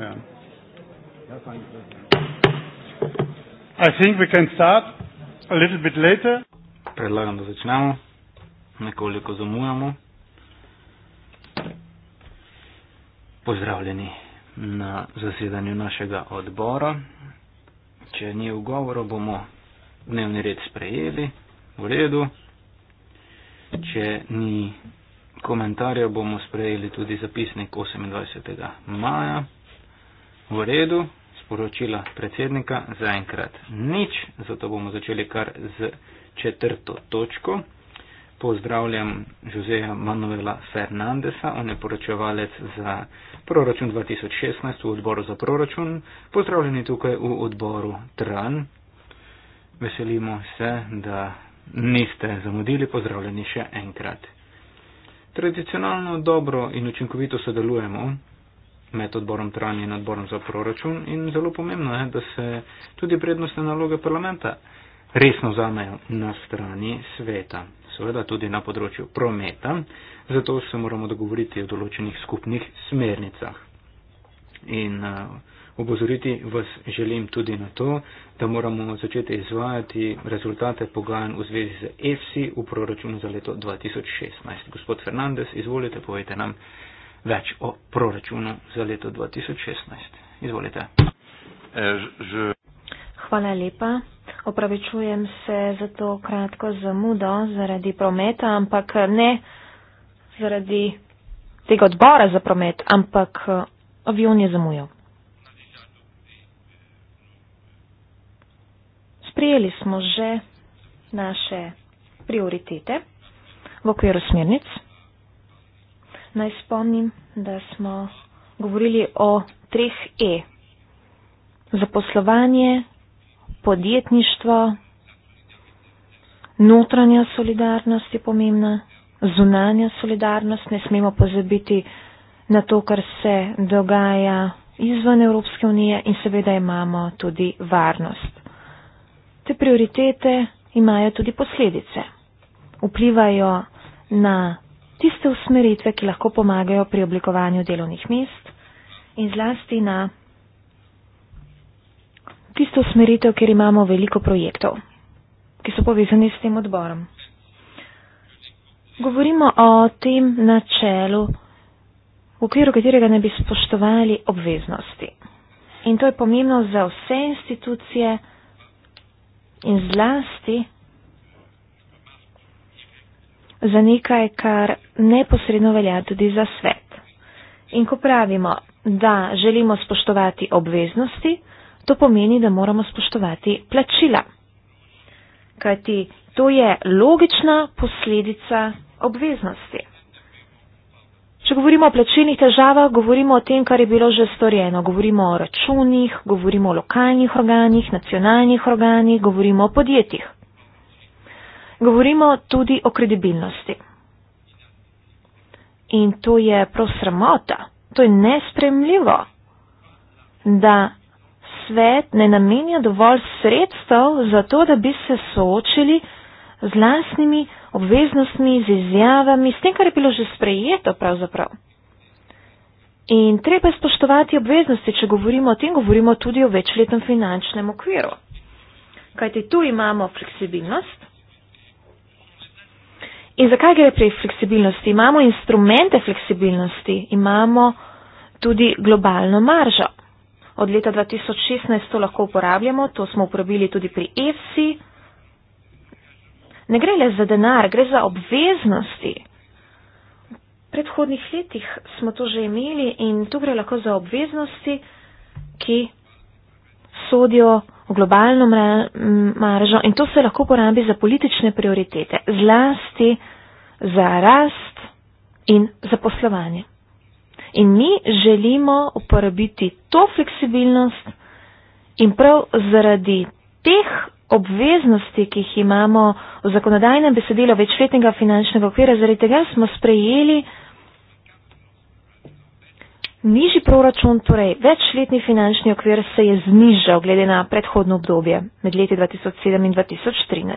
Ja. Predlagam, da začnemo. Nekoliko zamujamo. Pozdravljeni na zasedanju našega odbora. Če ni ugovora, bomo dnevni red sprejeli. V redu. Če ni komentarja, bomo sprejeli tudi zapisnik 28. maja. V redu, sporočila predsednika zaenkrat nič, zato bomo začeli kar z četrto točko. Pozdravljam Joseja Manuela Fernandesa, on je poročevalec za proračun 2016 v odboru za proračun. Pozdravljeni tukaj v odboru TRAN. Veselimo se, da niste zamudili, pozdravljeni še enkrat. Tradicionalno dobro in učinkovito sodelujemo med odborom trajanja in odborom za proračun in zelo pomembno je, da se tudi prednostne naloge parlamenta resno vzamejo na strani sveta, seveda tudi na področju prometa, zato se moramo dogovoriti o določenih skupnih smernicah. In eh, obozoriti vas želim tudi na to, da moramo začeti izvajati rezultate pogajanj v zvezi z EFSI v proračunu za leto 2016. Gospod Fernandez, izvolite, povejte nam več o proračunu za leto 2016. Izvolite. E, Hvala lepa. Opravičujem se za to kratko zamudo zaradi prometa, ampak e, ne zaradi tega odbora za promet, ampak e, avion je zamujal. Sprijeli smo že naše prioritete v okviru smernic naj spomnim, da smo govorili o treh E. Zaposlovanje, podjetništvo, notranja solidarnost je pomembna, zunanja solidarnost, ne smemo pozabiti na to, kar se dogaja izven Evropske unije in seveda imamo tudi varnost. Te prioritete imajo tudi posledice. Vplivajo na tiste usmeritve, ki lahko pomagajo pri oblikovanju delovnih mest in zlasti na tisto usmeritev, kjer imamo veliko projektov, ki so povezani s tem odborom. Govorimo o tem načelu, v okviru katerega ne bi spoštovali obveznosti. In to je pomembno za vse institucije in zlasti za nekaj, kar neposredno velja tudi za svet. In ko pravimo, da želimo spoštovati obveznosti, to pomeni, da moramo spoštovati plačila. Kajti to je logična posledica obveznosti. Če govorimo o plačilnih težavah, govorimo o tem, kar je bilo že storjeno. Govorimo o računih, govorimo o lokalnih organih, nacionalnih organih, govorimo o podjetjih govorimo tudi o kredibilnosti. In to je prav sramota, to je nespremljivo, da svet ne namenja dovolj sredstev za to, da bi se soočili z lastnimi obveznostmi, z izjavami, s tem, kar je bilo že sprejeto pravzaprav. In treba je spoštovati obveznosti, če govorimo o tem, govorimo tudi o večletnem finančnem okviru. Kajti tu imamo fleksibilnost, In zakaj gre pri fleksibilnosti? Imamo instrumente fleksibilnosti, imamo tudi globalno maržo. Od leta 2016 to lahko uporabljamo, to smo uporabili tudi pri EFSI. Ne gre le za denar, gre za obveznosti. V predhodnih letih smo to že imeli in tu gre lahko za obveznosti, ki sodijo v globalno maržo in to se lahko porabi za politične prioritete, zlasti za rast in za poslovanje. In mi želimo uporabiti to fleksibilnost in prav zaradi teh obveznosti, ki jih imamo v zakonodajnem besedilu večletnega finančnega okvira, zaradi tega smo sprejeli Nižji proračun, torej večletni finančni okvir se je znižal glede na predhodno obdobje med leti 2007 in 2013.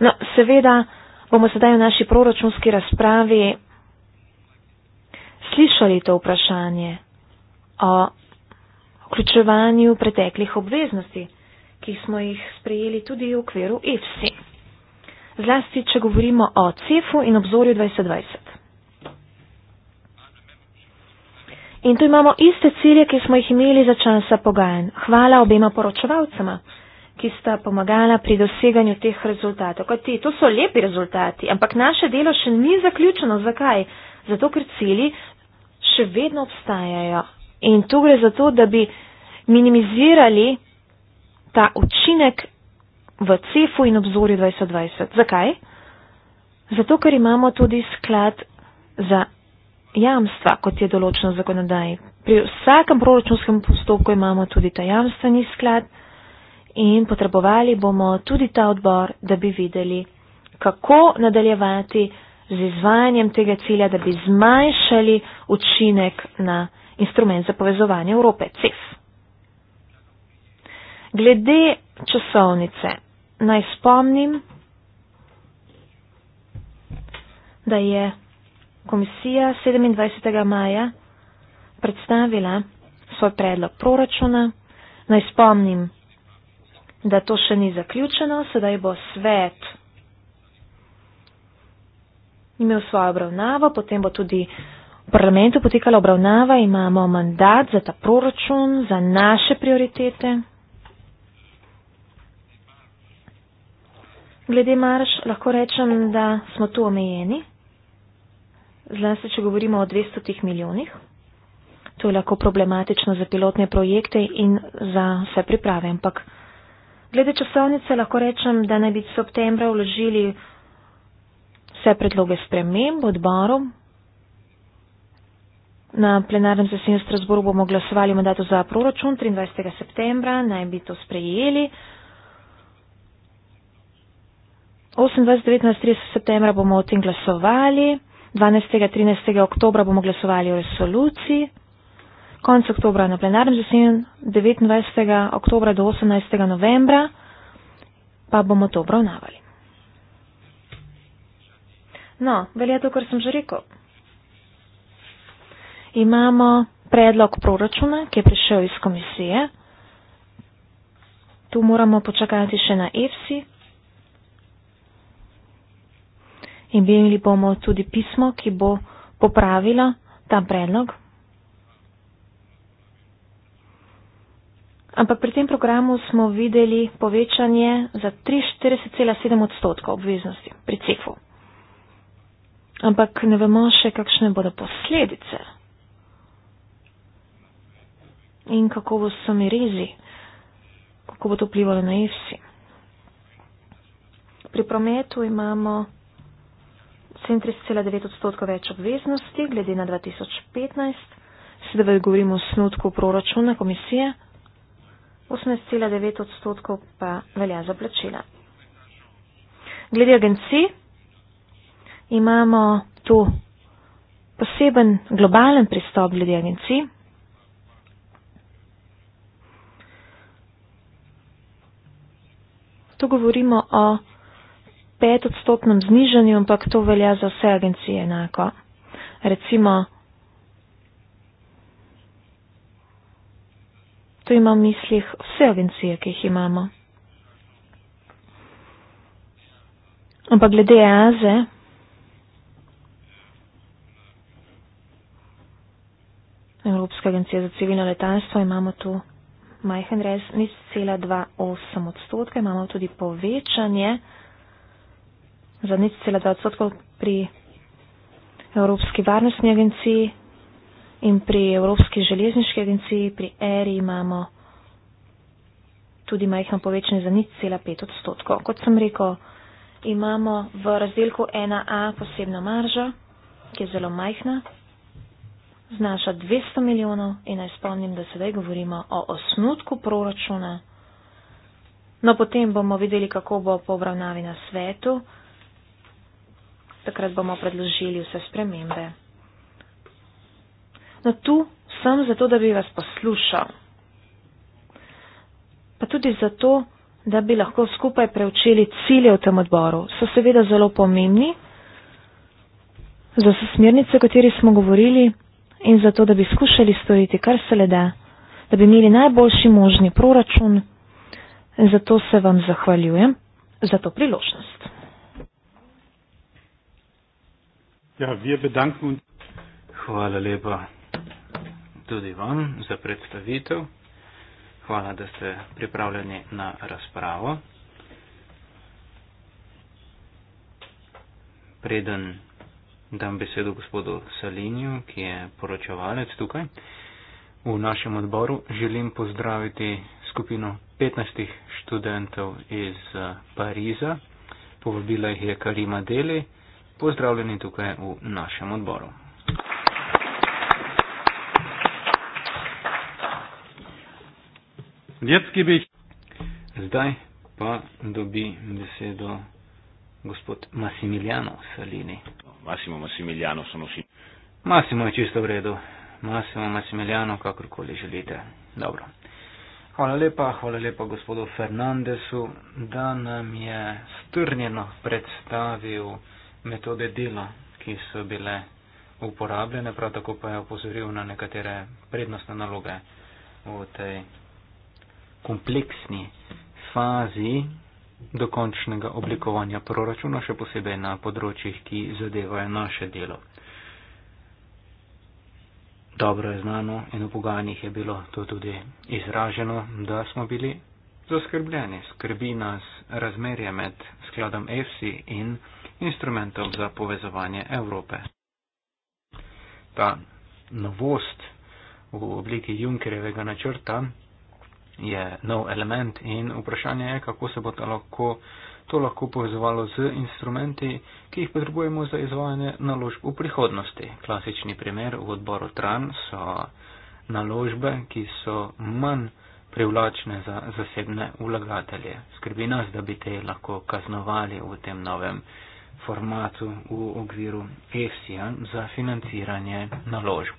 No, seveda bomo sedaj v naši proračunski razpravi slišali to vprašanje o vključevanju preteklih obveznosti, ki smo jih sprejeli tudi v okviru EFSI. E. Zlasti, če govorimo o CEF-u in obzorju 2020. In tu imamo iste cilje, ki smo jih imeli za časa pogajanj. Hvala obema poročevalcema, ki sta pomagala pri doseganju teh rezultatov. Ti, to so lepi rezultati, ampak naše delo še ni zaključeno. Zakaj? Zato, ker cilji še vedno obstajajo. In tu gre za to, da bi minimizirali ta učinek v CEF-u in obzorju 2020. Zakaj? Zato, ker imamo tudi sklad za jamstva, kot je določeno v zakonodaji. Pri vsakem proračunskem postopku imamo tudi ta jamstveni sklad in potrebovali bomo tudi ta odbor, da bi videli, kako nadaljevati z izvajanjem tega cilja, da bi zmanjšali učinek na instrument za povezovanje Evrope, CEF. Glede časovnice, naj spomnim, da je komisija 27. maja predstavila svoj predlog proračuna. Naj spomnim, da to še ni zaključeno, sedaj bo svet imel svojo obravnavo, potem bo tudi v parlamentu potekala obravnava, imamo mandat za ta proračun, za naše prioritete. Glede marš, lahko rečem, da smo tu omejeni zlasti če govorimo o 200 milijonih. To je lahko problematično za pilotne projekte in za vse priprave. Ampak glede časovnice lahko rečem, da naj bi septembra vložili vse predloge sprememb odboru. Na plenarnem zasedanju v Strasburu bomo glasovali mandato za proračun 23. septembra, naj bi to sprejeli. 28. 19. 30. septembra bomo o tem glasovali. 12. in 13. oktobra bomo glasovali o resoluciji, konec oktobra na plenarnem zasedanju, 29. oktobra do 18. novembra pa bomo to obravnavali. No, velja to, kar sem že rekel. Imamo predlog proračuna, ki je prišel iz komisije. Tu moramo počakati še na EFSI. imeli bomo tudi pismo, ki bo popravilo ta predlog. Ampak pri tem programu smo videli povečanje za 43,7 odstotka obveznosti pri cefu. Ampak ne vemo še, kakšne bodo posledice in kako bo so mi rezi, kako bo to vplivalo na IFSI. Pri prometu imamo cen 3,9 odstotka več obveznosti glede na 2015. Sedaj govorimo o snutku proračuna komisije. 18,9 odstotkov pa velja za plačila. Glede agencij imamo tu poseben globalen pristop glede agencij. Tu govorimo o petodstotnem znižanju, ampak to velja za vse agencije enako. Recimo, to imam v mislih vse agencije, ki jih imamo. Ampak glede e aze. Evropska agencija za civilno letalstvo imamo tu majhen res 0,28 odstotka, imamo tudi povečanje za nič cela dva odstotkov pri Evropski varnostni agenciji in pri Evropski železniški agenciji, pri ERI imamo tudi majhno povečanje za nič cela pet odstotkov. Kot sem rekel, imamo v razdelku 1A posebno maržo, ki je zelo majhna, znaša 200 milijonov in naj spomnim, da sedaj govorimo o osnutku proračuna. No, potem bomo videli, kako bo po obravnavi na svetu takrat bomo predložili vse spremembe. No tu sem zato, da bi vas poslušal. Pa tudi zato, da bi lahko skupaj preučili cilje v tem odboru. So seveda zelo pomembni za smernice, o kateri smo govorili in zato, da bi skušali storiti kar se le da, da bi imeli najboljši možni proračun. In zato se vam zahvaljujem za to priložnost. Ja, wir bedanken uns. Hvala lepa tudi vam za predstavitev. Hvala, da ste pripravljeni na razpravo. Preden dam besedo gospodu Salinju, ki je poročevalec tukaj v našem odboru, želim pozdraviti skupino 15 študentov iz eh, Pariza. Povabila jih je Karima Deli pozdravljeni tukaj v našem odboru. Ljudski bi. Zdaj pa dobi besedo gospod Massimiliano Salini. Massimo Massimiliano, so nosi. Massimo je čisto v redu. Massimo Massimiliano, kakorkoli želite. Dobro. Hvala lepa, hvala lepa gospodu Fernandesu, da nam je strnjeno predstavil metode dela, ki so bile uporabljene, prav tako pa je opozoril na nekatere prednostne naloge v tej kompleksni fazi dokončnega oblikovanja proračuna, še posebej na področjih, ki zadevajo naše delo. Dobro je znano in v pogajanjih je bilo to tudi izraženo, da smo bili zaskrbljeni. Skrbi nas razmerje med skladom EFSI in instrumentov za povezovanje Evrope. Ta novost v obliki Junkerjevega načrta je nov element in vprašanje je, kako se bo to lahko, to lahko povezovalo z instrumenti, ki jih potrebujemo za izvajanje naložb v prihodnosti. Klasični primer v odboru TRAN so naložbe, ki so manj privlačne za zasebne vlagatelje. Skrbi nas, da bi te lahko kaznovali v tem novem formatu v okviru EFSI-ja za financiranje naložb.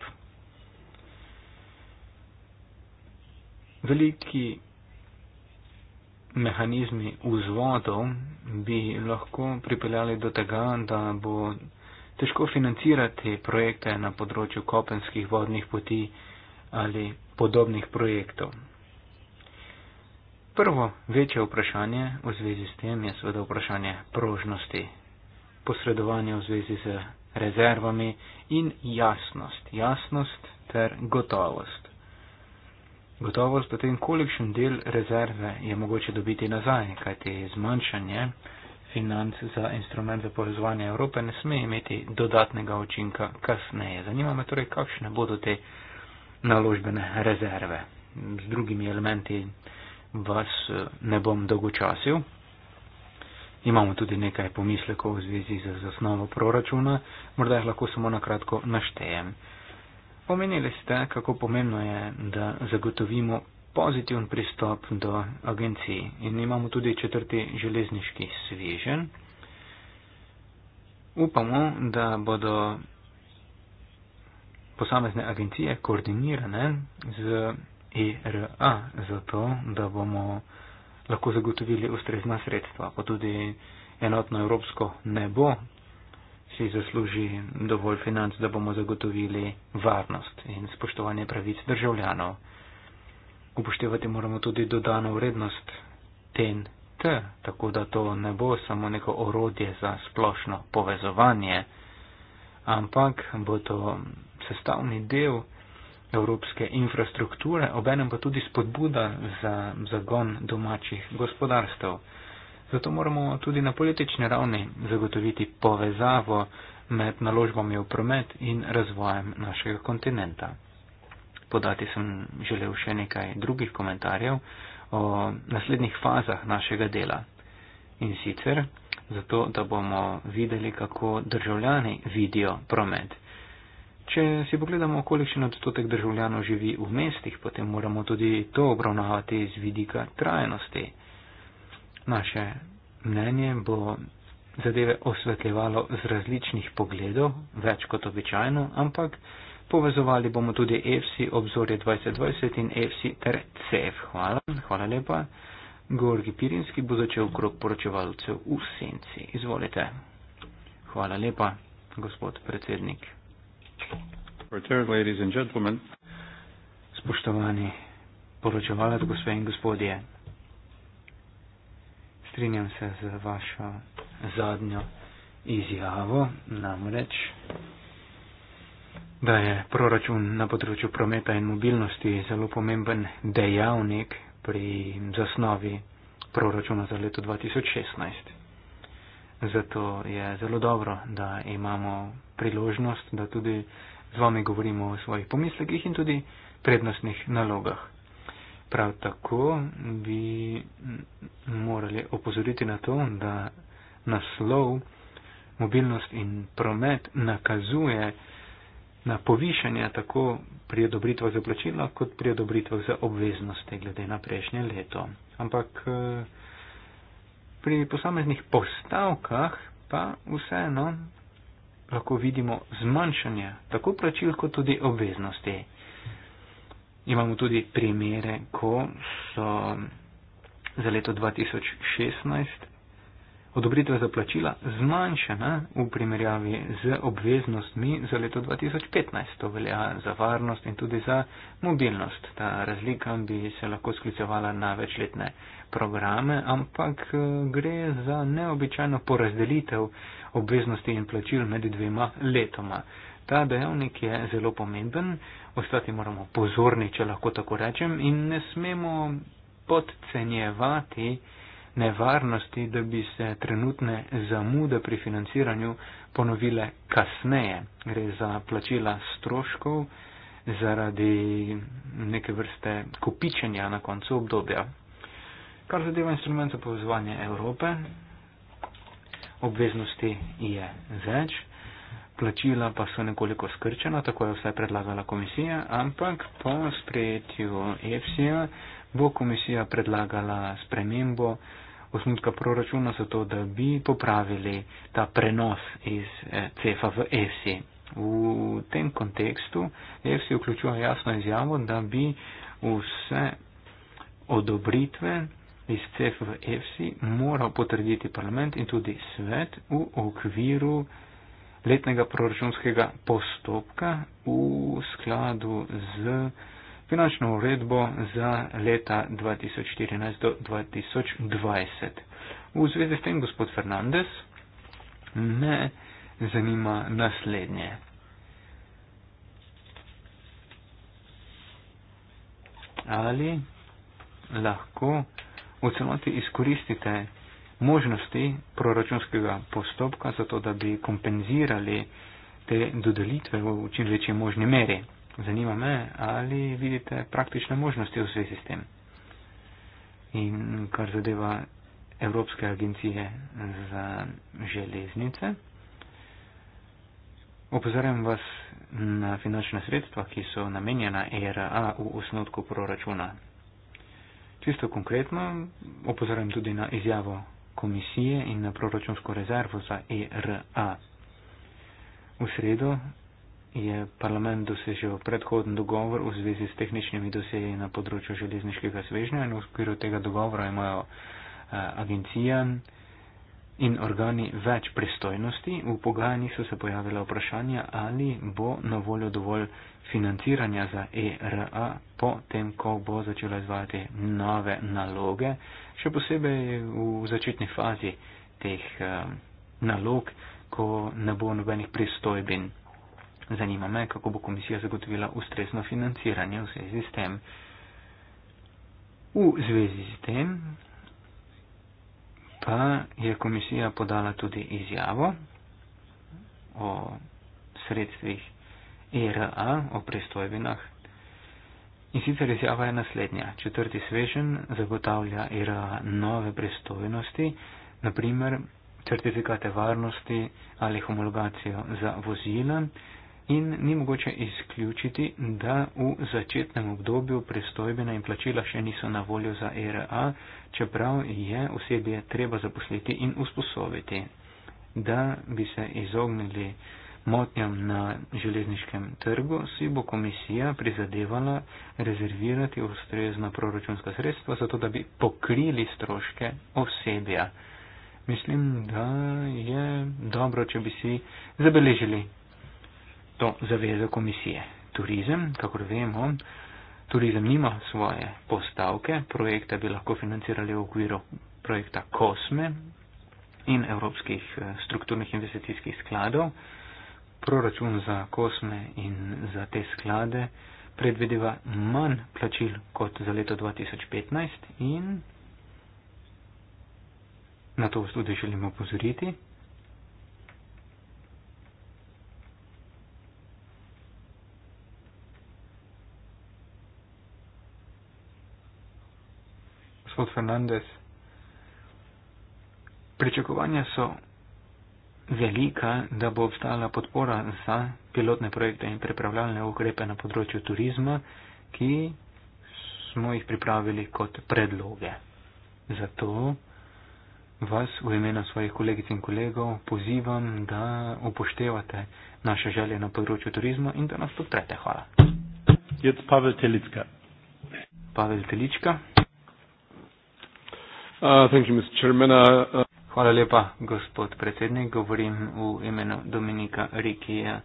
Veliki mehanizmi vzvodov bi lahko pripeljali do tega, da bo težko financirati projekte na področju kopenskih vodnih poti ali podobnih projektov. Prvo večje vprašanje v zvezi s tem je seveda vprašanje prožnosti posredovanja v zvezi z rezervami in jasnost. Jasnost ter gotovost. Gotovost o tem, kolikšen del rezerve je mogoče dobiti nazaj, kajti zmanjšanje financ za instrument za povezovanje Evrope ne sme imeti dodatnega učinka kasneje. Zanima me torej, kakšne bodo te naložbene rezerve. Z drugimi elementi vas eh, ne bom dolgočasil. Imamo tudi nekaj pomislekov v zvezi z zasnovo proračuna, morda jih lahko samo na kratko naštejem. Pomenili ste, kako pomembno je, da zagotovimo pozitiven pristop do agencij in imamo tudi četrti železniški svežen. Upamo, da bodo posamezne agencije koordinirane z IRA, e zato da bomo lahko zagotovili ustrezna sredstva, pa tudi enotno evropsko nebo si zasluži dovolj financ, da bomo zagotovili varnost in spoštovanje pravic državljanov. Upoštevati moramo tudi dodano vrednost TNT, tako da to ne bo samo neko orodje za splošno povezovanje, ampak bo to sestavni del evropske infrastrukture, obenem pa tudi spodbuda za zagon domačih gospodarstv. Zato moramo tudi na politični ravni zagotoviti povezavo med naložbami v promet in razvojem našega kontinenta. Podati sem želel še nekaj drugih komentarjev o naslednjih fazah našega dela. In sicer zato, da bomo videli, kako državljani vidijo promet Če si pogledamo, kolikšen odstotek državljanov živi v mestih, potem moramo tudi to obravnavati z vidika trajnosti. Naše mnenje bo zadeve osvetljevalo z različnih pogledov, več kot običajno, ampak povezovali bomo tudi EFSI, obzorje 2020 in EFSI ter CEF. Hvala, hvala lepa. Gorgi Pirinski bo začel krok poročevalcev v senci. Izvolite. Hvala lepa, gospod predsednik ladies and gentlemen. Spoštovani poročevalec, gospe in gospodje, strinjam se z vašo zadnjo izjavo, namreč, da je proračun na področju prometa in mobilnosti zelo pomemben dejavnik pri zasnovi proračuna za leto 2016. Zato je zelo dobro, da imamo priložnost, da tudi z vami govorimo o svojih pomislekih in tudi prednostnih nalogah. Prav tako bi morali opozoriti na to, da naslov mobilnost in promet nakazuje na povišanje tako pri odobritvah za plačilo, kot pri odobritvah za obveznosti glede na prejšnje leto. Ampak eh, pri posameznih postavkah pa vseeno lahko vidimo zmanjšanje tako plačil, kot tudi obveznosti. Imamo tudi primere, ko so za leto 2016 odobritve za plačila zmanjšane v primerjavi z obveznostmi za leto 2015. To velja za varnost in tudi za mobilnost. Ta razlika bi se lahko sklicevala na večletne programe, ampak eh, gre za neobičajno porazdelitev obveznosti in plačil med dvema letoma. Ta dejavnik je zelo pomemben, ostati moramo pozorni, če lahko tako rečem, in ne smemo podcenjevati nevarnosti, da bi se trenutne zamude pri financiranju ponovile kasneje. Gre za plačila stroškov zaradi neke vrste kopičenja na koncu obdobja. Kar zadeva instrumente povezovanja Evrope, obveznosti je več, plačila pa so nekoliko skrčena, tako je vse predlagala komisija, ampak po sprejetju EFSI-ja bo komisija predlagala spremembo osnutka proračuna za to, da bi popravili ta prenos iz eh, CEFA v EFSI. V tem kontekstu EFSI vključuje jasno izjavo, da bi vse odobritve, iz CFV EFSI moral potrditi parlament in tudi svet v okviru letnega proračunskega postopka v skladu z finančno uredbo za leta 2014 do 2020. V zvezi s tem, gospod Fernandez, me zanima naslednje. Ali lahko v celoti izkoristite možnosti proračunskega postopka, zato da bi kompenzirali te dodelitve v čim večji možni meri. Zanima me, ali vidite praktične možnosti v svoj sistem. In kar zadeva Evropske agencije za železnice, opozorjam vas na finančna sredstva, ki so namenjena ERA v osnotku proračuna Čisto konkretno opozorujem tudi na izjavo komisije in na proračunsko rezervo za ERA. V sredo je parlament dosežel predhoden dogovor v zvezi s tehničnimi doseji na področju železniškega svežnja in v skviru tega dogovora imajo eh, agencija, in organi več pristojnosti, v pogajanjih so se pojavila vprašanja, ali bo na voljo dovolj financiranja za ERA potem, ko bo začela izvajati nove naloge, še posebej v začetni fazi teh um, nalog, ko ne bo nobenih pristojbin. Zanima me, kako bo komisija zagotovila ustrezno financiranje v zvezi s tem. V zvezi s tem pa je komisija podala tudi izjavo o sredstvih ERA, o pristojbinah. In sicer izjava je naslednja. Četrti svežen zagotavlja ERA nove pristojnosti, naprimer certifikate varnosti ali homologacijo za vozila, in ni mogoče izključiti, da v začetnem obdobju pristojbena in plačila še niso na voljo za ERA, čeprav je osebje treba zaposliti in usposobiti, da bi se izognili motnjam na železniškem trgu, si bo komisija prizadevala rezervirati ustrezna proračunska sredstva, zato da bi pokrili stroške osebja. Mislim, da je dobro, če bi si zabeležili to zavezo komisije. Turizem, kako vemo, turizem nima svoje postavke, projekte bi lahko financirali v okviru projekta Kosme in evropskih eh, strukturnih investicijskih skladov. Proračun za Kosme in za te sklade predvideva manj plačil kot za leto 2015 in na to tudi želimo opozoriti. gospod Fernandez. Pričakovanja so velika, da bo obstala podpora za pilotne projekte in prepravljalne ukrepe na področju turizma, ki smo jih pripravili kot predloge. Zato vas v imenu svojih kolegic in kolegov pozivam, da upoštevate naše želje na področju turizma in da nas podprete. Hvala. Jaz Pavel Telicka. Pavel Telicka. Uh, uh, uh, Hvala lepa, gospod predsednik. Govorim v imenu Dominika Rikija,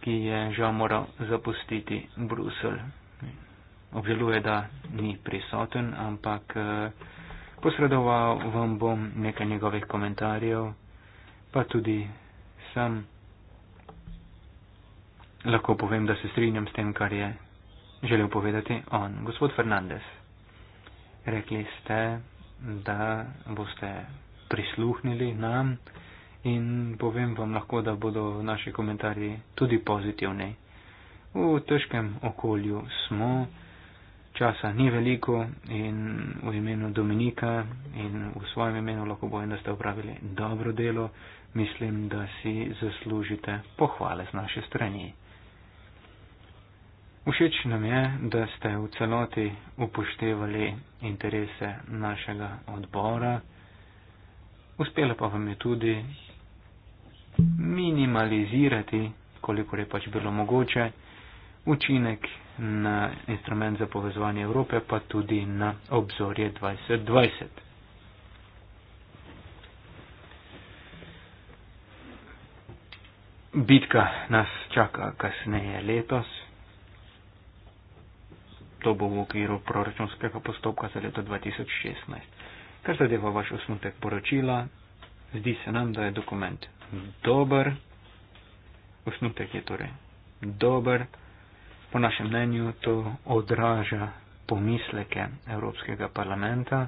ki je žal moral zapustiti Brusel. Obžaluje, da ni prisoten, ampak posredoval vam bom nekaj njegovih komentarjev, pa tudi sam lahko povem, da se strinjam s tem, kar je želel povedati on. Gospod Fernandez rekli ste, da boste prisluhnili nam in povem vam lahko, da bodo naši komentarji tudi pozitivni. V težkem okolju smo, časa ni veliko in v imenu Dominika in v svojem imenu lahko bojim, da ste upravili dobro delo, mislim, da si zaslužite pohvale z naše strani. Všeč nam je, da ste v celoti upoštevali interese našega odbora. Uspelo pa vam je tudi minimalizirati, kolikor je pač bilo mogoče, učinek na instrument za povezovanje Evrope, pa tudi na obzorje 2020. Bitka nas čaka kasneje letos to bo v okviru proračunskega postopka za leto 2016. Kar zadeva vaš osnutek poročila, zdi se nam, da je dokument dober. Osnutek je torej dober. Po našem mnenju to odraža pomisleke Evropskega parlamenta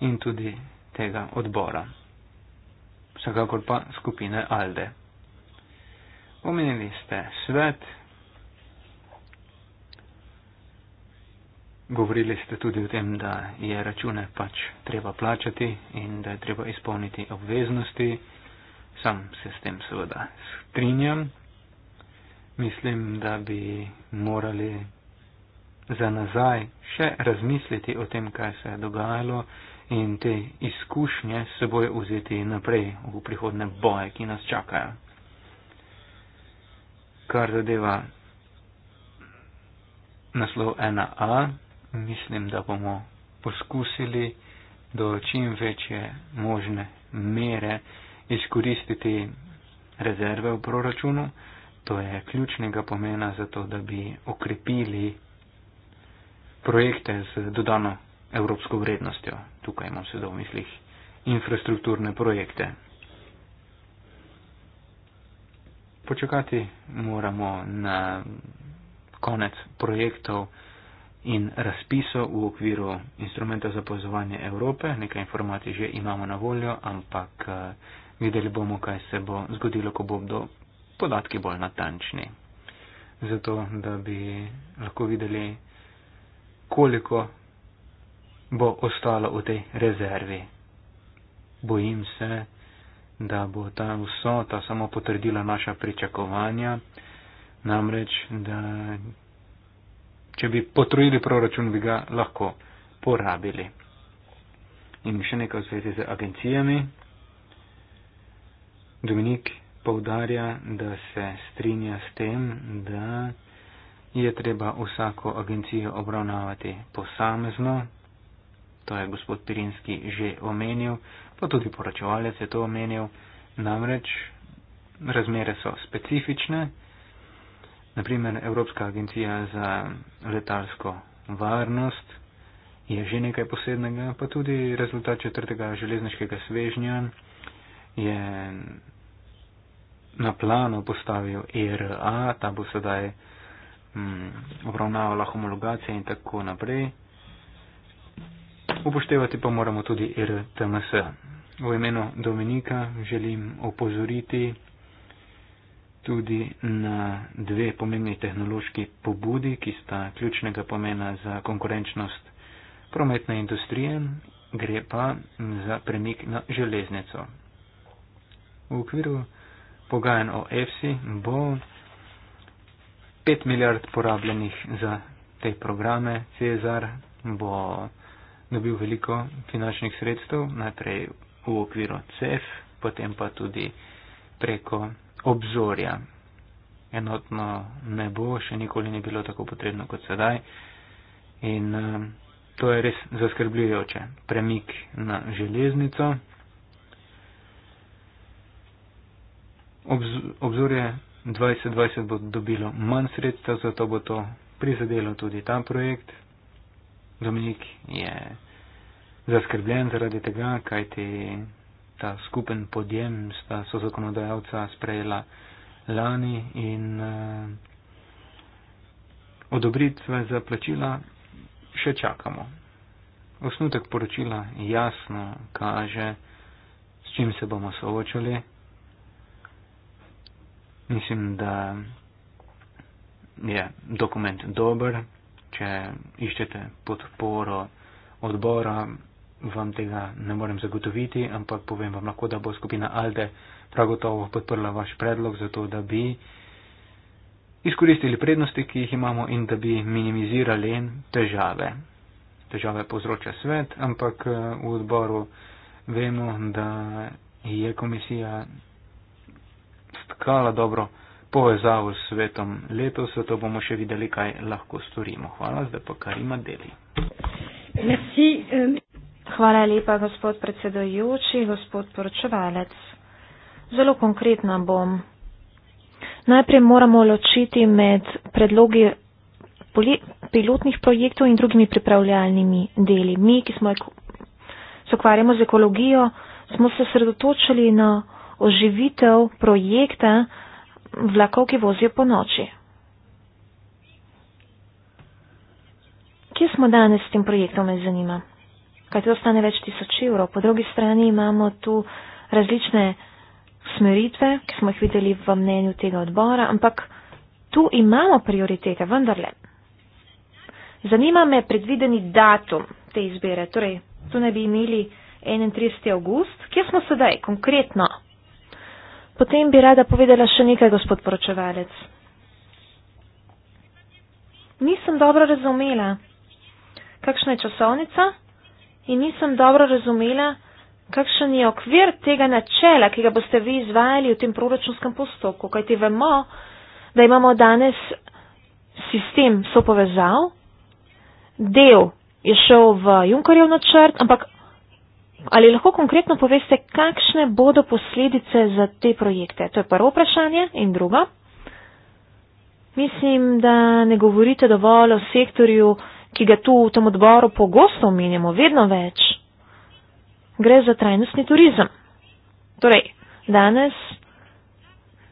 in tudi tega odbora. Vsekakor pa skupine Alde. Omenili ste svet, Govorili ste tudi o tem, da je račune pač treba plačati in da je treba izpolniti obveznosti. Sam se s tem seveda strinjam. Mislim, da bi morali za nazaj še razmisliti o tem, kaj se je dogajalo in te izkušnje seboj vzeti naprej v prihodne boje, ki nas čakajo. Kar zadeva naslov 1a, mislim, da bomo poskusili do čim večje možne mere izkoristiti rezerve v proračunu. To je ključnega pomena za to, da bi okrepili projekte z dodano evropsko vrednostjo. Tukaj imamo seveda v mislih infrastrukturne projekte. Počakati moramo na konec projektov in razpisov v okviru instrumenta za pozovanje Evrope. Nekaj informacij že imamo na voljo, ampak eh, videli bomo, kaj se bo zgodilo, ko bodo podatki bolj natančni. Zato, da bi lahko videli, koliko bo ostalo v tej rezervi. Bojim se, da bo ta vsota samo potrdila naša pričakovanja, namreč, da če bi potrudili proračun, bi ga lahko porabili. In še nekaj v zvezi z agencijami. Dominik povdarja, da se strinja s tem, da je treba vsako agencijo obravnavati posamezno. To je gospod Pirinski že omenil, pa tudi poročevalec je to omenil. Namreč razmere so specifične. Naprimer, Evropska agencija za letalsko varnost je že nekaj posebnega, pa tudi rezultat četrtega železniškega svežnja je na plano postavil ERA, ta bo sedaj mm, obravnavala homologacije in tako naprej. Upoštevati pa moramo tudi RTMS. V imenu Dominika želim opozoriti, tudi na dve pomembni tehnološki pobudi, ki sta ključnega pomena za konkurenčnost prometne industrije, gre pa za premik na železnico. V okviru pogajanj o EFSI bo 5 milijard porabljenih za te programe. Cezar bo dobil veliko finančnih sredstev, najprej v okviru CEF, potem pa tudi preko obzorja. Enotno nebo še nikoli ni bilo tako potrebno kot sedaj in eh, to je res zaskrbljujoče. Premik na železnico. Obzorje 2020 bo dobilo manj sredstev, zato bo to prizadelo tudi ta projekt. Dominik je zaskrbljen zaradi tega, kaj ti ta skupen podjem sta so zakonodajalca sprejela lani in eh, odobritve za plačila še čakamo. Osnutek poročila jasno kaže, s čim se bomo soočali. Mislim, da je dokument dober, če iščete podporo odbora vam tega ne morem zagotoviti, ampak povem vam lahko, da bo skupina Alde prav gotovo podprla vaš predlog za to, da bi izkoristili prednosti, ki jih imamo in da bi minimizirali težave. Težave povzroča svet, ampak eh, v odboru vemo, da je komisija stkala dobro povezavo s svetom letos, zato bomo še videli, kaj lahko storimo. Hvala, zdaj pa kar ima deli. Merci. Euh... Hvala lepa, gospod predsedojoči, gospod poročevalec. Zelo konkretna bom. Najprej moramo ločiti med predlogi pilotnih projektov in drugimi pripravljalnimi deli. Mi, ki smo se ukvarjamo z ekologijo, smo se sredotočili na oživitev projekta vlakov, ki vozijo po noči. Kje smo danes s tem projektom, me zanima? kaj to stane več tisoč evrov. Po drugi strani imamo tu različne smeritve, ki smo jih videli v mnenju tega odbora, ampak tu imamo prioritete, vendarle. Zanima me predvideni datum te izbere, torej tu ne bi imeli 31. august, kje smo sedaj konkretno. Potem bi rada povedala še nekaj, gospod poročevalec. Nisem dobro razumela, kakšna je časovnica in nisem dobro razumela, kakšen je okvir tega načela, ki ga boste vi izvajali v tem proračunskem postopku, kajti vemo, da imamo danes sistem sopovezav, del je šel v Junkarjev načrt, ampak ali lahko konkretno poveste, kakšne bodo posledice za te projekte? To je prvo vprašanje in drugo. Mislim, da ne govorite dovolj o sektorju, ki ga tu v tem odboru pogosto omenjamo, vedno več, gre za trajnostni turizem. Torej, danes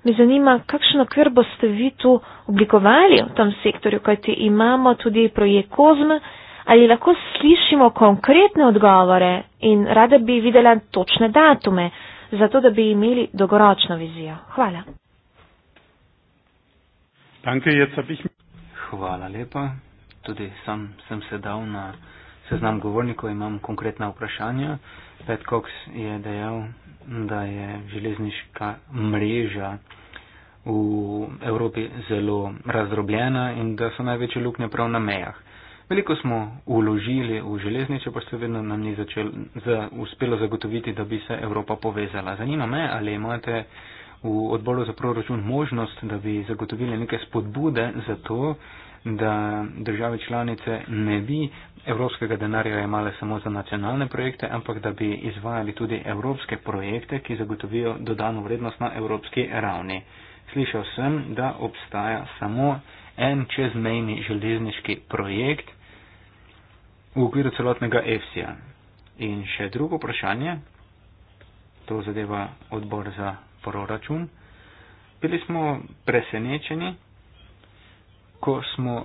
me zanima, kakšno kar boste vi tu oblikovali v tem sektorju, kajti imamo tudi projekt Kozme, ali lahko slišimo konkretne odgovore in rada bi videla točne datume, zato da bi imeli dolgoročno vizijo. Hvala. Danke, jetzt habe ich. Hvala lepa tudi sam sem sedal na seznam govornikov, imam konkretna vprašanja. Pat Cox je dejal, da je železniška mreža v Evropi zelo razdrobljena in da so največje luknje prav na mejah. Veliko smo uložili v železnice, pa se vedno nam ni začel, za, uspelo zagotoviti, da bi se Evropa povezala. Zanima me, ali imate v odboru za proračun možnost, da bi zagotovili neke spodbude za to, da države članice ne bi evropskega denarja imale samo za nacionalne projekte, ampak da bi izvajali tudi evropske projekte, ki zagotovijo dodano vrednost na evropski ravni. Slišal sem, da obstaja samo en čezmejni železniški projekt v okviru celotnega EFSI-ja. In še drugo vprašanje, to zadeva odbor za proračun. Bili smo presenečeni, ko smo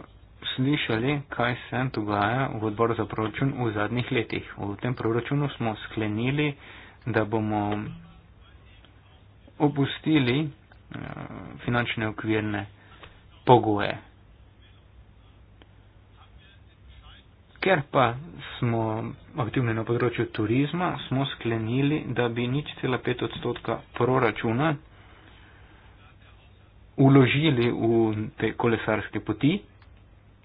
slišali, kaj se dogaja v odboru za proračun v zadnjih letih. V tem proračunu smo sklenili, da bomo opustili eh, finančne okvirne pogoje. Ker pa smo aktivni na področju turizma, smo sklenili, da bi nič cela pet odstotka proračuna uložili v te kolesarske poti,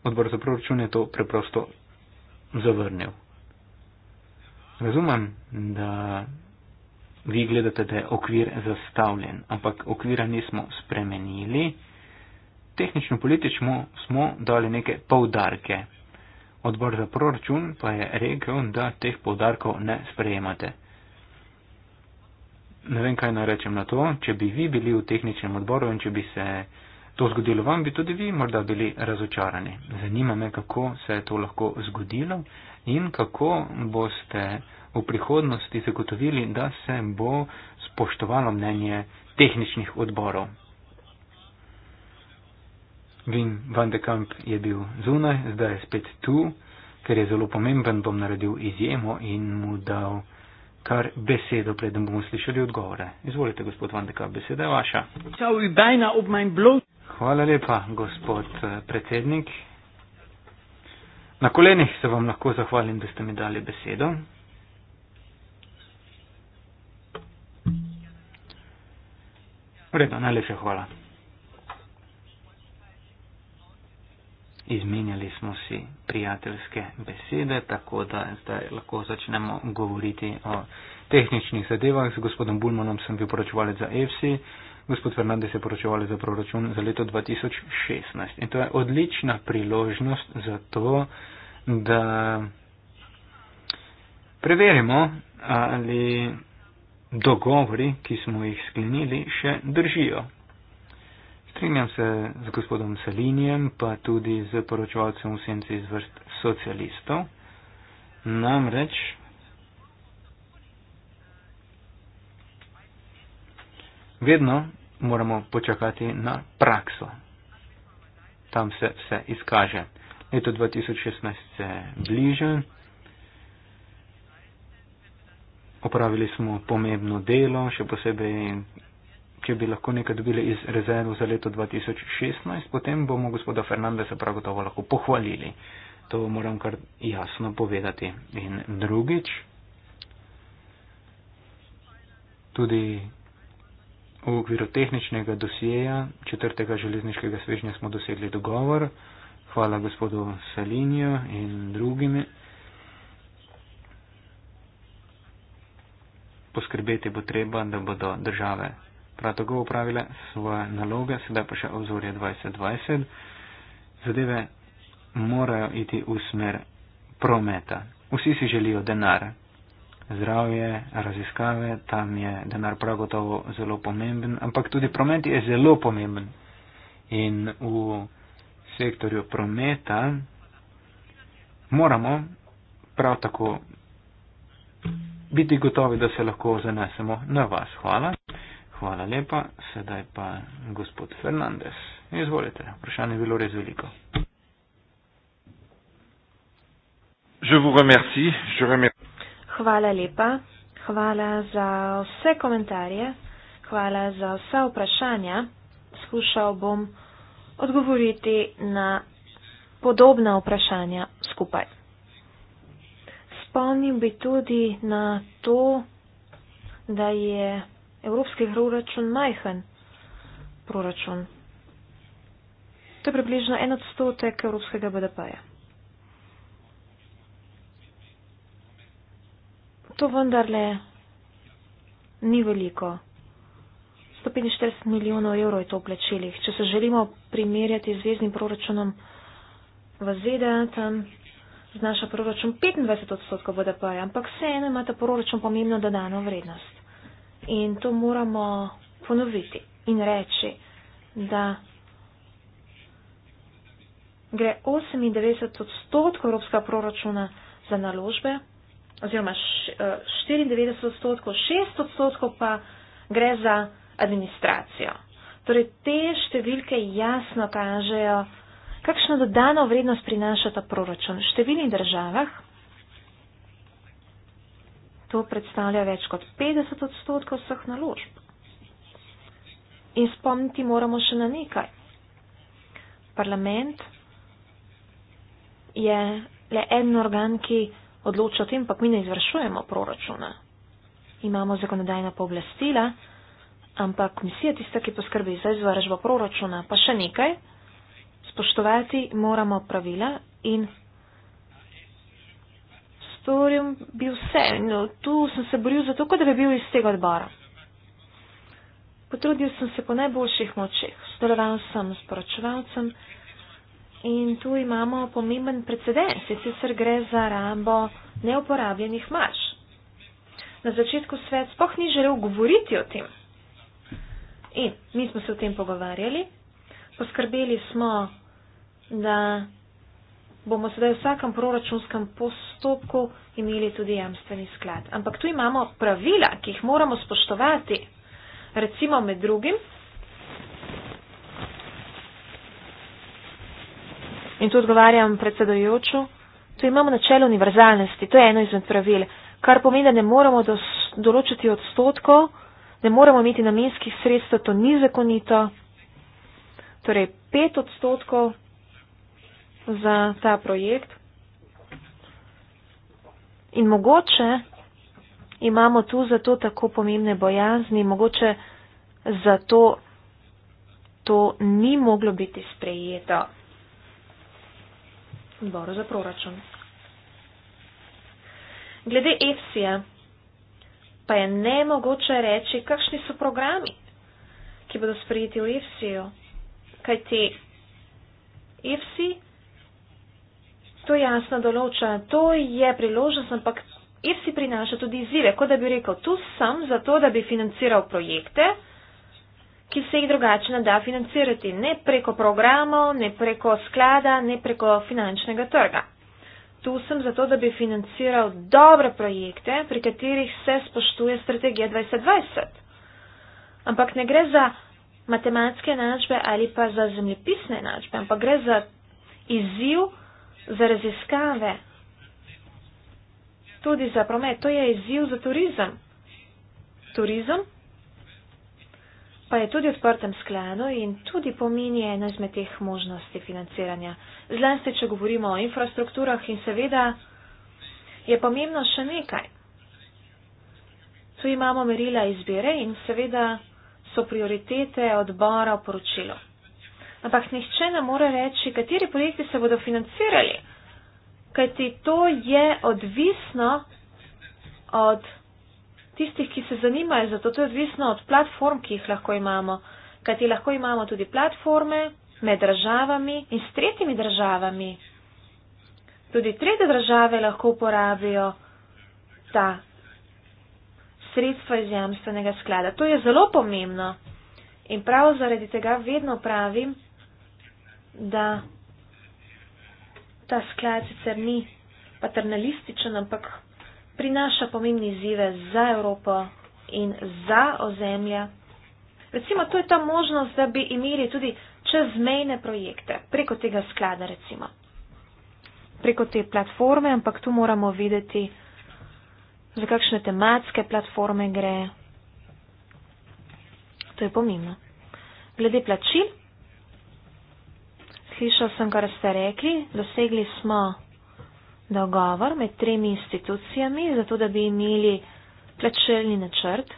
odbor za proračun je to preprosto zavrnil. Razumem, da vi gledate, da je okvir zastavljen, ampak okvira nismo spremenili. Tehnično-politično smo dali neke povdarke. Odbor za proračun pa je rekel, da teh povdarkov ne sprejemate ne vem, kaj narečem na to, če bi vi bili v tehničnem odboru in če bi se to zgodilo vam, bi tudi vi morda bili razočarani. Zanima me, kako se je to lahko zgodilo in kako boste v prihodnosti zagotovili, da se bo spoštovalo mnenje tehničnih odborov. Vin van de Kamp je bil zunaj, zdaj je spet tu, ker je zelo pomemben, bom naredil izjemo in mu dal kar besedo, preden bomo slišali odgovore. Izvolite, gospod Vandeka, beseda je vaša. Hvala lepa, gospod eh, predsednik. Na kolenih se vam lahko zahvalim, da ste mi dali besedo. Vredno, najlepša hvala. Izmenjali smo si prijateljske besede, tako da zdaj lahko začnemo govoriti o tehničnih zadevah. Z gospodom Bulmanom sem bil poročevalec za EFSI, gospod Fernandez je poročevalec za proračun za leto 2016. In to je odlična priložnost za to, da preverimo, ali dogovori, ki smo jih sklenili, še držijo. Strinjam se z gospodom Salinjem, pa tudi z poročevalcem v senci iz vrst socialistov. Namreč vedno moramo počakati na prakso. Tam se vse izkaže. Leto 2016 se bliže. Opravili smo pomembno delo, še posebej če bi lahko nekaj dobili iz rezervu za leto 2016, potem bomo gospoda Fernandeza prav gotovo lahko pohvalili. To moram kar jasno povedati. In drugič, tudi v okviru tehničnega dosjeja četrtega železniškega svežnja smo dosegli dogovor. Hvala gospodu Salinju in drugim. Poskrbeti bo treba, da bodo države prav tako upravila svoje naloge, sedaj pa še obzorje 2020. Zadeve morajo iti v smer prometa. Vsi si želijo denar. Zdravje, raziskave, tam je denar prav gotovo zelo pomemben, ampak tudi promet je zelo pomemben. In v sektorju prometa moramo prav tako biti gotovi, da se lahko zanesemo na vas. Hvala. Hvala lepa. Sedaj pa gospod Fernandez. Izvolite, vprašanje je bilo res veliko. Hvala lepa. Hvala za vse komentarje. Hvala za vsa vprašanja. Skušal bom odgovoriti na podobna vprašanja skupaj. Spomnim bi tudi na to, da je evropski proračun majhen proračun. To je približno en odstotek evropskega BDP-ja. To vendarle ni veliko. 145 milijonov evrov je to v plačilih. Če se želimo primerjati z zvezdnim proračunom v ZDA, tam znaša proračun 25 odstotkov BDP-ja, ampak vseeno ima ta proračun pomembno dodano vrednost. In to moramo ponoviti in reči, da gre 98 odstotkov evropskega proračuna za naložbe oziroma 94 eh, odstotkov, 6 odstotkov pa gre za administracijo. Torej, te številke jasno kažejo, kakšno dodano vrednost prinaša ta proračun. V številnih državah to predstavlja več kot 50 odstotkov vseh naložb. In spomniti moramo še na nekaj. Parlament je le en organ, ki odloča o tem, pa mi ne izvršujemo proračuna. Imamo zakonodajna pooblastila, ampak komisija tista, ki poskrbi za izvršbo proračuna. Pa še nekaj, spoštovati moramo pravila in storil, bi vse. No, tu sem se boril zato, da bi bil iz tega odbora. Potrudil sem se po najboljših močeh, sodeloval sem s poročevalcem in tu imamo pomemben precedens, sicer gre za rambo neuporabljenih maš. Na začetku svet spoh ni želel govoriti o tem. In mi smo se o tem pogovarjali, poskrbeli smo, da bomo sedaj v vsakem proračunskem postopku imeli tudi jamstveni sklad. Ampak tu imamo pravila, ki jih moramo spoštovati. Recimo med drugim. In tu odgovarjam predsedojoču. Tu imamo načelo univerzalnosti, to je eno izmed pravil, kar pomeni, da ne moramo določiti odstotkov, ne moramo imeti namenskih sredstev, to ni zakonito. Torej, pet odstotkov za ta projekt. In mogoče imamo tu zato tako pomembne bojazni, mogoče zato to ni moglo biti sprejeto. Odboru za proračun. Glede EFSI-ja pa je nemogoče reči, kakšni so programi, ki bodo sprejeti v EFSI-ju. Kaj ti EFSI? -ju? to jasno določa, to je priložnost, ampak IFSI prinaša tudi izzive, kot da bi rekel, tu sem zato, da bi financiral projekte, ki se jih drugače ne da financirati, ne preko programov, ne preko sklada, ne preko finančnega trga. Tu sem zato, da bi financiral dobre projekte, pri katerih se spoštuje strategija 2020. Ampak ne gre za matematske enačbe ali pa za zemljepisne enačbe, ampak gre za izziv, za raziskave, tudi za promet. To je izziv za turizem. Turizem pa je tudi v odprtem sklenu in tudi pomeni eno izmed teh možnosti financiranja. Zlasti, če govorimo o infrastrukturah in seveda je pomembno še nekaj. Tu imamo merila izbire in seveda so prioritete odbora v poročilu ampak nihče ne more reči, kateri projekti se bodo financirali, kajti to je odvisno od tistih, ki se zanimajo za to, to je odvisno od platform, ki jih lahko imamo, kajti lahko imamo tudi platforme med državami in s tretjimi državami. Tudi tretje države lahko uporabijo ta sredstva iz jamstvenega sklada. To je zelo pomembno. In prav zaradi tega vedno pravim, da ta sklad sicer ni paternalističen, ampak prinaša pomembne izzive za Evropo in za ozemlja. Recimo, to je ta možnost, da bi imeli tudi čezmejne projekte preko tega sklada, recimo preko te platforme, ampak tu moramo videti, za kakšne tematske platforme gre. To je pomembno. Glede plačil, slišal sem, kar ste rekli. Dosegli smo dogovor med tremi institucijami, zato da bi imeli plačelni načrt.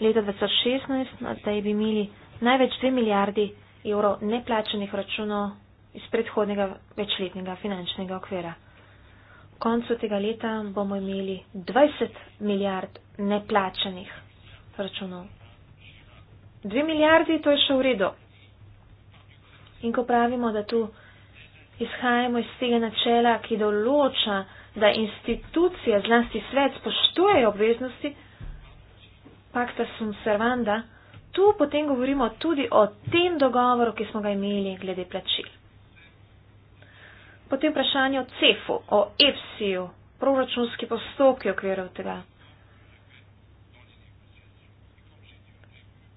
Leta 2016, no, da bi imeli največ 2 milijardi evrov neplačenih računov iz predhodnega večletnega finančnega okvira. V koncu tega leta bomo imeli 20 milijard neplačenih računov. 2 milijardi, to je še v redu, In ko pravimo, da tu izhajamo iz tega načela, ki določa, da institucije, zlasti svet, spoštujejo obveznosti, pakta sum servanda, tu potem govorimo tudi o tem dogovoru, ki smo ga imeli glede plačil. Potem vprašanje o CEF-u, o EPSI-ju, proračunski postopki v okviru tega.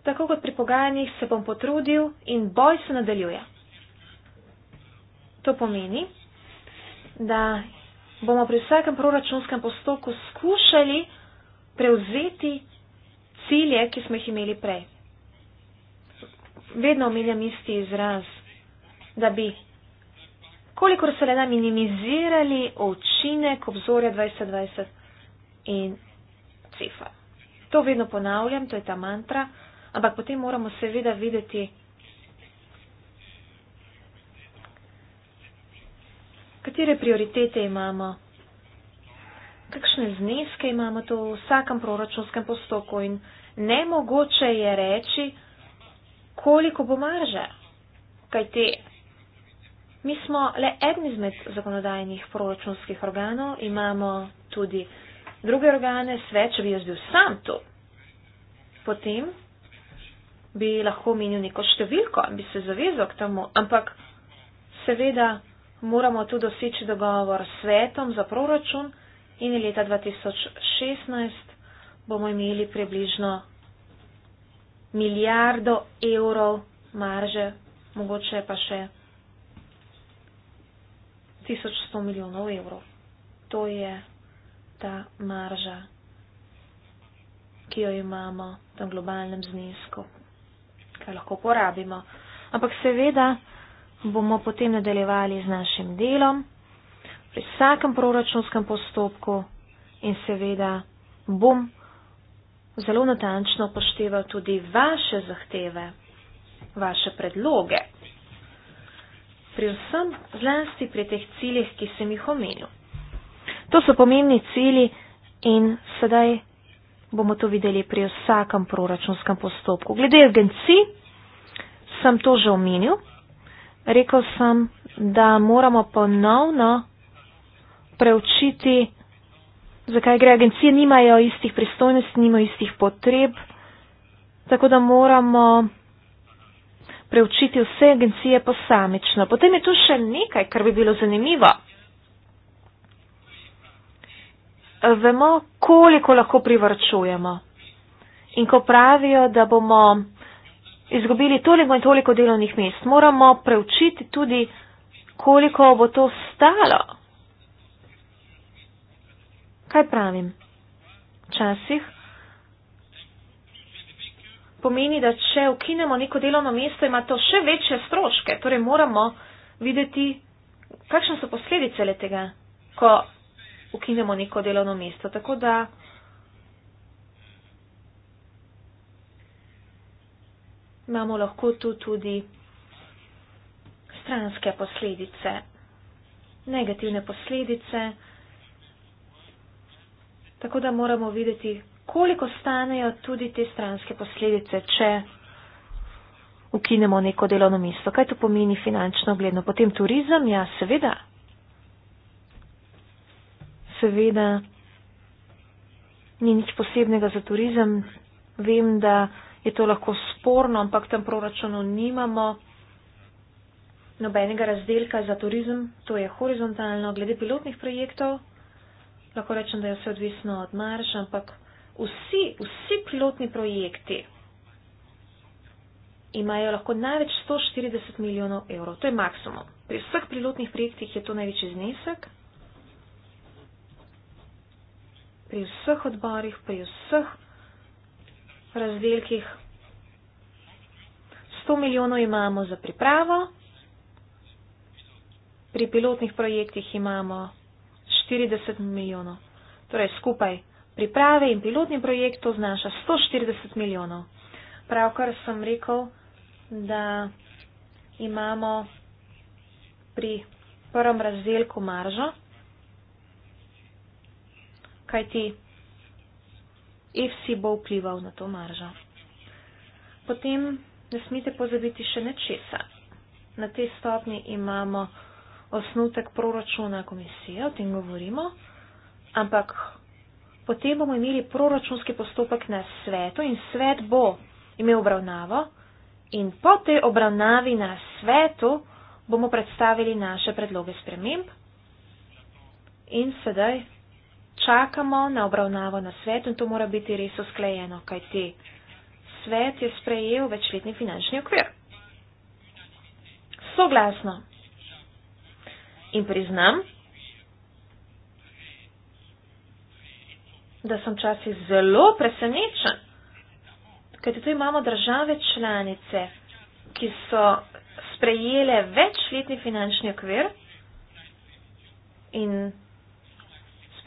tako kot pri pogajanjih, se bom potrudil in boj se nadaljuje. To pomeni, da bomo pri vsakem proračunskem postopku skušali prevzeti cilje, ki smo jih imeli prej. Vedno omenjam isti izraz, da bi, kolikor se le da, minimizirali učinek obzorja 2020 in cifra. To vedno ponavljam, to je ta mantra. Ampak potem moramo seveda videti, katere prioritete imamo, kakšne zneske imamo to v vsakem proračunskem postoku in nemogoče je reči, koliko bo marže. Kaj te? Mi smo le eden izmed zakonodajnih proračunskih organov, imamo tudi druge organe, sve, če bi jaz bil sam tu, potem bi lahko menil neko številko in bi se zavezal k temu, ampak seveda moramo tu doseči dogovor s svetom za proračun in leta 2016 bomo imeli približno milijardo evrov marže, mogoče pa še 1100 milijonov evrov. To je ta marža, ki jo imamo v tem globalnem znesku kaj lahko porabimo. Ampak seveda bomo potem nadaljevali z našim delom pri vsakem proračunskem postopku in seveda bom zelo natančno upošteval tudi vaše zahteve, vaše predloge. Pri vsem, zlasti pri teh ciljih, ki sem jih omenil. To so pomembni cilji in sedaj bomo to videli pri vsakem proračunskem postopku. Glede agencij sem to že omenil. Rekl sem, da moramo ponovno preučiti, zakaj gre. Agencije nimajo istih pristojnosti, nimajo istih potreb, tako da moramo preučiti vse agencije posamično. Potem je tu še nekaj, kar bi bilo zanimivo. vemo, koliko lahko privrčujemo. In ko pravijo, da bomo izgubili toliko in toliko delovnih mest, moramo preučiti tudi, koliko bo to stalo. Kaj pravim? Včasih pomeni, da če ukinemo neko delovno mesto, ima to še večje stroške. Torej moramo videti, kakšne so posledice letega, ko ukinemo neko delovno mesto. Tako da imamo lahko tu tudi stranske posledice, negativne posledice. Tako da moramo videti, koliko stanejo tudi te stranske posledice, če ukinemo neko delovno mesto. Kaj to pomeni finančno gledno? Potem turizem, ja, seveda seveda ni nič posebnega za turizem. Vem, da je to lahko sporno, ampak tam proračunu nimamo nobenega razdelka za turizem, to je horizontalno. Glede pilotnih projektov, lahko rečem, da je vse odvisno od marš, ampak vsi, vsi pilotni projekti imajo lahko največ 140 milijonov evrov. To je maksimum. Pri vseh pilotnih projektih je to največji znesek. pri vseh odborih, pri vseh razdelkih. 100 milijonov imamo za pripravo, pri pilotnih projektih imamo 40 milijonov. Torej skupaj priprave in pilotni projekt to znaša 140 milijonov. Pravkar sem rekel, da imamo pri prvem razdelku maržo kajti EFSI bo vplival na to maržo. Potem ne smete pozabiti še nečesa. Na tej stopni imamo osnutek proračuna komisije, o tem govorimo, ampak potem bomo imeli proračunski postopek na svetu in svet bo imel obravnavo in po tej obravnavi na svetu bomo predstavili naše predloge sprememb. In sedaj čakamo na obravnavo na svet in to mora biti res usklejeno, kajti svet je sprejel večletni finančni okvir. Soglasno. In priznam, da sem včasih zelo presenečen, kajti tu imamo države članice, ki so sprejele večletni finančni okvir in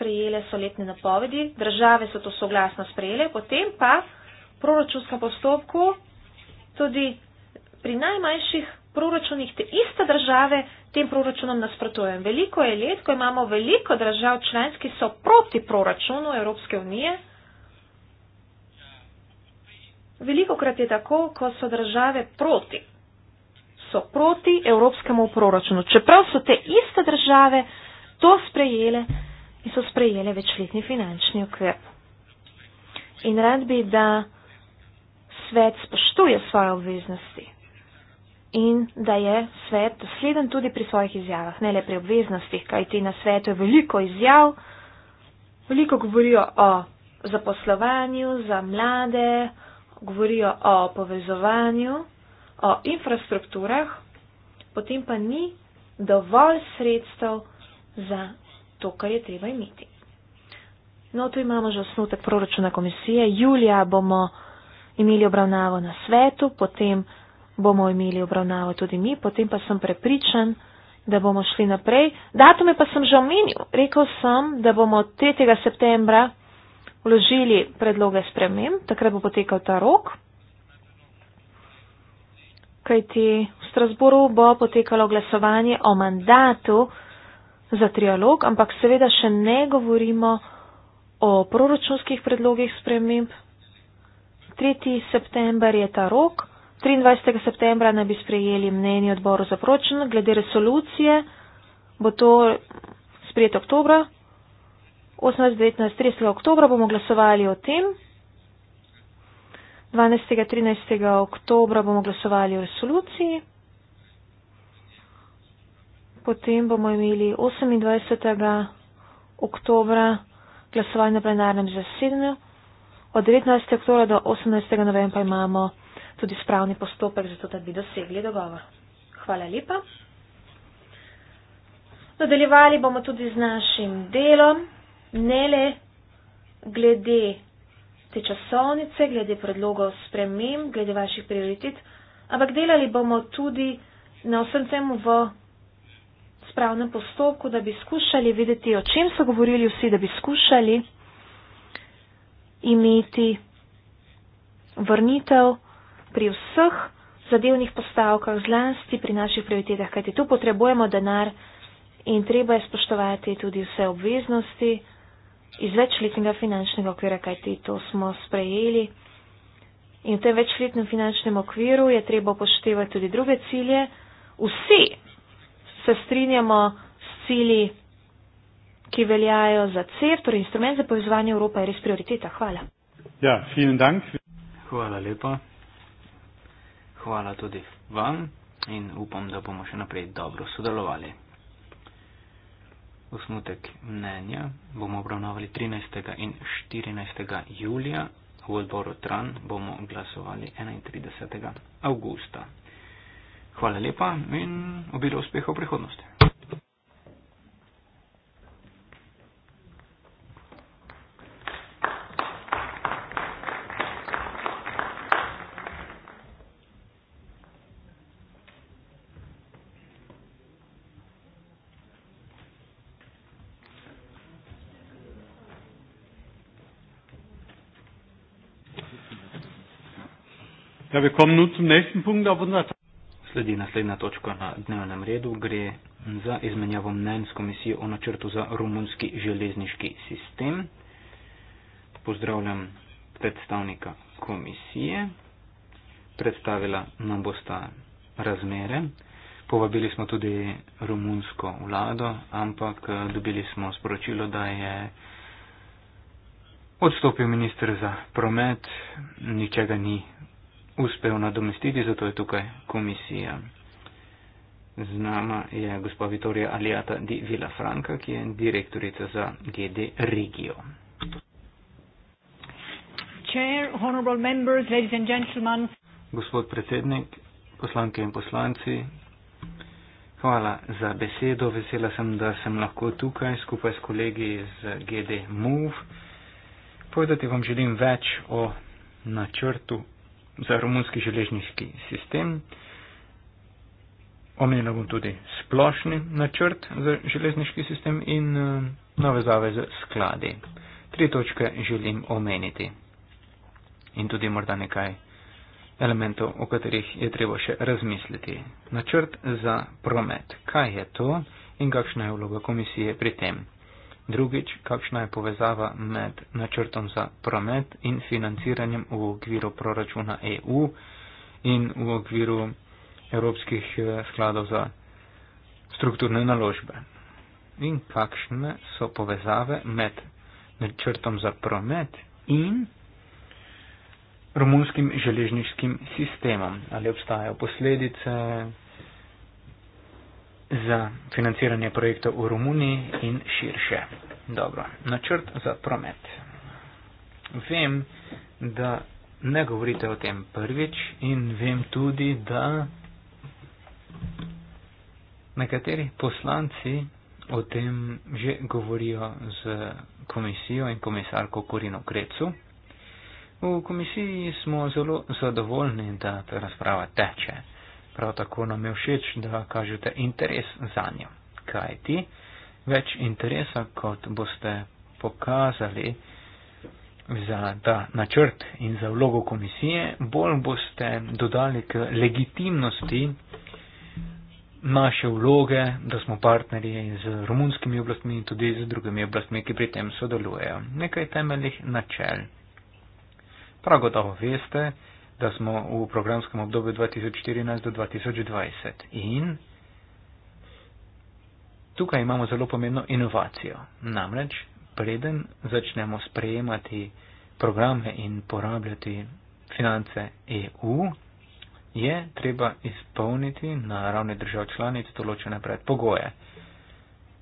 sprejele so letne napovedi, države so to soglasno sprejele, potem pa v proračunskem postopku tudi pri najmanjših proračunih te iste države tem proračunom nasprotujem. Veliko je let, ko imamo veliko držav članski, ki so proti proračunu Evropske unije. Veliko krat je tako, ko so države proti, so proti evropskemu proračunu, čeprav so te iste države to sprejele in so sprejele večletni finančni okvir. In rad bi, da svet spoštuje svoje obveznosti in da je svet sleden tudi pri svojih izjavah, ne le pri obveznostih, kajti na svetu je veliko izjav, veliko govorijo o zaposlovanju za mlade, govorijo o povezovanju, o infrastrukturah, potem pa ni dovolj sredstev za to, kar je treba imeti. No, tu imamo že osnutek proračuna komisije. Julija bomo imeli obravnavo na svetu, potem bomo imeli obravnavo tudi mi, potem pa sem prepričan, da bomo šli naprej. Datume pa sem že omenil. Rekel sem, da bomo 3. septembra vložili predloge spremem, takrat bo potekal ta rok. Kajti v Strasboru bo potekalo glasovanje o mandatu za trialog, ampak seveda še ne govorimo o proračunskih predlogih sprememb. 3. september je ta rok, 23. septembra naj bi sprejeli mnenje odboru za proračun, glede resolucije bo to sprejeto oktobra, 18. 19. 30. oktobra bomo glasovali o tem, 12. 13. oktobra bomo glasovali o resoluciji. Potem bomo imeli 28. oktobra glasovanje na plenarnem zasedanju. Od 19. oktobra do 18. novembra imamo tudi spravni postopek, zato da bi dosegli dogovor. Hvala lepa. Nadaljevali bomo tudi z našim delom, ne le glede te časovnice, glede predlogov spremem, glede vaših prioritet, ampak delali bomo tudi na vsem tem v spravnem postopku, da bi skušali videti, o čem so govorili vsi, da bi skušali imeti vrnitev pri vseh zadevnih postavkah, zlasti pri naših prioritetah, kajti tu potrebujemo denar in treba je spoštovati tudi vse obveznosti iz večletnega finančnega okvira, kajti to smo sprejeli. In v tem večletnem finančnem okviru je treba upoštevati tudi druge cilje. Vsi se strinjamo s cili, ki veljajo za CEF, torej instrument za povezovanje Evropa je res prioriteta. Hvala. Ja, vielen Dank. Hvala lepa. Hvala tudi vam in upam, da bomo še naprej dobro sodelovali. Osnutek mnenja bomo obravnavali 13. in 14. julija. V odboru TRAN bomo glasovali 31. augusta. Hvala lepa in obilo uspeha v prihodnosti. Ja, wir kommen nun zum nächsten Punkt auf unserer Tag. Sledi naslednja točka na dnevnem redu, gre za izmenjavo mnen s komisijo o načrtu za rumunski železniški sistem. Pozdravljam predstavnika komisije. Predstavila nam bosta razmere. Povabili smo tudi rumunsko vlado, ampak eh, dobili smo sporočilo, da je odstopil minister za promet, ničega ni uspel nadomestiti, zato je tukaj komisija. Z nama je gospa Vitorija Aliata di Villafranca, ki je direktorica za GD Regio. Chair, honorable members, ladies and gentlemen. Gospod predsednik, poslanke in poslanci, hvala za besedo. Vesela sem, da sem lahko tukaj skupaj s kolegi iz GD Move. Povedati vam želim več o načrtu za romunski železniški sistem. Omenila bom tudi splošni načrt za železniški sistem in eh, nove zave z skladi. Tri točke želim omeniti in tudi morda nekaj elementov, o katerih je treba še razmisliti. Načrt za promet. Kaj je to in kakšna je vloga komisije pri tem? Drugič, kakšna je povezava med načrtom za promet in financiranjem v okviru proračuna EU in v okviru evropskih eh, skladov za strukturne naložbe. In kakšne so povezave med načrtom za promet in romunskim železniškim sistemom. Ali obstajajo posledice za financiranje projektov v Romuniji in širše. Dobro, načrt za promet. Vem, da ne govorite o tem prvič in vem tudi, da nekateri poslanci o tem že govorijo z komisijo in komisarko Korino Krecu. V komisiji smo zelo zadovoljni, da ta razprava teče prav tako nam je všeč, da kažete interes za njo. Kaj ti? Več interesa, kot boste pokazali za ta načrt in za vlogo komisije, bolj boste dodali k legitimnosti naše vloge, da smo partnerji z romunskimi oblastmi in tudi z drugimi oblastmi, ki pri tem sodelujejo. Nekaj temeljih načel. Prav gotovo veste, da smo v programskem obdobju 2014 do 2020. In tukaj imamo zelo pomembno inovacijo. Namreč, preden začnemo sprejemati programe in porabljati finance EU, je treba izpolniti na ravni držav članic določene predpogoje.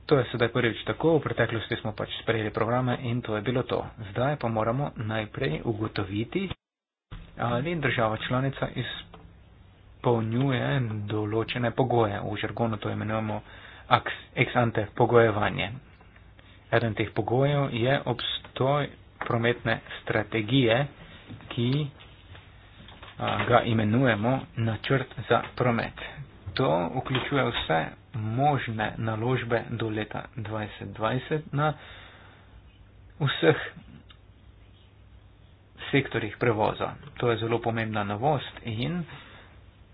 To je sedaj prvič tako, v preteklosti smo pač sprejeli programe in to je bilo to. Zdaj pa moramo najprej ugotoviti, ali država članica izpolnjuje določene pogoje. V žargonu to imenujemo ex ante pogojevanje. Eden teh pogojev je obstoj prometne strategije, ki ga imenujemo načrt za promet. To vključuje vse možne naložbe do leta 2020 na vseh sektorjih prevoza. To je zelo pomembna novost in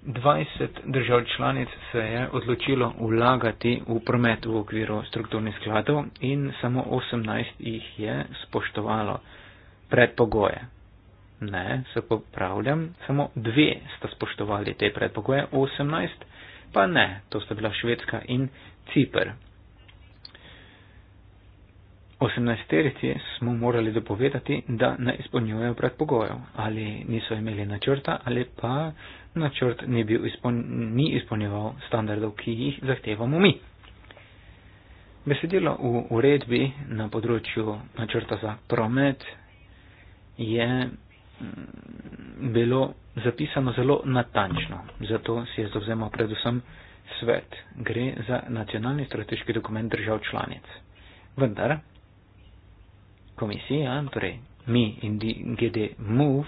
20 držav članic se je odločilo vlagati v promet v okviru strukturnih skladov in samo 18 jih je spoštovalo predpogoje. Ne, se popravljam, samo dve sta spoštovali te predpogoje, 18 pa ne, to sta bila Švedska in Cipr. Osemnajsterici smo morali dopovedati, da ne izpolnjujejo predpogojev, ali niso imeli načrta, ali pa načrt ni, bil izpolj, ni izpolnjeval standardov, ki jih zahtevamo mi. Besedilo v uredbi na področju načrta za promet je mm, bilo zapisano zelo natančno, zato si je zavzemal predvsem svet. Gre za nacionalni strateški dokument držav članic. Vendar come sempre, ja, torej mi in gede move,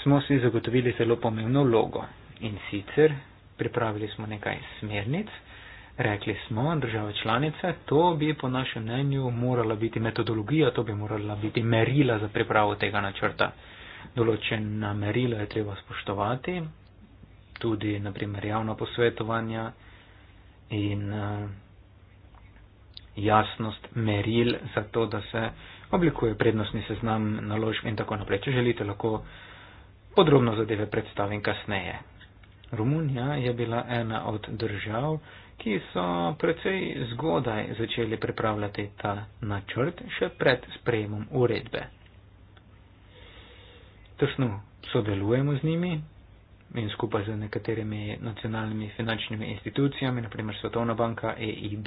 smo si zagotovili zelo pomembno vlogo. In sicer pripravili smo nekaj smernic, rekli smo, država članica, to bi po našem mnenju morala biti metodologija, to bi morala biti merila za pripravo tega načrta. Določena merila je treba spoštovati, tudi naprimer javna posvetovanja in uh, jasnost meril za to, da se oblikuje prednostni seznam naložb in tako naprej. Če želite, lahko podrobno zadeve predstavim kasneje. Romunija je bila ena od držav, ki so precej zgodaj začeli pripravljati ta načrt, še pred sprejemom uredbe. Tesno sodelujemo z njimi, in skupaj z nekaterimi nacionalnimi finančnimi institucijami, naprimer Svetovna banka EIB,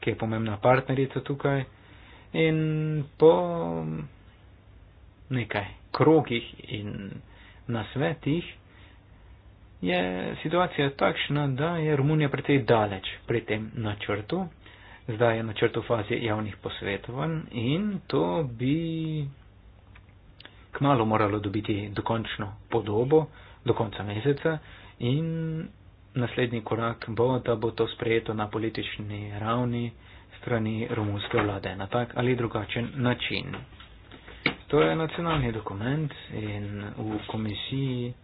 ki je pomembna partnerica tukaj. In po nekaj krogih in nasvetih je situacija takšna, da je Romunija precej daleč pri tem načrtu. Zdaj je načrt v fazi javnih posvetovanj in to bi kmalo moralo dobiti dokončno podobo do konca meseca in naslednji korak bo, da bo to sprejeto na politični ravni strani romunske vlade na tak ali drugačen način. To je nacionalni dokument in v komisiji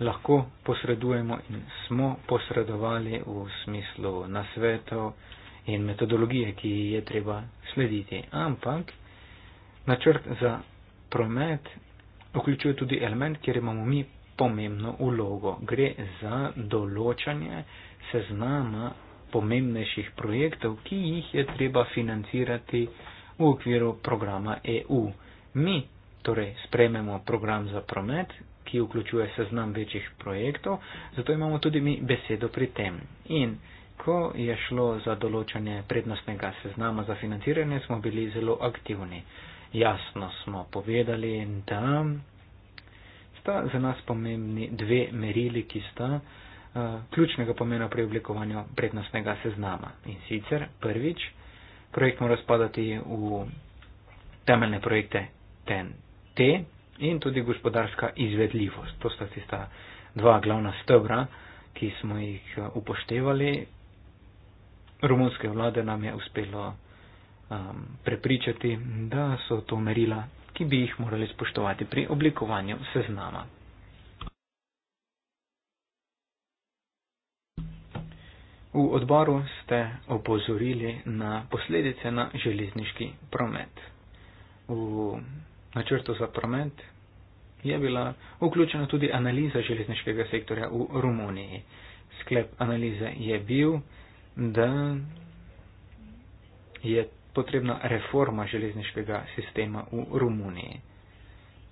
lahko posredujemo in smo posredovali v smislu nasvetov in metodologije, ki je treba slediti. Ampak načrt za promet vključuje tudi element, kjer imamo mi pomembno ulogo. Gre za določanje seznama pomembnejših projektov, ki jih je treba financirati v okviru programa EU. Mi torej sprememo program za promet, ki vključuje seznam večjih projektov, zato imamo tudi mi besedo pri tem. In ko je šlo za določanje prednostnega seznama za financiranje, smo bili zelo aktivni. Jasno smo povedali, da sta za nas pomembni dve merili, ki sta uh, ključnega pomena pri oblikovanju prednostnega seznama. In sicer prvič, projekt mora spadati v temeljne projekte TNT in tudi gospodarska izvedljivost. To sta tista dva glavna stebra, ki smo jih eh, upoštevali. Romunske vlade nam je uspelo um, prepričati, da so to merila ki bi jih morali spoštovati pri oblikovanju seznama. V odboru ste opozorili na posledice na železniški promet. V načrtu za promet je bila vključena tudi analiza železniškega sektorja v Romuniji. Sklep analize je bil, da je potrebna reforma železniškega sistema v Romuniji,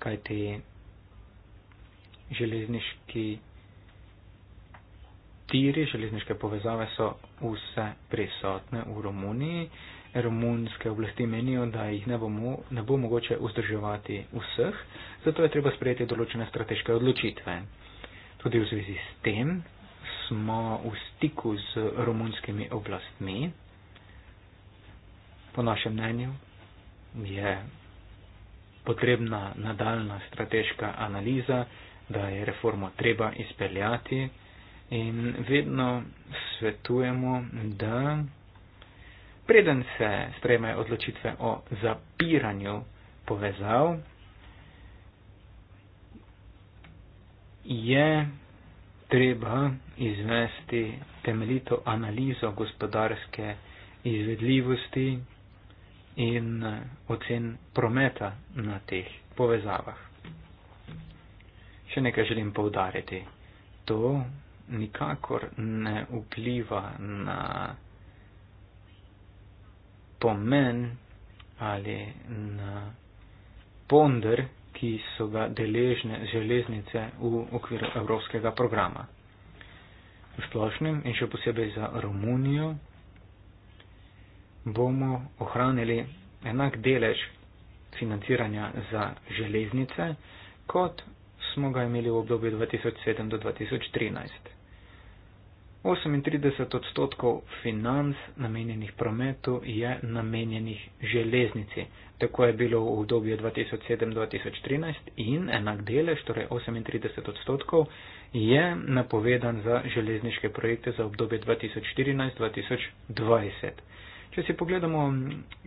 kajti železniški tiri, železniške povezave so vse prisotne v Romuniji. Romunske oblasti menijo, da jih ne bo, ne bo mogoče vzdrževati vseh, zato je treba sprejeti določene strateške odločitve. Tudi v zvezi s tem smo v stiku z romunskimi oblastmi, po našem mnenju, je potrebna nadaljna strateška analiza, da je reformo treba izpeljati in vedno svetujemo, da preden se spremejo odločitve o zapiranju povezav, je treba izvesti temeljito analizo gospodarske izvedljivosti in eh, ocen prometa na teh povezavah. Še nekaj želim povdariti. To nikakor ne vpliva na pomen ali na ponder, ki so ga deležne železnice v okviru evropskega programa. V splošnem in še posebej za Romunijo bomo ohranili enak delež financiranja za železnice, kot smo ga imeli v obdobju 2007 do 2013. 38 odstotkov financ namenjenih prometu je namenjenih železnici. Tako je bilo v obdobju 2007-2013 in enak delež, torej 38 odstotkov, je napovedan za železniške projekte za obdobje 2014-2020. Če si pogledamo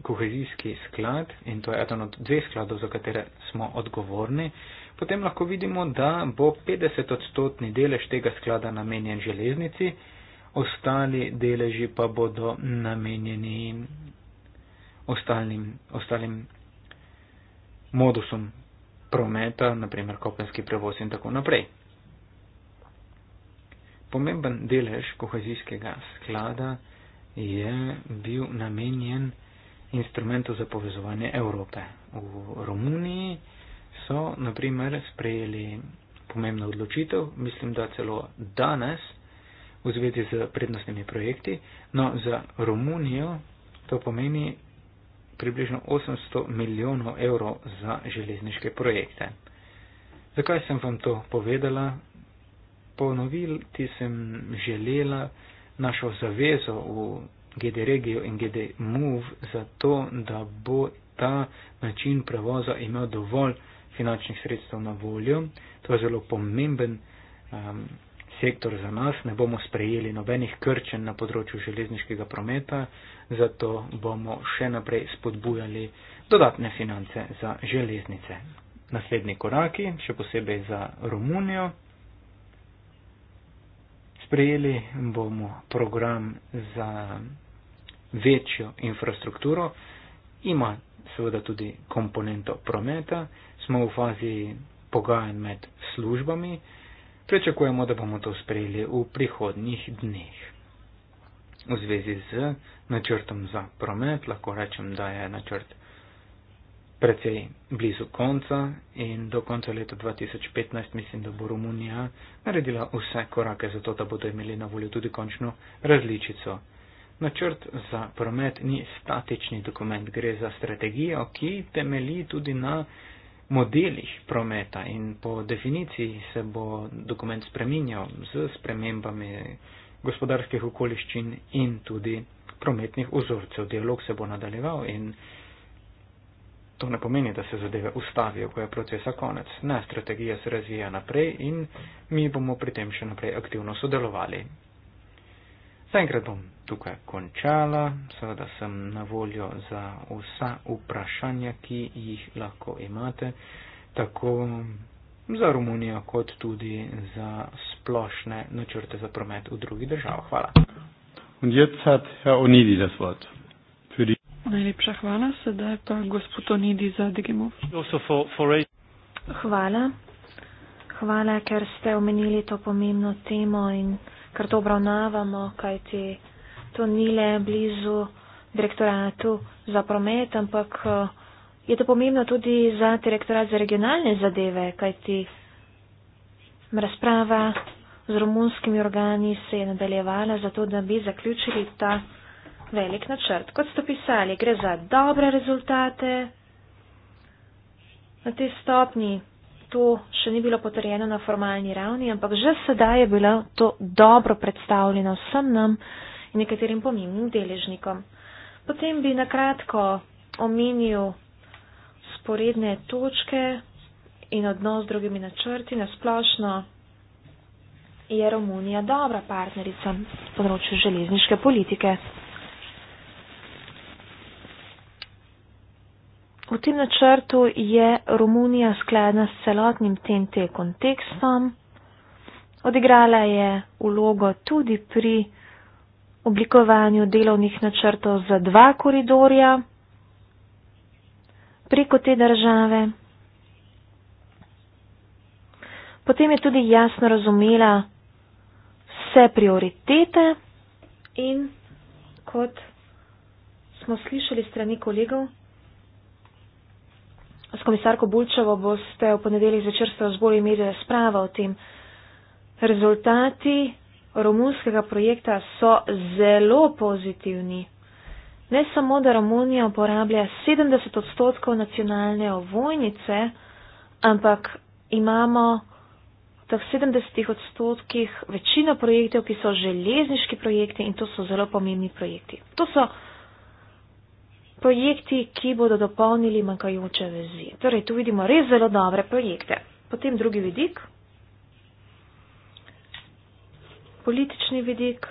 kohezijski sklad, in to je eden od dveh skladov, za katere smo odgovorni, potem lahko vidimo, da bo 50 odstotni delež tega sklada namenjen železnici, ostali deleži pa bodo namenjeni ostalim, ostalim modusom prometa, naprimer kopenski prevoz in tako naprej. Pomemben delež kohezijskega sklada je bil namenjen instrumentu za povezovanje Evrope. V Romuniji so, na primer, sprejeli pomembno odločitev, mislim, da celo danes, v zvezi z prednostnimi projekti, no za Romunijo to pomeni približno 800 milijonov evrov za železniške projekte. Zakaj sem vam to povedala? Ponoviti sem želela, našo zavezo v GD Regijo in GD Move za to, da bo ta način prevoza imel dovolj finančnih sredstev na voljo. To je zelo pomemben um, sektor za nas. Ne bomo sprejeli nobenih krčen na področju železniškega prometa, zato bomo še naprej spodbujali dodatne finance za železnice. Naslednji koraki, še posebej za Romunijo sprejeli bomo program za večjo infrastrukturo, ima seveda tudi komponento prometa, smo v fazi pogajanj med službami, pričakujemo, da bomo to sprejeli v prihodnjih dneh. V zvezi z načrtom za promet lahko rečem, da je načrt precej blizu konca in do konca leta 2015 mislim, da bo Romunija naredila vse korake za to, da bodo imeli na voljo tudi končno različico. Načrt za promet ni statični dokument, gre za strategijo, ki temeli tudi na modelih prometa in po definiciji se bo dokument spreminjal z spremembami gospodarskih okoliščin in tudi prometnih ozorcev. Dialog se bo nadaljeval in To ne pomeni, da se zadeve ustavijo, ko je procesa konec. Ne, strategija se razvija naprej in mi bomo pri tem še naprej aktivno sodelovali. Zaenkrat bom tukaj končala, seveda sem na voljo za vsa vprašanja, ki jih lahko imate, tako za Romunijo, kot tudi za splošne načrte za promet v drugih državah. Hvala. In zdaj, Herr Onidi, das Wort. Najlepša hvala. Sedaj pa gospod Onidi Zadigimo. Hvala. Hvala, ker ste omenili to pomembno temo in ker to obravnavamo, kajti to ni le blizu direktoratu za promet, ampak eh, je to pomembno tudi za direktorat za regionalne zadeve, kajti razprava z romunskimi organi se je nadaljevala zato, da bi zaključili ta velik načrt. Kot ste pisali, gre za dobre rezultate na tej stopni. To še ni bilo potrjeno na formalni ravni, ampak že sedaj je bilo to dobro predstavljeno vsem nam in nekaterim pomembnim deležnikom. Potem bi na kratko omenil sporedne točke in odnos z drugimi načrti. Na splošno je Romunija dobra partnerica področju železniške politike. V tem načrtu je Romunija skladna s celotnim TNT kontekstom. Odigrala je vlogo tudi pri oblikovanju delovnih načrtov za dva koridorja preko te države. Potem je tudi jasno razumela vse prioritete in kot smo slišali strani kolegov, S komisarko Bulčevo boste v ponedeljih zvečer ste ozbolj imeli razprava o tem. Rezultati romunskega projekta so zelo pozitivni. Ne samo, da Romunija uporablja 70 odstotkov nacionalne ovojnice, ampak imamo v teh 70 odstotkih večino projektov, ki so železniški projekti in to so zelo pomembni projekti. To so projekti, ki bodo dopolnili manjkajoče vezi. Torej, tu vidimo res zelo dobre projekte. Potem drugi vidik, politični vidik.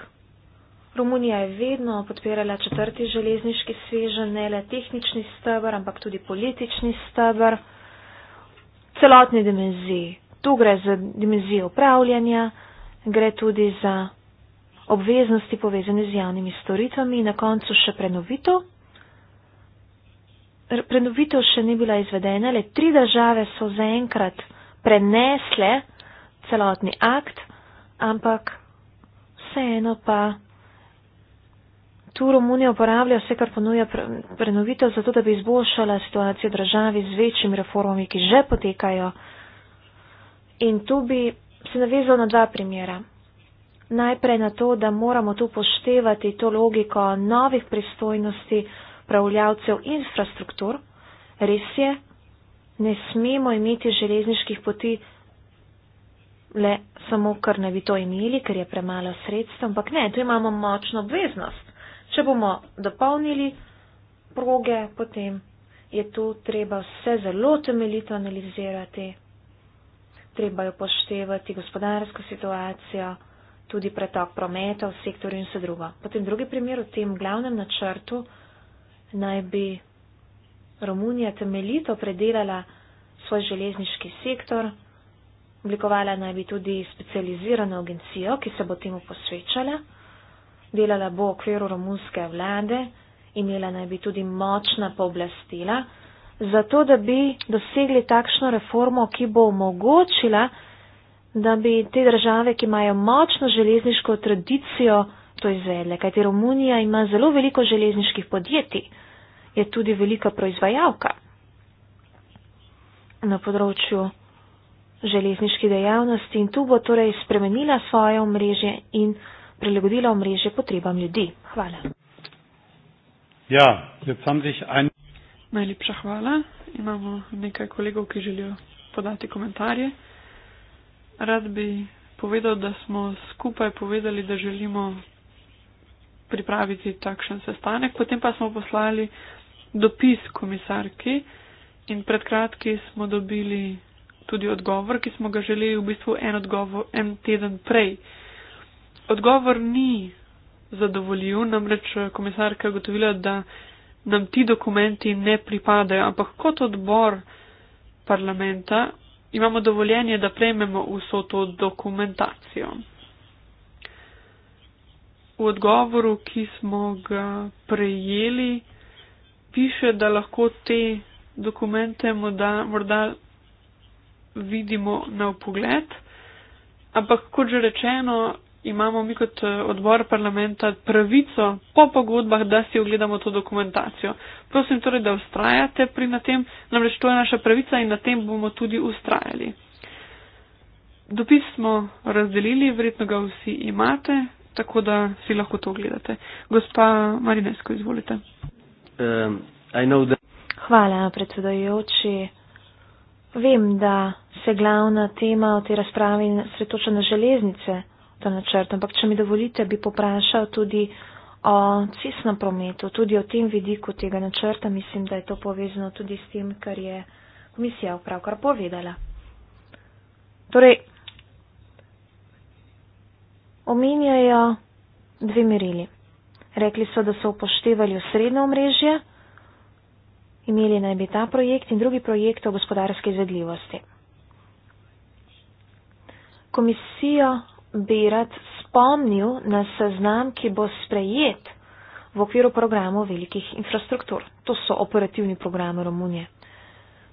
Romunija je vedno podpirala četrti železniški svežen, ne le tehnični stebr, ampak tudi politični stebr. Celotni dimenziji. Tu gre za dimenzijo upravljanja, gre tudi za obveznosti povezane z javnimi storitvami in na koncu še prenovito prenovitev še ni bila izvedena, le tri države so zaenkrat prenesle celotni akt, ampak vseeno pa tu Romunija uporablja vse, kar ponuja prenovitev, zato da bi izboljšala situacijo državi z večjimi reformami, ki že potekajo. In tu bi se navezal na dva primera. Najprej na to, da moramo tu poštevati to logiko novih pristojnosti, upravljavcev infrastruktur, res je, ne smemo imeti železniških poti le samo, ker ne bi to imeli, ker je premalo sredstva, ampak ne, tu imamo močno obveznost. Če bomo dopolnili proge, potem je tu treba vse zelo temeljito analizirati, treba jo poštevati gospodarsko situacijo, tudi pretok prometa v sektorju in vse drugo. Potem drugi primer v tem glavnem načrtu naj bi Romunija temeljito predelala svoj železniški sektor, oblikovala naj bi tudi specializirano agencijo, ki se bo temu posvečala, delala bo v okviru romunske vlade, imela naj bi tudi močna pooblastila, zato da bi dosegli takšno reformo, ki bo omogočila, da bi te države, ki imajo močno železniško tradicijo, to izvedle, kajti Romunija ima zelo veliko železniških podjetij, je tudi velika proizvajalka na področju železniških dejavnosti in tu bo torej spremenila svoje omrežje in prilagodila omrežje potrebam ljudi. Hvala. Ja, ein... Najlepša hvala. Imamo nekaj kolegov, ki želijo podati komentarje. Rad bi povedal, da smo skupaj povedali, da želimo pripraviti takšen sestanek. Potem pa smo poslali dopis komisarki in pred kratki smo dobili tudi odgovor, ki smo ga želeli v bistvu en, odgovor, en teden prej. Odgovor ni zadovoljiv, namreč komisarka je gotovila, da nam ti dokumenti ne pripadajo, ampak kot odbor parlamenta imamo dovoljenje, da prejmemo vso to dokumentacijo v odgovoru, ki smo ga prejeli, piše, da lahko te dokumente morda, morda vidimo na upogled, ampak kot že rečeno, imamo mi kot eh, odbor parlamenta pravico po pogodbah, da si ogledamo to dokumentacijo. Prosim torej, da ustrajate pri na tem, namreč to je naša pravica in na tem bomo tudi ustrajali. Dopis smo razdelili, verjetno ga vsi imate, tako da si lahko to ogledate. Gospa Marinesko, izvolite. Um, Hvala, predsedojoči. Vem, da se glavna tema v tej razpravi sretoča na železnice, ta načrt, ampak če mi dovolite, bi poprašal tudi o cisnem prometu, tudi o tem vidiku tega načrta. Mislim, da je to povezano tudi s tem, kar je komisija pravkar povedala. Torej, omenjajo dve merili. Rekli so, da so upoštevali osrednje omrežje, imeli naj bi ta projekt in drugi projekt o gospodarske izvedljivosti. Komisijo bi rad spomnil na seznam, ki bo sprejet v okviru programov velikih infrastruktur. To so operativni programi Romunije.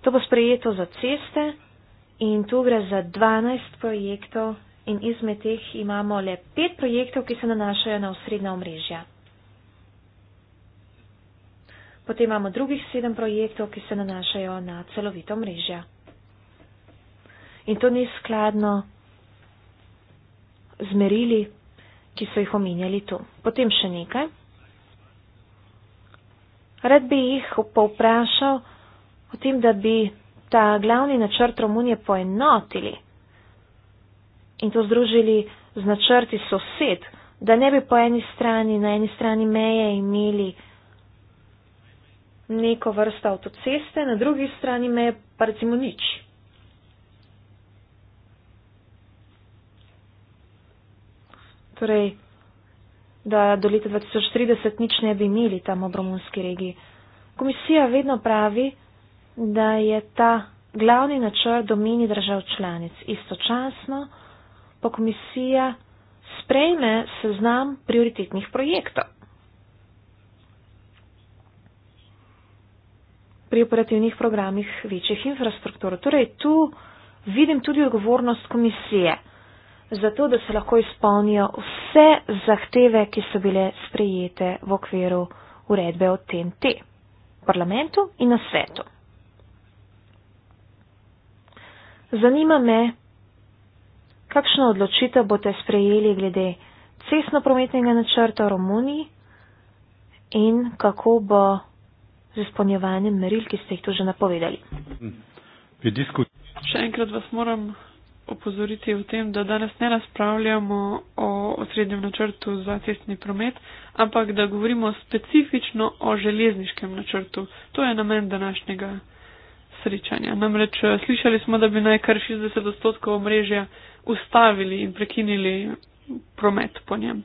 To bo sprejeto za ceste in tu gre za 12 projektov in izmed teh imamo le pet projektov, ki se nanašajo na osrednja omrežja. Potem imamo drugih sedem projektov, ki se nanašajo na celovito omrežja. In to ni skladno z merili, ki so jih omenjali tu. Potem še nekaj. Rad bi jih povprašal o tem, da bi ta glavni načrt Romunije poenotili in to združili z načrti sosed, da ne bi po eni strani, na eni strani meje imeli neko vrsto avtoceste, na drugi strani meje pa recimo nič. Torej, da do leta 2030 nič ne bi imeli tam ob romunski regiji. Komisija vedno pravi, da je ta glavni načrt domeni držav članic istočasno, pa komisija sprejme seznam prioritetnih projektov. pri operativnih programih večjih infrastruktur. Torej, tu vidim tudi odgovornost komisije za to, da se lahko izpolnijo vse zahteve, ki so bile sprejete v okviru uredbe o TNT, parlamentu in na svetu. Zanima me, kakšno odločitev boste sprejeli glede cestno-prometnega načrta v Romuniji in kako bo z izpolnjevanjem meril, ki ste jih tu že napovedali. Še enkrat vas moram opozoriti o tem, da danes ne razpravljamo o osrednjem načrtu za cestni promet, ampak da govorimo specifično o železniškem načrtu. To je namen današnjega srečanja. Namreč eh, slišali smo, da bi naj kar 60 odstotkov omrežja ustavili in prekinili promet po njem.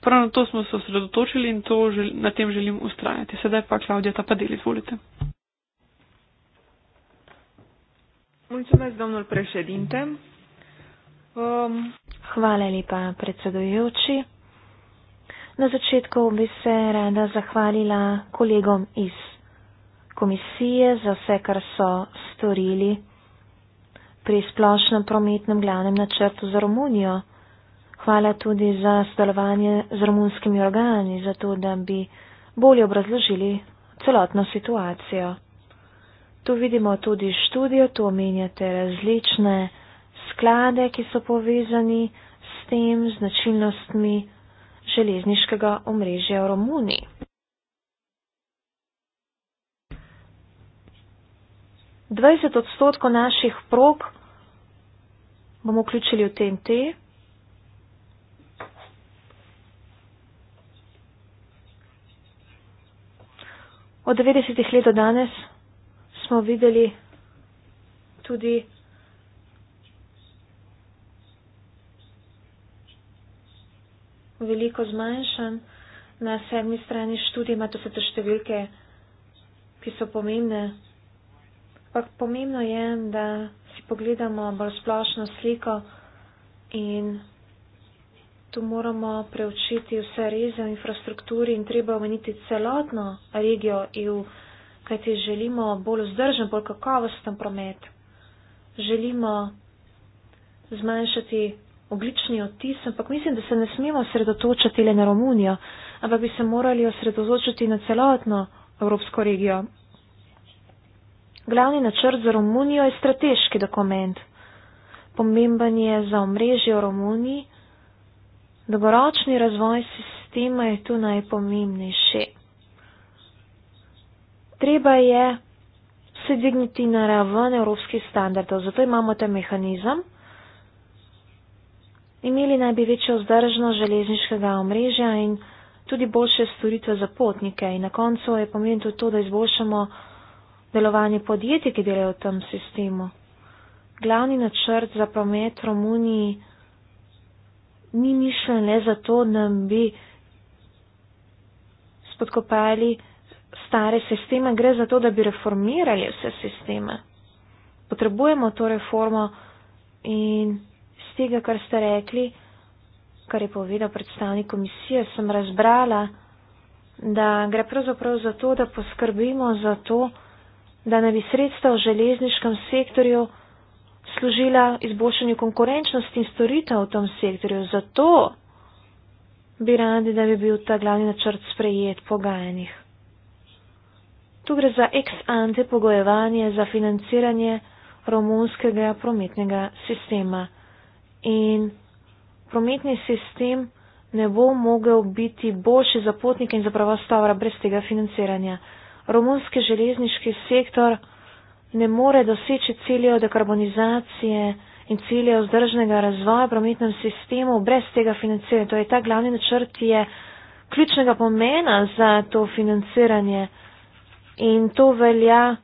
Prav na to smo se osredotočili in žel, na tem želim ustrajati. Sedaj pa Klaudija Tapadeli, izvolite. Um, Hvala lepa, predsedujoči. Na začetku bi se rada zahvalila kolegom iz komisije za vse, kar so storili pri splošnem prometnem glavnem načrtu za Romunijo. Hvala tudi za sodelovanje z romunskimi organi, zato da bi bolje obrazložili celotno situacijo. Tu vidimo tudi študijo, tu omenjate različne sklade, ki so povezani s tem značilnostmi železniškega omrežja v Romuniji. 20 odstotkov naših prog bomo vključili v TNT. Od 90. let do danes smo videli tudi veliko zmanjšan na sedmi strani študij, ima to se te številke, ki so pomembne ampak pomembno je, da si pogledamo bolj splošno sliko in tu moramo preučiti vse reze v infrastrukturi in treba omeniti celotno regijo EU, kajti želimo bolj vzdržen, bolj kakovosten promet. Želimo zmanjšati oglični odtis, ampak mislim, da se ne smemo osredotočiti le na Romunijo, ampak bi se morali osredotočiti na celotno Evropsko regijo. Glavni načrt za Romunijo je strateški dokument. Pomemben je za omrežje v Romuniji. Dolgoročni razvoj sistema je tu najpomembnejši. Treba je se digniti na raven evropskih standardov, zato imamo ta mehanizem. Imeli naj bi večjo vzdržnost železniškega omrežja in tudi boljše storitve za potnike. In na koncu je pomembno tudi to, da izboljšamo delovanje podjetij, ki delajo v tem sistemu. Glavni načrt za promet v Romuniji ni mišljen le zato, da nam bi spodkopali stare sisteme, gre za to, da bi reformirali vse sisteme. Potrebujemo to reformo in z tega, kar ste rekli, kar je povedal predstavnik komisije, sem razbrala, da gre pravzaprav za to, da poskrbimo za to, da da naj bi sredstva v železniškem sektorju služila izboljšanju konkurenčnosti in storitev v tem sektorju. Zato bi radi, da bi bil ta glavni načrt sprejet pogajanjih. Tu gre za ex ante pogojevanje za financiranje romunskega prometnega sistema. In prometni sistem ne bo mogel biti boljši za potnike in za prava stavra brez tega financiranja romunski železniški sektor ne more doseči ciljev dekarbonizacije in ciljev vzdržnega razvoja v prometnem sistemu brez tega financiranja. Torej, ta glavni načrt je ključnega pomena za to financiranje in to velja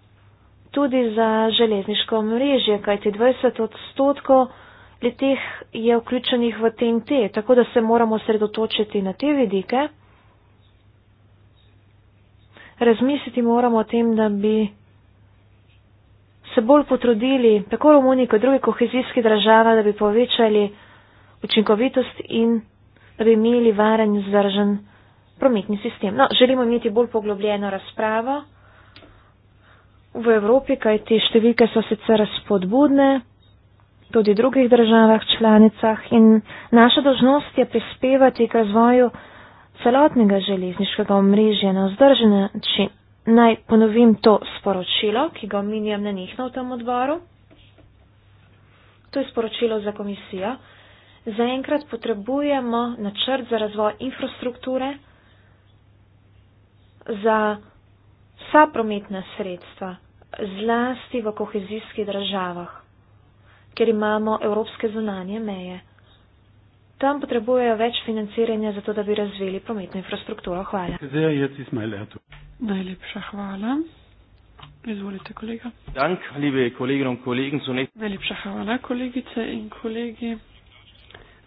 tudi za železniško mrežje, kajti 20 odstotkov leteh je vključenih v TNT, tako da se moramo sredotočiti na te vidike razmisliti moramo o tem, da bi se bolj potrudili, tako Romuniji kot druge kohezijske države, da bi povečali učinkovitost in da bi imeli varen in zdržen prometni sistem. No, želimo imeti bolj poglobljeno razpravo v Evropi, kajti številke so sicer spodbudne tudi v drugih državah, članicah in naša dožnost je prispevati k razvoju celotnega železniškega omrežja na vzdržen način. Naj ponovim to sporočilo, ki ga omenjam na njih na tem odboru. To je sporočilo za komisijo. Zaenkrat potrebujemo načrt za razvoj infrastrukture za vsa prometna sredstva, zlasti v kohezijskih državah, ker imamo evropske zunanje meje tam potrebujejo več financiranja, zato da bi razvili prometno infrastrukturo. Hvala. Ja, Najlepša hvala. Izvolite, kolega. Dank, Najlepša hvala, kolegice in kolegi.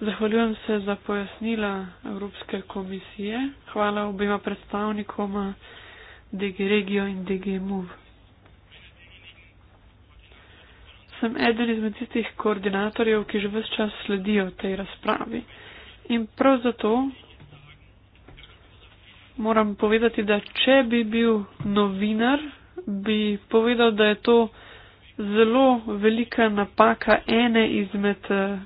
Zahvaljujem se za pojasnila Evropske komisije. Hvala obima predstavnikoma DG Regio in DG Move. sem eden izmed tistih koordinatorjev, ki že vse čas sledijo tej razpravi. In prav zato moram povedati, da če bi bil novinar, bi povedal, da je to zelo velika napaka ene izmed eh,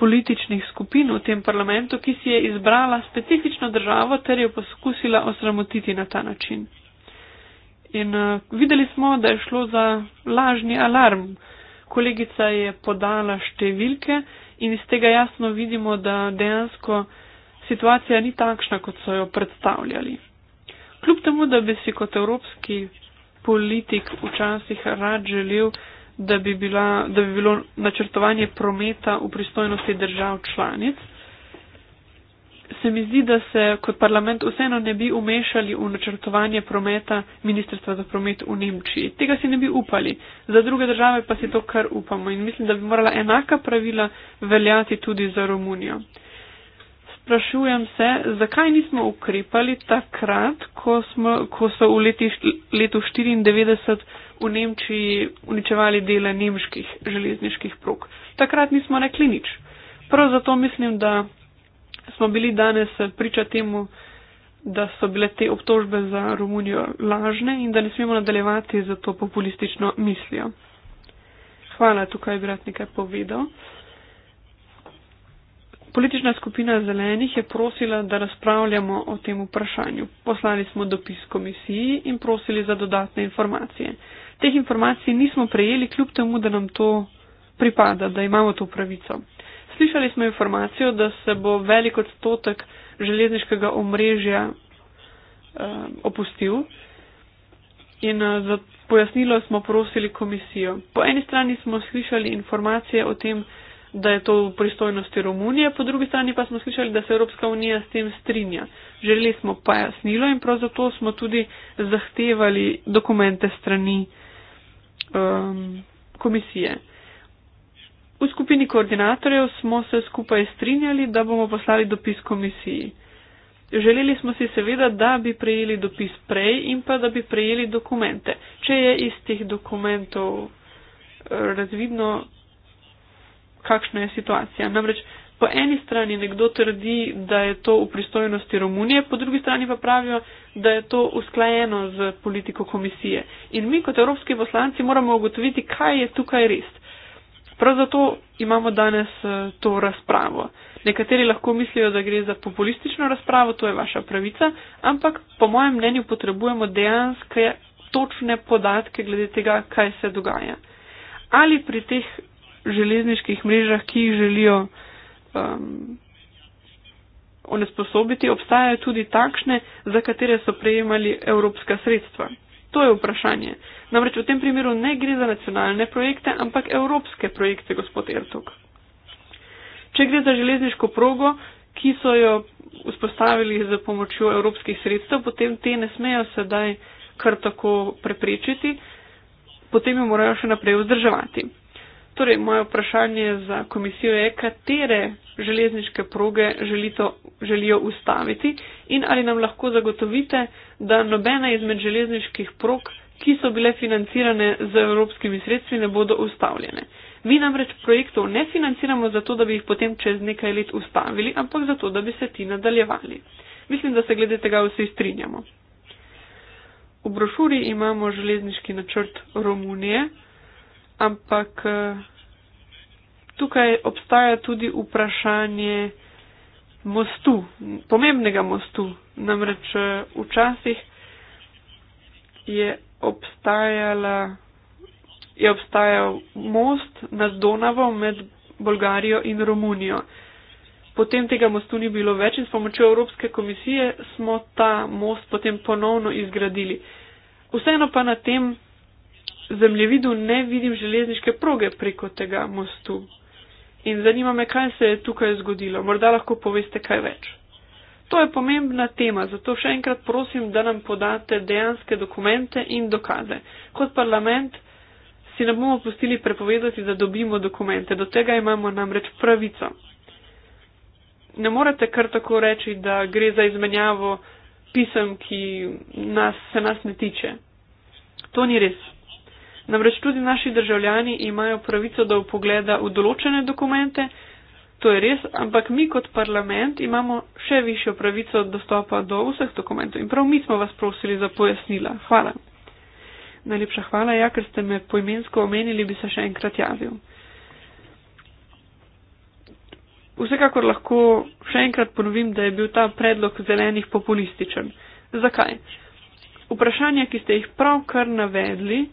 političnih skupin v tem parlamentu, ki si je izbrala specifično državo ter jo poskusila osramotiti na ta način. In uh, videli smo, da je šlo za lažni alarm, uh, kolegica je podala številke in iz tega jasno vidimo, da dejansko situacija ni takšna, kot so jo predstavljali. Kljub temu, da bi si kot evropski politik včasih rad želel, da bi, bila, da bi bilo načrtovanje prometa v pristojnosti držav članic, se mi zdi, da se kot parlament vseeno ne bi umešali v načrtovanje prometa Ministrstva za promet v Nemčiji. Tega si ne bi upali. Za druge države pa si to kar upamo in mislim, da bi morala enaka pravila veljati tudi za Romunijo. Sprašujem se, zakaj nismo ukrepali takrat, ko, smo, ko so v leti, letu 1994 v Nemčiji uničevali dele nemških železniških prog. Takrat nismo rekli nič. Prav zato mislim, da smo bili danes eh, priča temu, da so bile te obtožbe za Romunijo lažne in da ne smemo nadaljevati za to populistično mislijo. Hvala, tukaj bi rad nekaj povedal. Politična skupina zelenih je prosila, da razpravljamo o tem vprašanju. Poslali smo dopis komisiji in prosili za dodatne informacije. Teh informacij nismo prejeli, kljub temu, da nam to pripada, da imamo to pravico slišali smo informacijo, da se bo velik odstotek železniškega omrežja um, opustil in uh, za pojasnilo smo prosili komisijo. Po eni strani smo slišali informacije o tem, da je to v pristojnosti Romunije, po drugi strani pa smo slišali, da se Evropska unija s tem strinja. Želeli smo pojasnilo in prav zato smo tudi zahtevali dokumente strani um, komisije. V skupini koordinatorjev smo se skupaj strinjali, da bomo poslali dopis komisiji. Želeli smo si seveda, da bi prejeli dopis prej in pa da bi prejeli dokumente. Če je iz teh dokumentov eh, razvidno, kakšna je situacija. Namreč po eni strani nekdo trdi, da je to v pristojnosti Romunije, po drugi strani pa pravijo, da je to usklajeno z politiko komisije. In mi kot evropski poslanci moramo ugotoviti, kaj je tukaj res. Prav zato imamo danes eh, to razpravo. Nekateri lahko mislijo, da gre za populistično razpravo, to je vaša pravica, ampak po mojem mnenju potrebujemo dejanske točne podatke glede tega, kaj se dogaja. Ali pri teh železniških mrežah, ki jih želijo um, onesposobiti, obstajajo tudi takšne, za katere so prejemali evropska sredstva. To je vprašanje. Namreč v tem primeru ne gre za nacionalne projekte, ampak evropske projekte, gospod Ertug. Če gre za železniško progo, ki so jo vzpostavili z pomočjo evropskih sredstev, potem te ne smejo sedaj kar tako preprečiti, potem jo morajo še naprej vzdrževati. Torej, moje vprašanje za komisijo je, katere železniške proge želito, želijo ustaviti in ali nam lahko zagotovite, da nobena izmed železniških prog, ki so bile financirane z evropskimi sredstvi, ne bodo ustavljene. Mi namreč projektov ne financiramo zato, da bi jih potem čez nekaj let ustavili, ampak zato, da bi se ti nadaljevali. Mislim, da se glede tega vsi strinjamo. V brošuri imamo železniški načrt Romunije ampak eh, tukaj obstaja tudi vprašanje mostu, pomembnega mostu. Namreč eh, včasih je obstajala, je obstajal most nad Donavo med Bolgarijo in Romunijo. Potem tega mostu ni bilo več in s pomočjo Evropske komisije smo ta most potem ponovno izgradili. Vseeno pa na tem zemljevidu ne vidim železniške proge preko tega mostu. In zanima me, kaj se je tukaj zgodilo. Morda lahko poveste kaj več. To je pomembna tema, zato še enkrat prosim, da nam podate dejanske dokumente in dokaze. Kot parlament si ne bomo pustili prepovedati, da dobimo dokumente. Do tega imamo namreč pravico. Ne morete kar tako reči, da gre za izmenjavo pisem, ki nas, se nas ne tiče. To ni res. Namreč tudi naši državljani imajo pravico do upogleda v določene dokumente, to je res, ampak mi kot parlament imamo še višjo pravico dostopa do vseh dokumentov in prav mi smo vas prosili za pojasnila. Hvala. Najlepša hvala, ja, ker ste me poimensko omenili, bi se še enkrat javil. Vsekakor lahko še enkrat ponovim, da je bil ta predlog zelenih populističen. Zakaj? Vprašanja, ki ste jih pravkar navedli,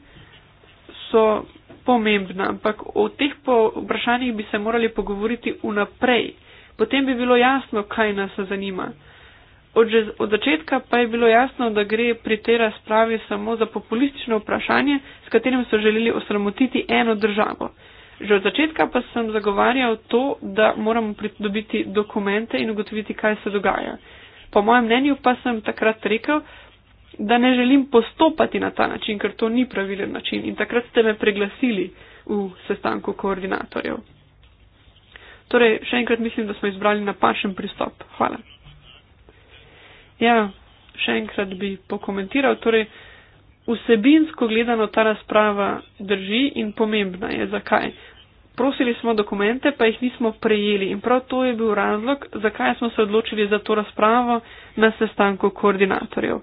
so pomembna, ampak o teh vprašanjih bi se morali pogovoriti vnaprej. Potem bi bilo jasno, kaj nas zanima. Od, že, od začetka pa je bilo jasno, da gre pri tej razpravi samo za populistično vprašanje, s katerim so želeli osramotiti eno državo. Že od začetka pa sem zagovarjal to, da moramo pridobiti dokumente in ugotoviti, kaj se dogaja. Po mojem mnenju pa sem takrat rekel, da ne želim postopati na ta način, ker to ni pravilen način. In takrat ste me preglasili v sestanku koordinatorjev. Torej, še enkrat mislim, da smo izbrali napačen pristop. Hvala. Ja, še enkrat bi pokomentiral. Torej, vsebinsko gledano ta razprava drži in pomembna je. Zakaj? Prosili smo dokumente, pa jih nismo prejeli in prav to je bil razlog, zakaj smo se odločili za to razpravo na sestanku koordinatorjev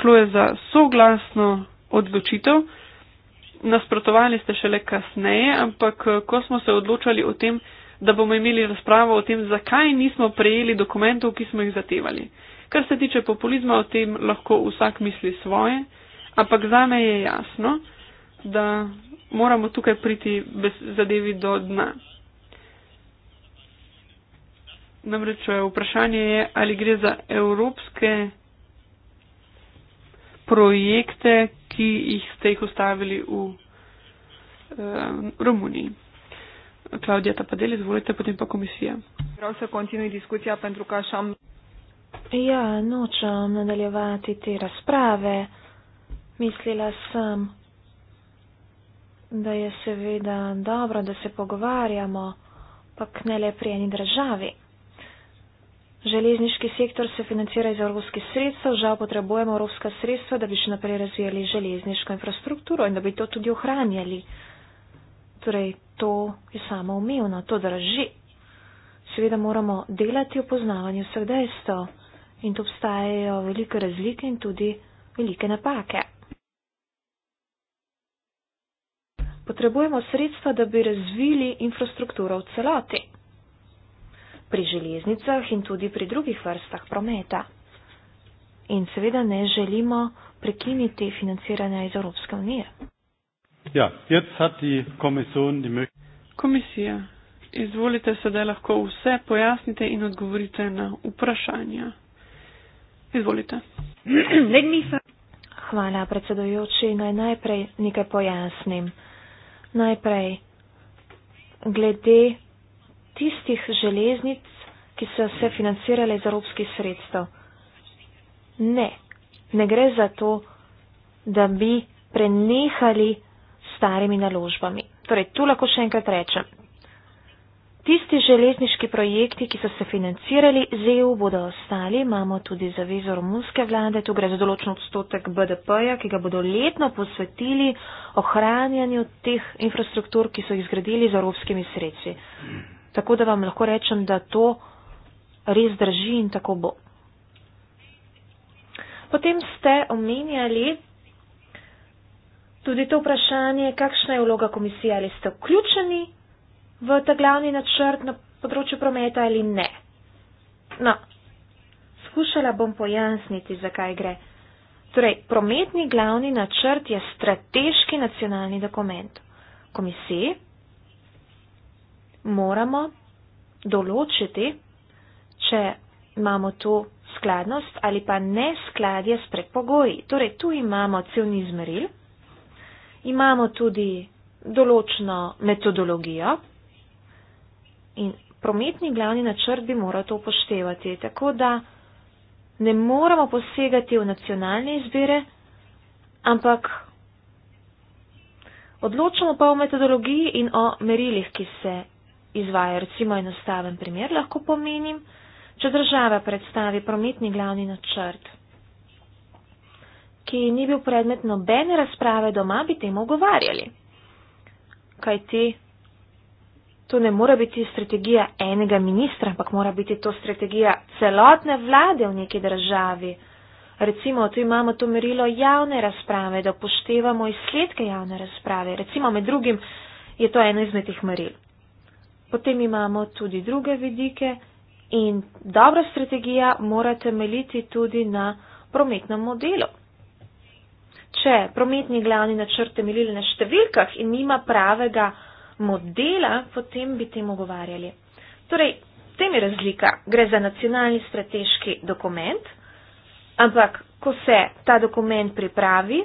šlo je za soglasno odločitev. Nasprotovali ste šele kasneje, ampak eh, ko smo se odločali o tem, da bomo imeli razpravo o tem, zakaj nismo prejeli dokumentov, ki smo jih zatevali. Kar se tiče populizma, o tem lahko vsak misli svoje, ampak za me je jasno, da moramo tukaj priti zadevi do dna. Namreč eh, vprašanje je, ali gre za evropske projekte, ki jih ste jih ustavili v uh, Romuniji. Claudia, ta pa del izvolite, potem pa komisija. Prav se končuje diskusija, pa druga šam. Ja, nočem nadaljevati te razprave. Mislila sem, da je seveda dobro, da se pogovarjamo, pa ne le pri eni državi. Železniški sektor se financira iz evropskih sredstev, žal potrebujemo evropska sredstva, da bi še naprej razvijali železniško infrastrukturo in da bi to tudi ohranjali. Torej, to je samo umevno, to drži. Seveda moramo delati v poznavanju vseh dejstev in tu obstajajo velike razlike in tudi velike napake. Potrebujemo sredstva, da bi razvili infrastrukturo v celoti pri železnicah in tudi pri drugih vrstah prometa. In seveda ne želimo prekiniti financiranja iz Evropske unije. Ja, jetzt hat die Kommission die Möglichkeit. Komisija, izvolite se, da lahko vse pojasnite in odgovorite na vprašanja. Izvolite. Hvala, predsedojoči. Naj najprej nekaj pojasnim. Najprej glede tistih železnic, ki so se financirale iz evropskih sredstev. Ne, ne gre za to, da bi prenehali starimi naložbami. Torej, tu lahko še enkrat rečem. Tisti železniški projekti, ki so se financirali z EU, bodo ostali. Imamo tudi zavezo romunske vlade, tu gre za določen odstotek BDP-ja, ki ga bodo letno posvetili ohranjanju teh infrastruktur, ki so jih zgradili z evropskimi sredstvi. Tako da vam lahko rečem, da to res drži in tako bo. Potem ste omenjali tudi to vprašanje, kakšna je vloga komisije, ali ste vključeni v ta glavni načrt na področju prometa ali ne. No, skušala bom pojasniti, zakaj gre. Torej, prometni glavni načrt je strateški nacionalni dokument komisije moramo določiti, če imamo to skladnost ali pa ne skladje s predpogoji. Torej, tu imamo cel niz meril, imamo tudi določno metodologijo in prometni glavni načrt bi moral to upoštevati. Tako da ne moramo posegati v nacionalne izbire, ampak odločamo pa o metodologiji in o merilih, ki se izvaja. Recimo enostaven primer lahko pomenim, če država predstavi prometni glavni načrt, ki ni bil predmet nobene razprave doma, bi temu ogovarjali. Kaj ti? To ne mora biti strategija enega ministra, ampak mora biti to strategija celotne vlade v neki državi. Recimo, tu imamo to merilo javne razprave, da poštevamo izsledke javne razprave. Recimo, med drugim je to eno izmed teh meril. Potem imamo tudi druge vidike in dobra strategija mora temeljiti tudi na prometnem modelu. Če prometni glavni načrt temelji na številkah in nima pravega modela, potem bi tem ogovarjali. Torej, tem je razlika. Gre za nacionalni strateški dokument, ampak ko se ta dokument pripravi,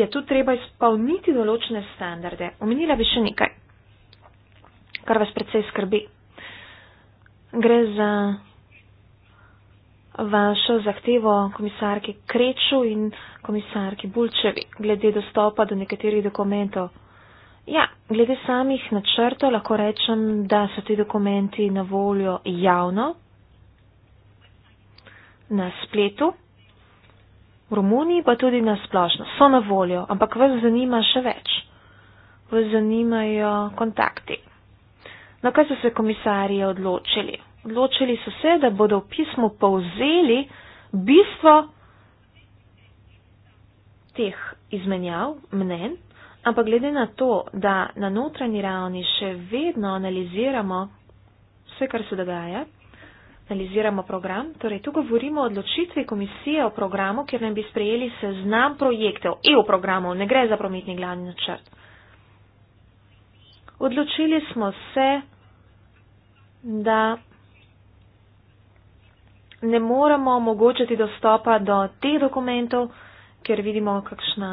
je tu treba izpolniti določene standarde. Omenila bi še nekaj kar vas predvsej skrbi. Gre za vašo zahtevo komisarki Kreču in komisarki Bulčevi glede dostopa do nekaterih dokumentov. Ja, glede samih načrtov lahko rečem, da so ti dokumenti na voljo javno na spletu, v Romuniji pa tudi na splošno. So na voljo, ampak vas zanima še več. Vas zanimajo kontakti. Na kaj so se komisarije odločili? Odločili so se, da bodo v pismu povzeli bistvo teh izmenjav mnen, ampak glede na to, da na notranji ravni še vedno analiziramo vse, kar se dogaja, analiziramo program, torej tu govorimo o odločitvi komisije o programu, kjer naj bi sprejeli seznam projektov, EU programov, ne gre za prometni glavni načrt. Odločili smo se, da ne moramo omogočiti dostopa do teh dokumentov, ker vidimo, kakšna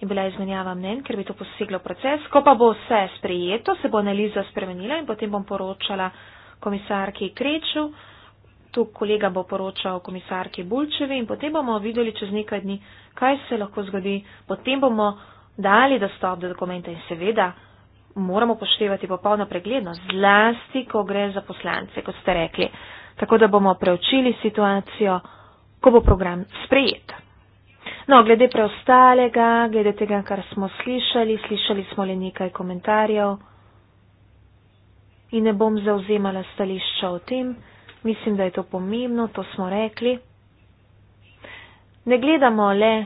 je bila izmenjava mnen, ker bi to poseglo v proces. Ko pa bo vse sprejeto, se bo analiza spremenila in potem bom poročala komisarki Kreču, tu kolega bo poročal komisarki Bulčevi in potem bomo videli čez nekaj dni, kaj se lahko zgodi. Potem bomo dali dostop do dokumenta in seveda moramo poštevati popolno preglednost, zlasti, ko gre za poslance, kot ste rekli. Tako da bomo preučili situacijo, ko bo program sprejet. No, glede preostalega, glede tega, kar smo slišali, slišali smo le nekaj komentarjev in ne bom zauzemala stališča o tem. Mislim, da je to pomembno, to smo rekli. Ne gledamo le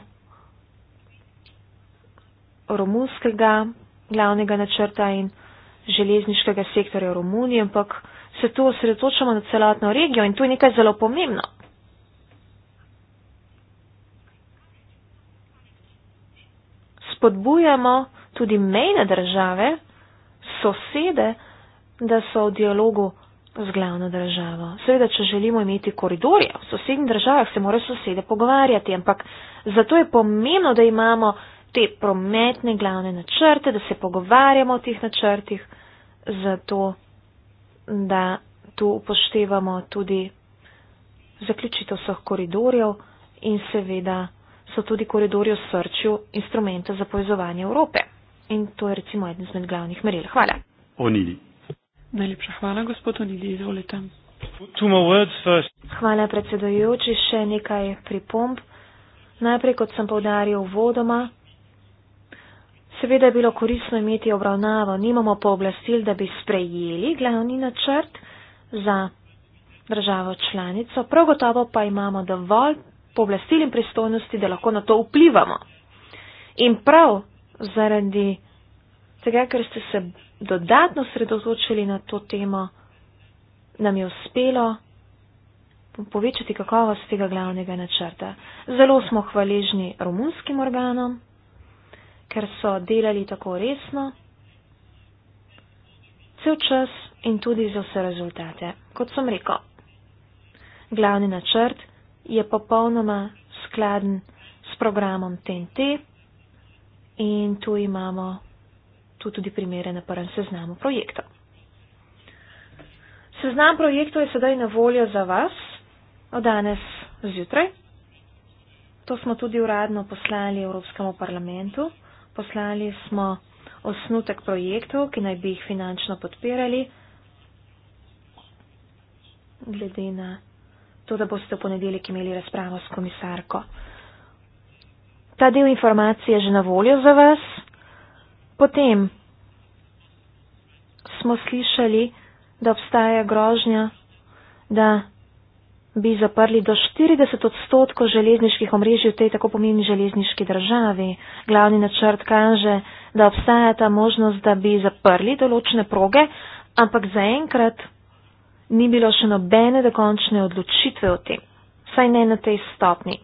romunskega glavnega načrta in železniškega sektorja v Romuniji, ampak se tu osredotočamo na celotno regijo in to je nekaj zelo pomembno. Spodbujamo tudi mejne države, sosede, da so v dialogu z glavno državo. Seveda, če želimo imeti koridorje v sosednjih državah, se morajo sosede pogovarjati, ampak zato je pomembno, da imamo te prometne glavne načrte, da se pogovarjamo o teh načrtih, zato da tu upoštevamo tudi zaključitev vseh koridorjev in seveda so tudi koridorji v srčju instrumenta za povezovanje Evrope. In to je recimo eden izmed glavnih meril. Hvala. Onili. Najlepša hvala, gospod Onili, izvolite. Hvala, predsedojoči, še nekaj pripomb. Najprej, kot sem povdaril vodoma, Seveda je bilo korisno imeti obravnavo, nimamo pooblastil, da bi sprejeli glavni načrt za državo članico, prav gotovo pa imamo dovolj pooblastil in pristojnosti, da lahko na to vplivamo. In prav zaradi tega, ker ste se dodatno sredozočili na to temo, nam je uspelo povečati kakovost tega glavnega načrta. Zelo smo hvaležni romunskim organom, ker so delali tako resno, cel čas in tudi za vse rezultate. Kot sem rekel, glavni načrt je popolnoma skladen s programom TNT in tu imamo tu tudi primere na prvem seznamu projektov. Seznam projektov je sedaj na voljo za vas od danes zjutraj. To smo tudi uradno poslali Evropskemu parlamentu poslali smo osnutek projektov, ki naj bi jih finančno podpirali. Glede na to, da boste v ponedeljek imeli razpravo s komisarko. Ta del informacije je že na voljo za vas. Potem smo slišali, da obstaja grožnja, da bi zaprli do 40 odstotkov železniških omrežij v tej tako pomembni železniški državi. Glavni načrt kaže, da obstaja ta možnost, da bi zaprli določene proge, ampak zaenkrat ni bilo še nobene dokončne odločitve o tem, saj ne na tej stopni.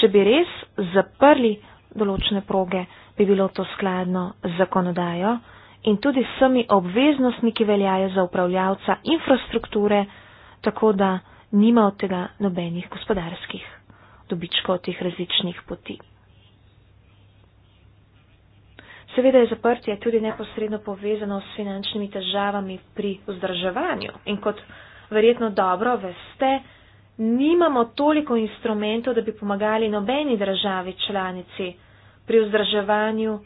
Če bi res zaprli določene proge, bi bilo to skladno z zakonodajo in tudi s vsemi obveznostmi, ki veljajo za upravljavca infrastrukture, tako da nima od tega nobenih gospodarskih dobičkov od teh različnih poti. Seveda je zaprtje tudi neposredno povezano s finančnimi težavami pri vzdrževanju in kot verjetno dobro veste, nimamo toliko instrumentov, da bi pomagali nobeni državi članici pri vzdrževanju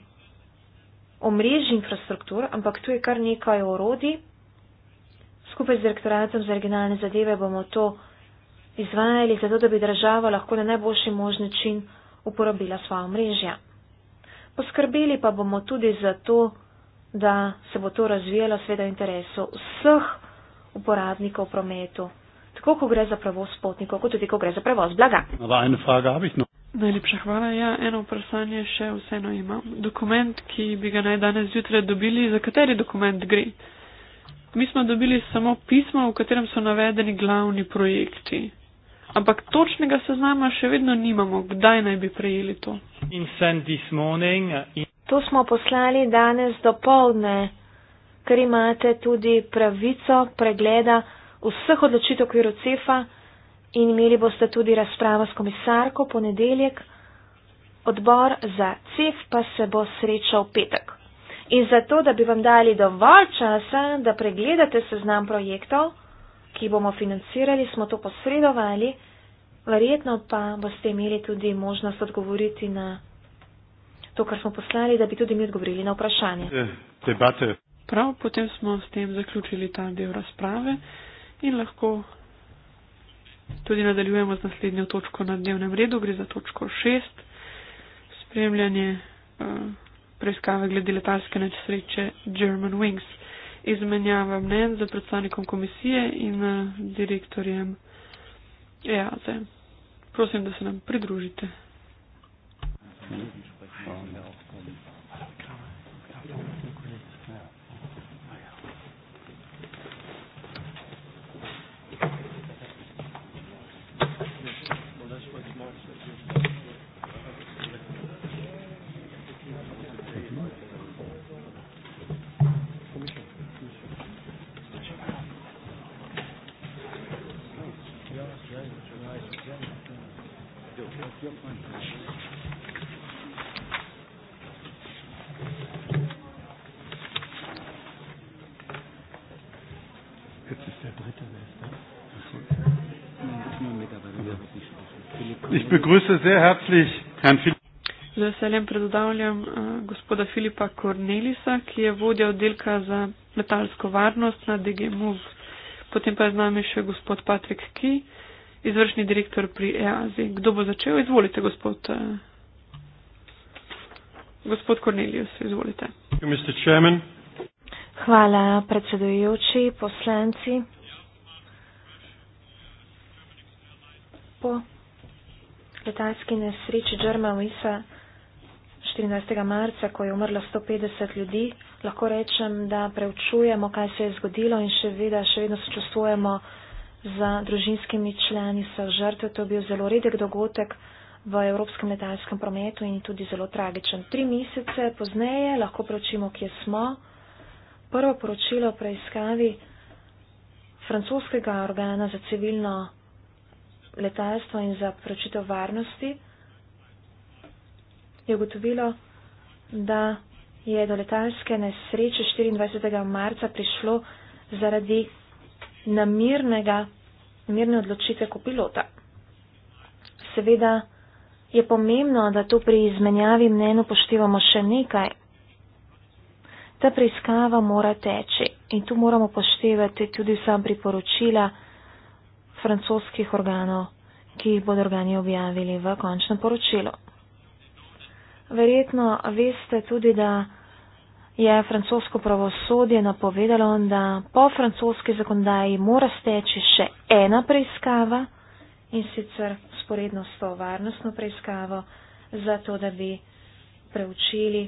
omrežji infrastruktur, ampak tu je kar nekaj orodij, skupaj z direktoratom za regionalne zadeve bomo to izvajali, zato da bi država lahko na najboljši mož način uporabila svoja mrežja. Poskrbeli pa bomo tudi za to, da se bo to razvijalo sveda interesu vseh uporabnikov prometu, tako ko gre za prevoz potnikov, kot tudi ko gre za prevoz blaga. No. Najlepša hvala. Ja, eno vprašanje še vseeno imam. Dokument, ki bi ga naj danes zjutraj dobili, za kateri dokument gre? mi smo dobili samo pismo, v katerem so navedeni glavni projekti. Ampak točnega seznama še vedno nimamo, kdaj naj bi prejeli to. Uh, to smo poslali danes do povdne, ker imate tudi pravico pregleda vseh odločitev okviru CEFA in imeli boste tudi razpravo s komisarko ponedeljek. Odbor za CEF pa se bo srečal petek. In zato, da bi vam dali dovolj časa, da pregledate seznam projektov, ki bomo financirali, smo to posredovali, verjetno pa boste imeli tudi možnost odgovoriti na to, kar smo poslali, da bi tudi mi odgovorili na vprašanje. Eh, debate. Prav, potem smo s tem zaključili ta del razprave in lahko tudi nadaljujemo z naslednjo točko na dnevnem redu, gre za točko 6, spremljanje. Uh, preiskave glede letalske nesreče German Wings, izmenjava mnen z predstavnikom komisije in eh, direktorjem EAZE. Prosim, da se nam pridružite. Hvala. Jetzt ist der dritte, wer ist das? Ich begrüße sehr herzlich Herrn Philipp. Z veseljem predstavljam uh, gospoda Filipa Kornelisa, ki je vodja oddelka za metalsko varnost na DGMUV. Potem pa je z nami še gospod Patrik Ki, uh, izvršni direktor pri EAZI. Kdo bo začel? Izvolite, gospod. Eh, gospod Kornelius, izvolite. Hvala, predsedujoči, poslanci. Po letalski nesreči Džrmavisa 14. marca, ko je umrlo 150 ljudi, lahko rečem, da preučujemo, kaj se je zgodilo in še, vida, še vedno sočustvujemo za družinskimi člani so žrtve. To je bil zelo redek dogodek v evropskem letalskem prometu in tudi zelo tragičen. Tri mesece pozneje lahko pročimo, kje smo. Prvo poročilo o preiskavi francoskega organa za civilno letalstvo in za pročitev varnosti je ugotovilo, da je do letalske nesreče 24. marca prišlo zaradi na mirnega, mirne odločitve kot pilota. Seveda je pomembno, da tu pri izmenjavi mnen upoštevamo še nekaj. Ta preiskava mora teči in tu moramo poštevati tudi sam priporočila francoskih organov, ki jih bodo organi objavili v končnem poročilu. Verjetno veste tudi, da je francosko pravosodje napovedalo, da po francoski zakonodaji mora steči še ena preiskava in sicer sporedno s to varnostno preiskavo, zato da bi preučili,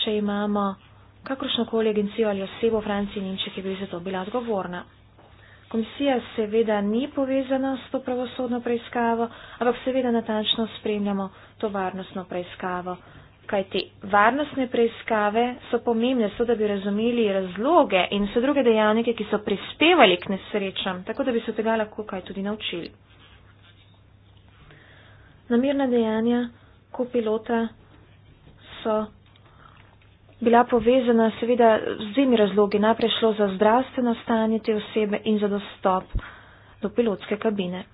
če imamo kakršnokoli agencijo ali osebo v Franciji in Nemčiji, ki bi za to bila odgovorna. Komisija seveda ni povezana s to pravosodno preiskavo, ampak seveda natančno spremljamo to varnostno preiskavo kajti varnostne preiskave so pomembne, so da bi razumeli razloge in so druge dejavnike, ki so prispevali k nesrečam, tako da bi se tega lahko kaj tudi naučili. Namirna dejanja kopilota so bila povezana seveda z dvimi razlogi. Najprej šlo za zdravstveno stanje te osebe in za dostop do pilotske kabine.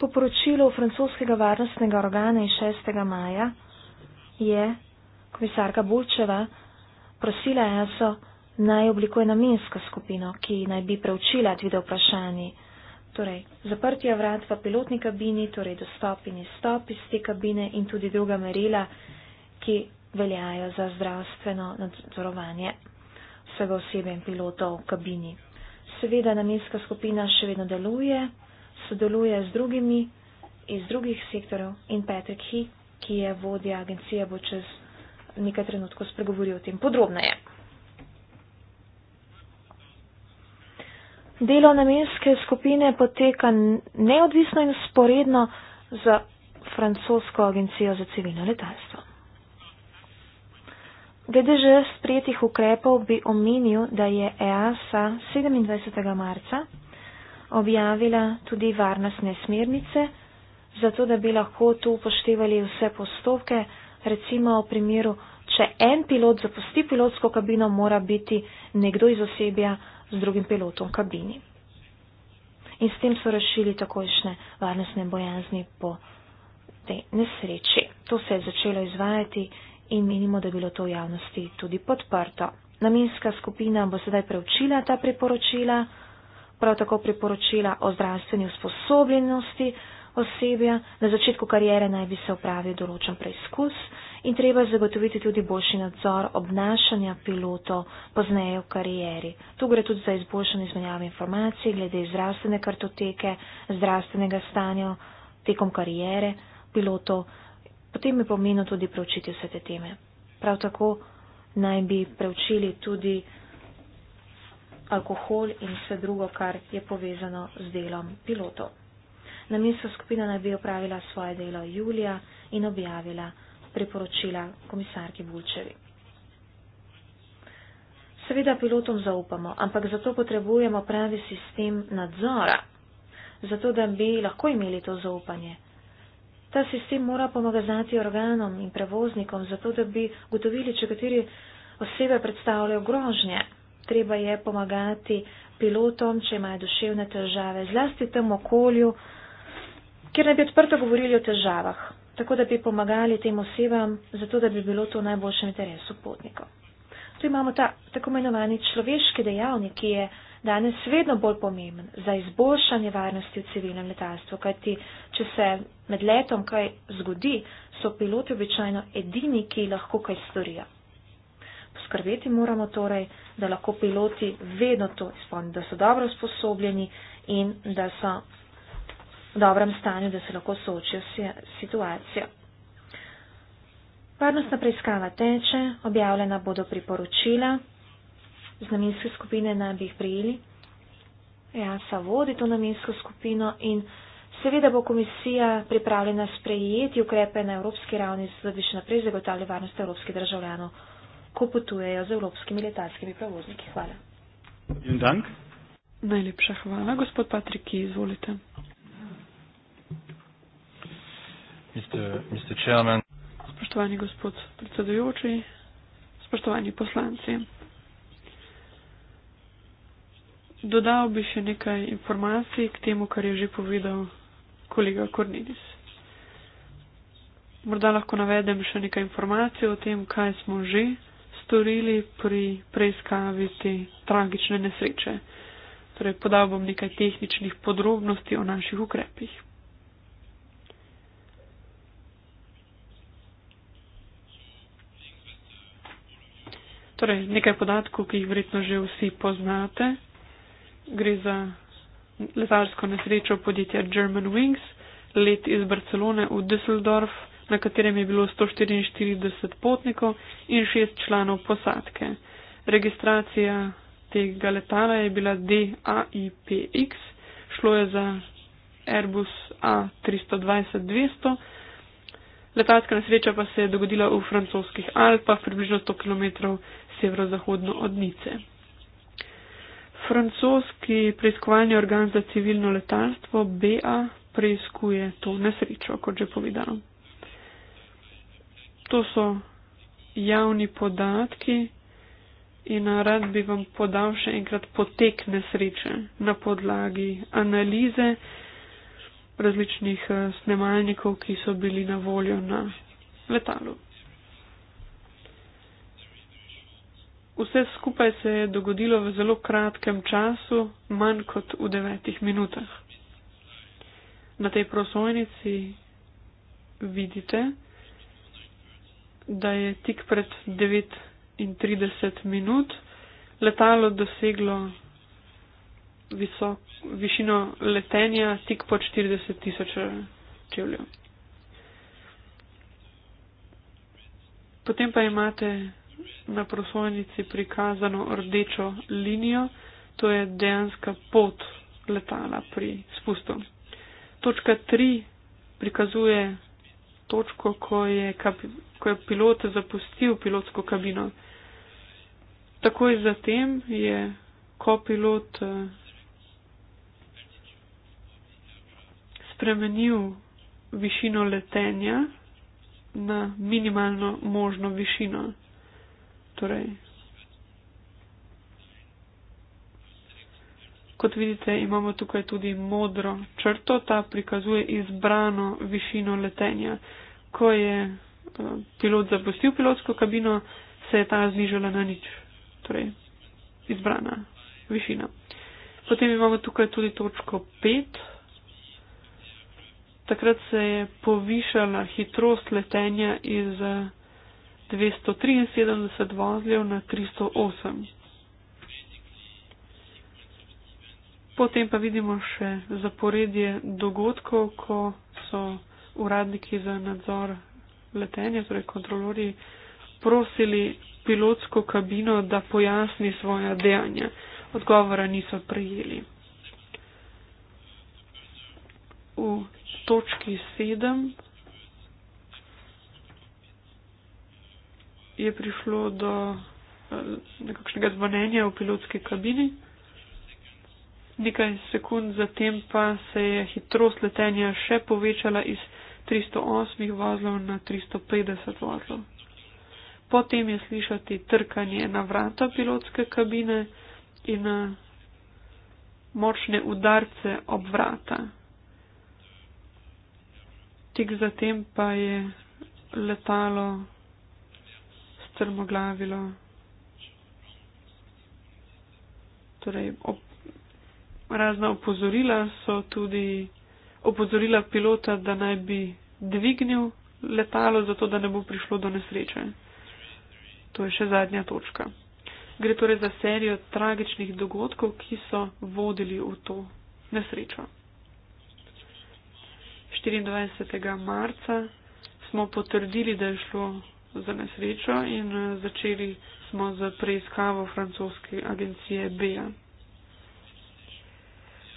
Po poročilu francoskega varnostnega organa iz 6. maja je komisarka Bulčeva prosila ESO naj oblikuje namensko skupino, ki naj bi preučila dvide vprašanji. Torej, zaprtje vrat v pilotni kabini, torej dostop in izstop iz te kabine in tudi druga merila, ki veljajo za zdravstveno nadzorovanje vsega osebe in pilotov v kabini. Seveda namenska skupina še vedno deluje, sodeluje z drugimi iz drugih sektorov in Patrick Hee ki je vodja agencije, bo čez nekaj trenutkov spregovoril o tem podrobneje. Delo namenske skupine poteka neodvisno in sporedno za francosko agencijo za civilno letalstvo. Glede že sprejetih ukrepov bi omenil, da je EASA 27. marca objavila tudi varnostne smernice, zato da bi lahko tu upoštevali vse postopke. Recimo v primeru, če en pilot zapusti pilotsko kabino, mora biti nekdo iz osebja z drugim pilotom v kabini. In s tem so rešili takojšne varnostne bojazni po tej nesreči. To se je začelo izvajati in menimo, da je bilo to v javnosti tudi podprto. Naminska skupina bo sedaj preučila ta priporočila, prav tako priporočila o zdravstveni usposobljenosti osebja, na začetku karijere naj bi se upravil določen preizkus in treba zagotoviti tudi boljši nadzor obnašanja pilotov pozneje v karijeri. Tu gre tudi za izboljšanje izmenjave informacij glede zdravstvene kartoteke, zdravstvenega stanja tekom karijere pilotov. Potem je pomenilo tudi preučiti vse te teme. Prav tako naj bi preučili tudi alkohol in vse drugo, kar je povezano z delom pilotov. Namensko skupina naj bi opravila svoje delo julija in objavila priporočila komisarki Bulčevi. Seveda pilotom zaupamo, ampak zato potrebujemo pravi sistem nadzora, zato da bi lahko imeli to zaupanje. Ta sistem mora pomagazati organom in prevoznikom, zato da bi gotovili, če kateri osebe predstavljajo grožnje. Treba je pomagati pilotom, če imajo duševne težave, zlasti tem okolju, kjer naj bi odprto govorili o težavah, tako da bi pomagali tem osebam, zato da bi bilo to v najboljšem interesu potnikov. Tu imamo ta tako imenovani človeški dejavnik, ki je danes vedno bolj pomemben za izboljšanje varnosti v civilnem letalstvu, kajti če se med letom kaj zgodi, so piloti običajno edini, ki lahko kaj storijo. Poskrbeti moramo torej, da lahko piloti vedno to izpolnijo, da so dobro usposobljeni in da so v dobrem stanju, da se lahko soočijo s situacijo. Varnostna preiskava teče, objavljena bodo priporočila, znamenske skupine naj bi jih prijeli. EASA vodi to namensko skupino in seveda bo komisija pripravljena sprejeti ukrepe na evropski ravni, da bi še naprej zagotavljali varnost evropskih državljanov, ko potujejo z evropskimi letalskimi prevozniki. Hvala. Najlepša hvala, gospod Patrik, izvolite. Mr. Chairman. Spoštovani gospod predsedujoči, spoštovani poslanci. Dodal bi še nekaj informacij k temu, kar je že povedal kolega Kornilis. Morda lahko navedem še nekaj informacij o tem, kaj smo že storili pri preiskavi te tragične nesreče. Torej, podal bom nekaj tehničnih podrobnosti o naših ukrepih. Torej, nekaj podatkov, ki jih verjetno že vsi poznate. Gre za letalsko nesrečo podjetja German Wings, let iz Barcelone v Düsseldorf, na katerem je bilo 144 potnikov in 6 članov posadke. Registracija tega letala je bila DAIPX, šlo je za Airbus A320-200. Letalska nesreča pa se je dogodila v francoskih Alpah, približno 100 km severozahodno od Nice. Francoski preiskovalni organ za civilno letalstvo BA preiskuje to nesrečo, kot že povedano. To so javni podatki in rad bi vam podal še enkrat potek nesreče na podlagi analize različnih eh, snemalnikov, ki so bili na voljo na letalu. Vse skupaj se je dogodilo v zelo kratkem času, manj kot v devetih minutah. Na tej prosojnici vidite, da je tik pred 39 minut letalo doseglo visok, višino letenja tik pod 40 tisoč čevljev. Potem pa imate na prosojnici prikazano rdečo linijo, to je dejanska pot letala pri spustu. Točka 3 prikazuje točko, ko je, ko je pilot zapustil pilotsko kabino. Takoj zatem je kopilot eh, spremenil višino letenja na minimalno možno višino torej. Kot vidite, imamo tukaj tudi modro črto, ta prikazuje izbrano višino letenja. Ko je eh, pilot zapustil pilotsko kabino, se je ta znižala na nič, torej izbrana višina. Potem imamo tukaj tudi točko 5. Takrat se je povišala hitrost letenja iz 273 vozljev na 308. Potem pa vidimo še zaporedje dogodkov, ko so uradniki za nadzor letenja, torej kontrolori, prosili pilotsko kabino, da pojasni svoja dejanja. Odgovora niso prejeli. V točki 7 je prišlo do eh, nekakšnega zvonjenja v pilotski kabini. Nekaj sekund zatem pa se je hitrost letenja še povečala iz 308 vozlov na 350 vozlov. Potem je slišati trkanje na vrata pilotske kabine in eh, močne udarce ob vrata. Tik zatem pa je letalo strmoglavilo. Torej, op, razna opozorila so tudi opozorila pilota, da naj bi dvignil letalo, zato da ne bo prišlo do nesreče. To je še zadnja točka. Gre torej za serijo tragičnih dogodkov, ki so vodili v to nesrečo. 24. marca smo potrdili, da je šlo za nesrečo in eh, začeli smo z preiskavo francoske agencije BEA.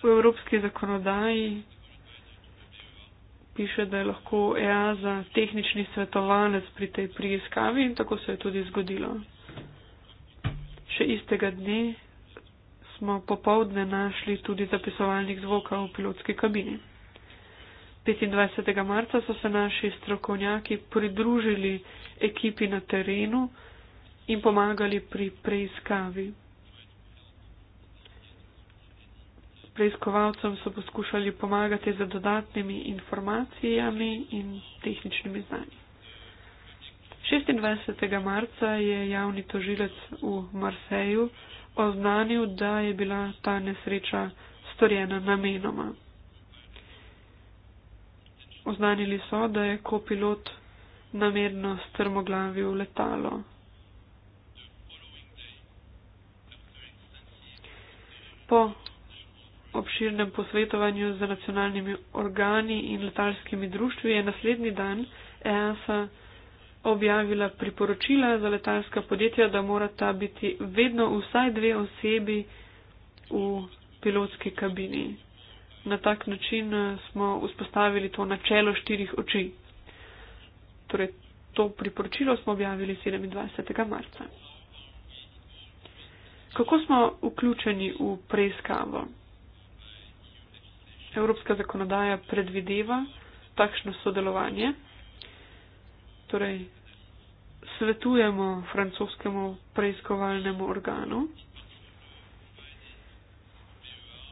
V evropski zakonodaji piše, da je lahko EASA tehnični svetovalec pri tej preiskavi in tako se je tudi zgodilo. Še istega dne smo popovdne našli tudi zapisovalnik zvoka v pilotski kabini. 25. marca so se naši strokovnjaki pridružili ekipi na terenu in pomagali pri preiskavi. Preiskovalcem so poskušali pomagati z dodatnimi informacijami in tehničnimi znanji. 26. marca je javni tožilec v Marseju oznanil, da je bila ta nesreča storjena namenoma. Oznanili so, da je kopilot namerno strmoglavil letalo. Po obširnem posvetovanju z nacionalnimi organi in letalskimi društvi je naslednji dan EASA objavila priporočila za letalska podjetja, da morata biti vedno vsaj dve osebi v pilotski kabini na tak način eh, smo vzpostavili to načelo štirih oči. Torej, to priporočilo smo objavili 27. marca. Kako smo vključeni v preiskavo? Evropska zakonodaja predvideva takšno sodelovanje. Torej, svetujemo francoskemu preiskovalnemu organu,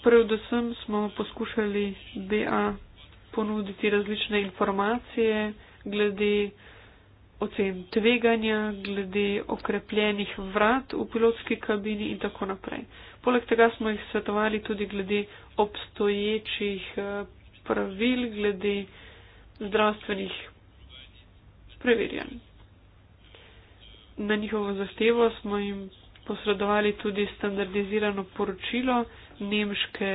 Predvsem smo poskušali BA ponuditi različne informacije glede ocen tveganja, glede okrepljenih vrat v pilotski kabini in tako naprej. Poleg tega smo jih svetovali tudi glede obstoječih eh, pravil, glede zdravstvenih preverjanj. Na njihovo zahtevo smo jim posredovali tudi standardizirano poročilo, nemške,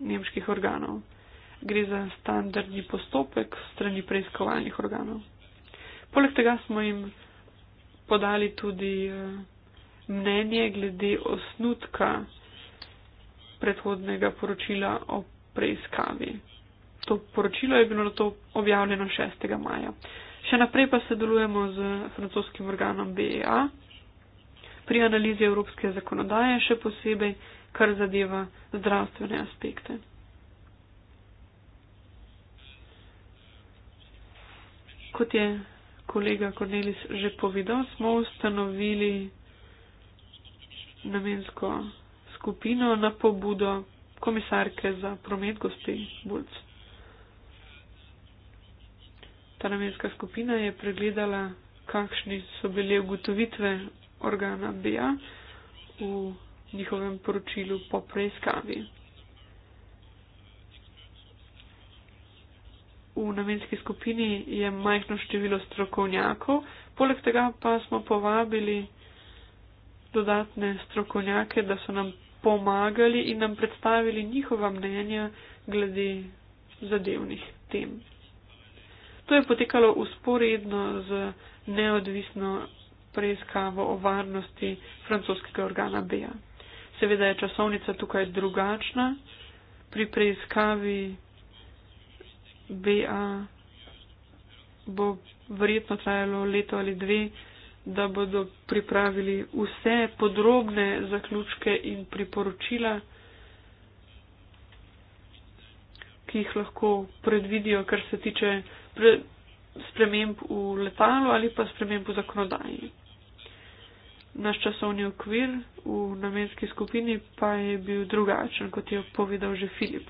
nemških organov. Gre za standardni postopek strani preiskovalnih organov. Poleg tega smo jim podali tudi eh, mnenje glede osnutka predhodnega poročila o preiskavi. To poročilo je bilo na to objavljeno 6. maja. Še naprej pa sodelujemo z francoskim organom BEA pri analizi evropske zakonodaje, še posebej kar zadeva zdravstvene aspekte. Kot je kolega Kornelis že povedal, smo ustanovili namensko skupino na pobudo komisarke za promet gospe Bulc. Ta namenska skupina je pregledala, kakšni so bile ugotovitve organa BA v njihovem poročilu po preiskavi. V namenski skupini je majhno število strokovnjakov, poleg tega pa smo povabili dodatne strokovnjake, da so nam pomagali in nam predstavili njihova mnenja glede zadevnih tem. To je potekalo usporedno z neodvisno preiskavo o varnosti francoskega organa BEA. Seveda je časovnica tukaj drugačna. Pri preiskavi BA bo verjetno trajalo leto ali dve, da bodo pripravili vse podrobne zaključke in priporočila, ki jih lahko predvidijo, kar se tiče pre sprememb v letalu ali pa sprememb v zakonodaji naš časovni okvir v namenski skupini pa je bil drugačen, kot je povedal že Filip.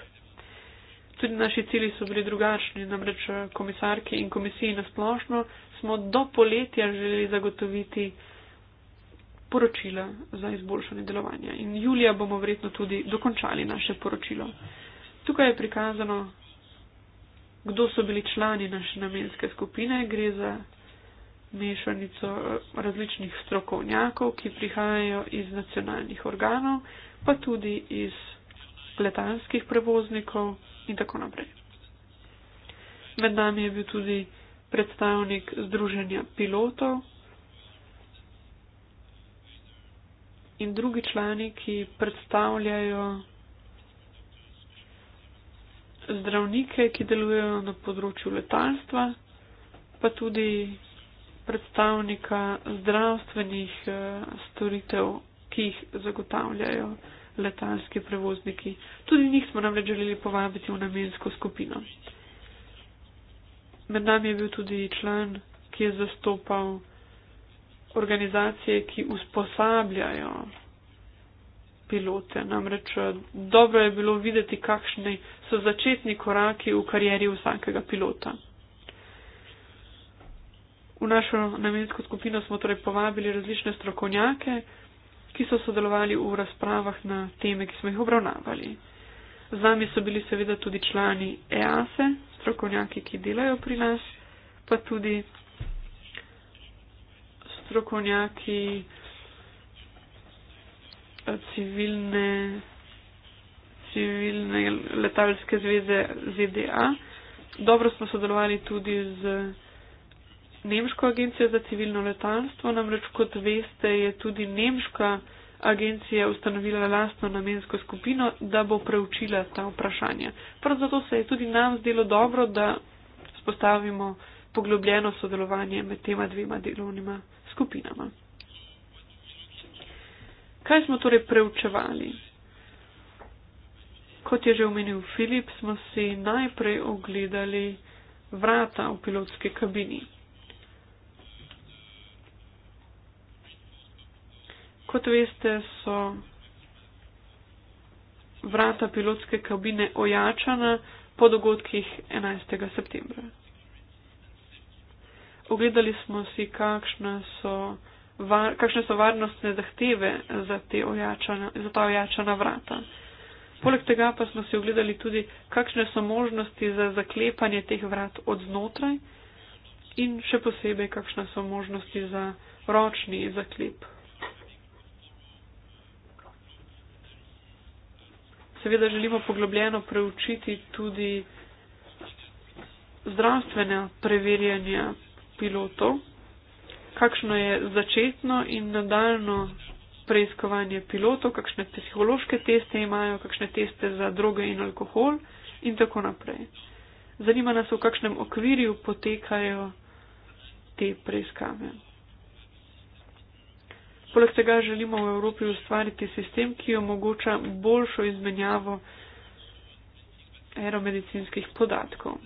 Tudi naši cili so bili drugačni, namreč eh, komisarki in komisiji nasplošno smo do poletja želeli zagotoviti poročila za izboljšanje delovanja in julija bomo verjetno tudi dokončali naše poročilo. Tukaj je prikazano, kdo so bili člani naše namenske skupine. Gre za mešanico eh, različnih strokovnjakov, ki prihajajo iz nacionalnih organov, pa tudi iz letalskih prevoznikov in tako naprej. Med nami je bil tudi predstavnik Združenja pilotov in drugi člani, ki predstavljajo zdravnike, ki delujejo na področju letalstva, pa tudi predstavnika zdravstvenih eh, storitev, ki jih zagotavljajo letalski prevozniki. Tudi njih smo namreč želeli povabiti v namensko skupino. Med nami je bil tudi član, ki je zastopal organizacije, ki usposabljajo pilote. Namreč eh, dobro je bilo videti, kakšni so začetni koraki v karieri vsakega pilota. V našo namensko skupino smo torej povabili različne strokovnjake, ki so sodelovali v razpravah na teme, ki smo jih obravnavali. Z nami so bili seveda tudi člani EASE, e, strokovnjaki, ki delajo pri nas, pa tudi strokovnjaki eh, civilne, civilne letalske zveze ZDA. Dobro smo sodelovali tudi z. Nemško agencijo za civilno letalstvo, namreč kot veste, je tudi Nemška agencija ustanovila lastno namensko skupino, da bo preučila ta vprašanja. Prav zato se je tudi nam zdelo dobro, da spostavimo poglobljeno sodelovanje med tema dvema delovnima skupinama. Kaj smo torej preučevali? Kot je že omenil Filip, smo si najprej ogledali vrata v pilotske kabini. Kot veste, so vrata pilotske kabine ojačana po dogodkih 11. septembra. Ogledali smo si, kakšne so, var, kakšne so varnostne zahteve za, te ojačana, za ta ojačana vrata. Poleg tega pa smo si ogledali tudi, kakšne so možnosti za zaklepanje teh vrat od znotraj in še posebej, kakšne so možnosti za ročni zaklep seveda želimo poglobljeno preučiti tudi zdravstvene preverjanja pilotov, kakšno je začetno in nadaljno preiskovanje pilotov, kakšne psihološke teste imajo, kakšne teste za droge in alkohol in tako naprej. Zanima nas, v kakšnem okvirju potekajo te preiskave. Poleg tega želimo v Evropi ustvariti sistem, ki omogoča boljšo izmenjavo aeromedicinskih podatkov.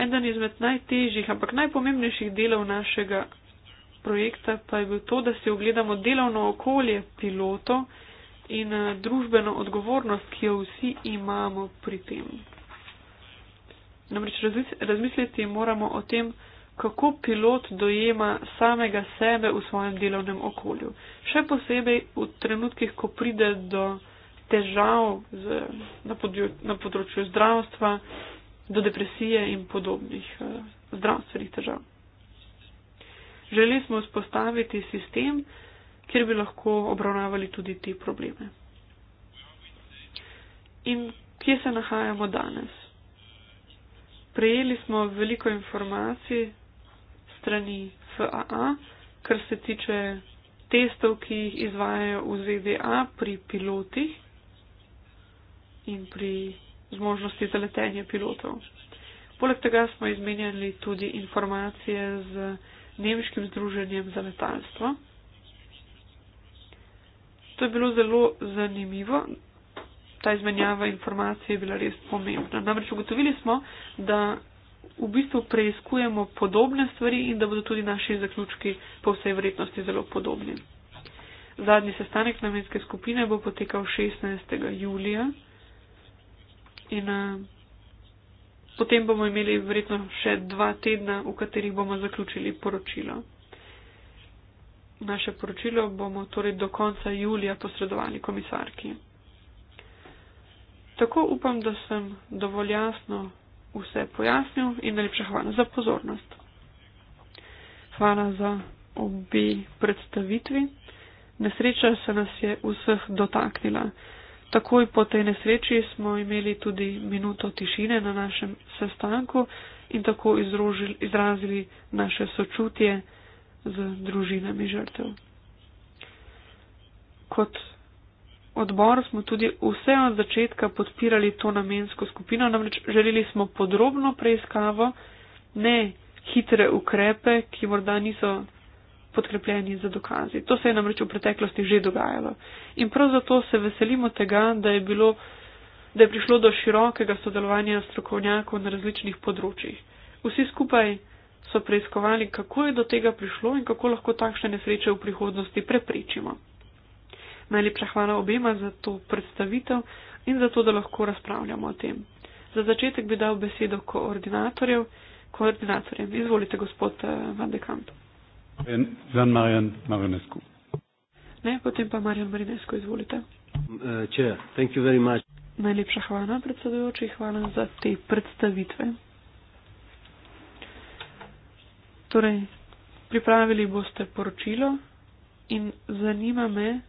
Eden izmed najtežjih, ampak najpomembnejših delov našega projekta pa je bil to, da si ogledamo delovno okolje piloto in eh, družbeno odgovornost, ki jo vsi imamo pri tem. Namreč razmisliti moramo o tem, kako pilot dojema samega sebe v svojem delovnem okolju. Še posebej v trenutkih, ko pride do težav z, na, podjo, na področju zdravstva, do depresije in podobnih eh, zdravstvenih težav. Želeli smo vzpostaviti sistem, kjer bi lahko obravnavali tudi te probleme. In kje se nahajamo danes? Prejeli smo veliko informacij strani FAA, kar se tiče testov, ki jih izvajajo v ZDA pri pilotih in pri zmožnosti za letenje pilotov. Poleg tega smo izmenjali tudi informacije z Nemškim združenjem za letalstvo. To je bilo zelo zanimivo. Ta izmenjava informacij je bila res pomembna. Namreč ugotovili smo, da v bistvu preiskujemo podobne stvari in da bodo tudi naši zaključki po vsej vrednosti zelo podobni. Zadnji sestanek namenske skupine bo potekal 16. julija in uh, potem bomo imeli verjetno še dva tedna, v katerih bomo zaključili poročilo. Naše poročilo bomo torej do konca julija posredovali komisarki. Tako upam, da sem dovolj jasno vse pojasnil in najlepša hvala za pozornost. Hvala za obi predstavitvi. Nesreča se nas je vseh dotaknila. Takoj po tej nesreči smo imeli tudi minuto tišine na našem sestanku in tako izrožil, izrazili naše sočutje z družinami žrtev. Kot odboru smo tudi vse od začetka podpirali to namensko skupino, namreč želeli smo podrobno preiskavo, ne hitre ukrepe, ki morda niso podkrepljeni za dokazi. To se je namreč v preteklosti že dogajalo. In prav zato se veselimo tega, da je, bilo, da je prišlo do širokega sodelovanja strokovnjakov na različnih področjih. Vsi skupaj so preiskovali, kako je do tega prišlo in kako lahko takšne nesreče v prihodnosti preprečimo. Najlepša hvala obema za to predstavitev in za to, da lahko razpravljamo o tem. Za začetek bi dal besedo koordinatorjev. koordinatorjem. Izvolite, gospod eh, Vandekamp. Zan Marjan Marinescu. Ne, potem pa Marjan Marinescu, izvolite. Eh, Najlepša hvala, predsedujoči, hvala za te predstavitve. Torej, pripravili boste poročilo in zanima me,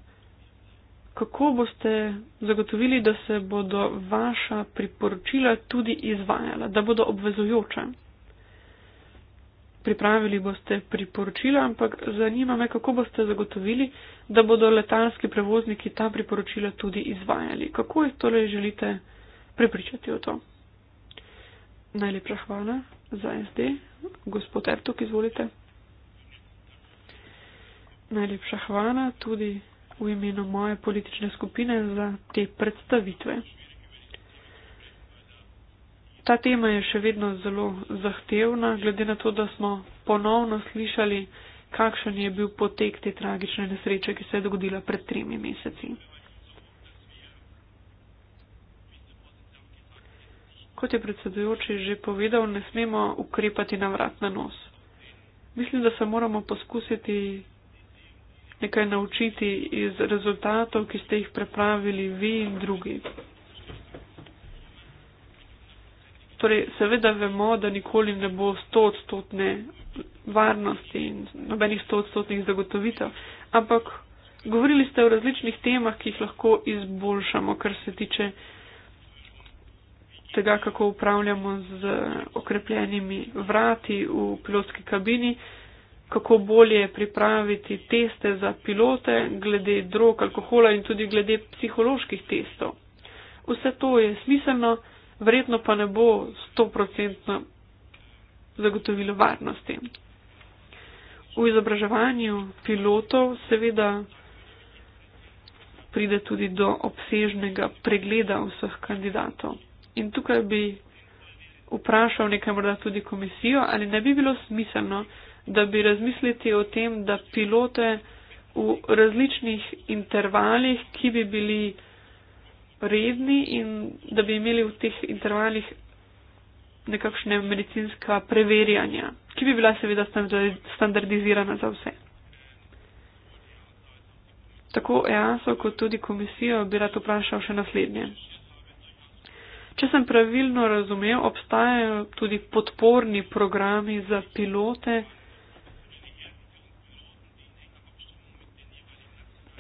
kako boste zagotovili, da se bodo vaša priporočila tudi izvajala, da bodo obvezujoča. Pripravili boste priporočila, ampak zanima me, kako boste zagotovili, da bodo letalski prevozniki ta priporočila tudi izvajali. Kako jih torej želite prepričati o to? Najlepša hvala za SD. Gospod Ertuk, izvolite. Najlepša hvala tudi v imenu moje politične skupine za te predstavitve. Ta tema je še vedno zelo zahtevna, glede na to, da smo ponovno slišali, kakšen je bil potek te tragične nesreče, ki se je dogodila pred tremi meseci. Kot je predsedujoči že povedal, ne smemo ukrepati na vrat na nos. Mislim, da se moramo poskusiti nekaj naučiti iz rezultatov, ki ste jih prepravili vi in drugi. Torej, seveda vemo, da nikoli ne bo stotstotne varnosti in nobenih stotstotnih zagotovitev, ampak govorili ste o različnih temah, ki jih lahko izboljšamo, kar se tiče tega, kako upravljamo z okrepljenimi vrati v pilotski kabini, kako bolje pripraviti teste za pilote glede drog, alkohola in tudi glede psiholoških testov. Vse to je smiselno, verjetno pa ne bo stoprocentno zagotovilo varnosti. V izobraževanju pilotov seveda pride tudi do obsežnega pregleda vseh kandidatov. In tukaj bi vprašal nekaj morda tudi komisijo, ali ne bi bilo smiselno, da bi razmisliti o tem, da pilote v različnih intervalih, ki bi bili redni in da bi imeli v teh intervalih nekakšne medicinska preverjanja, ki bi bila seveda standardizirana za vse. Tako EASO kot tudi komisijo bi rad vprašal še naslednje. Če sem pravilno razumel, obstajajo tudi podporni programi za pilote,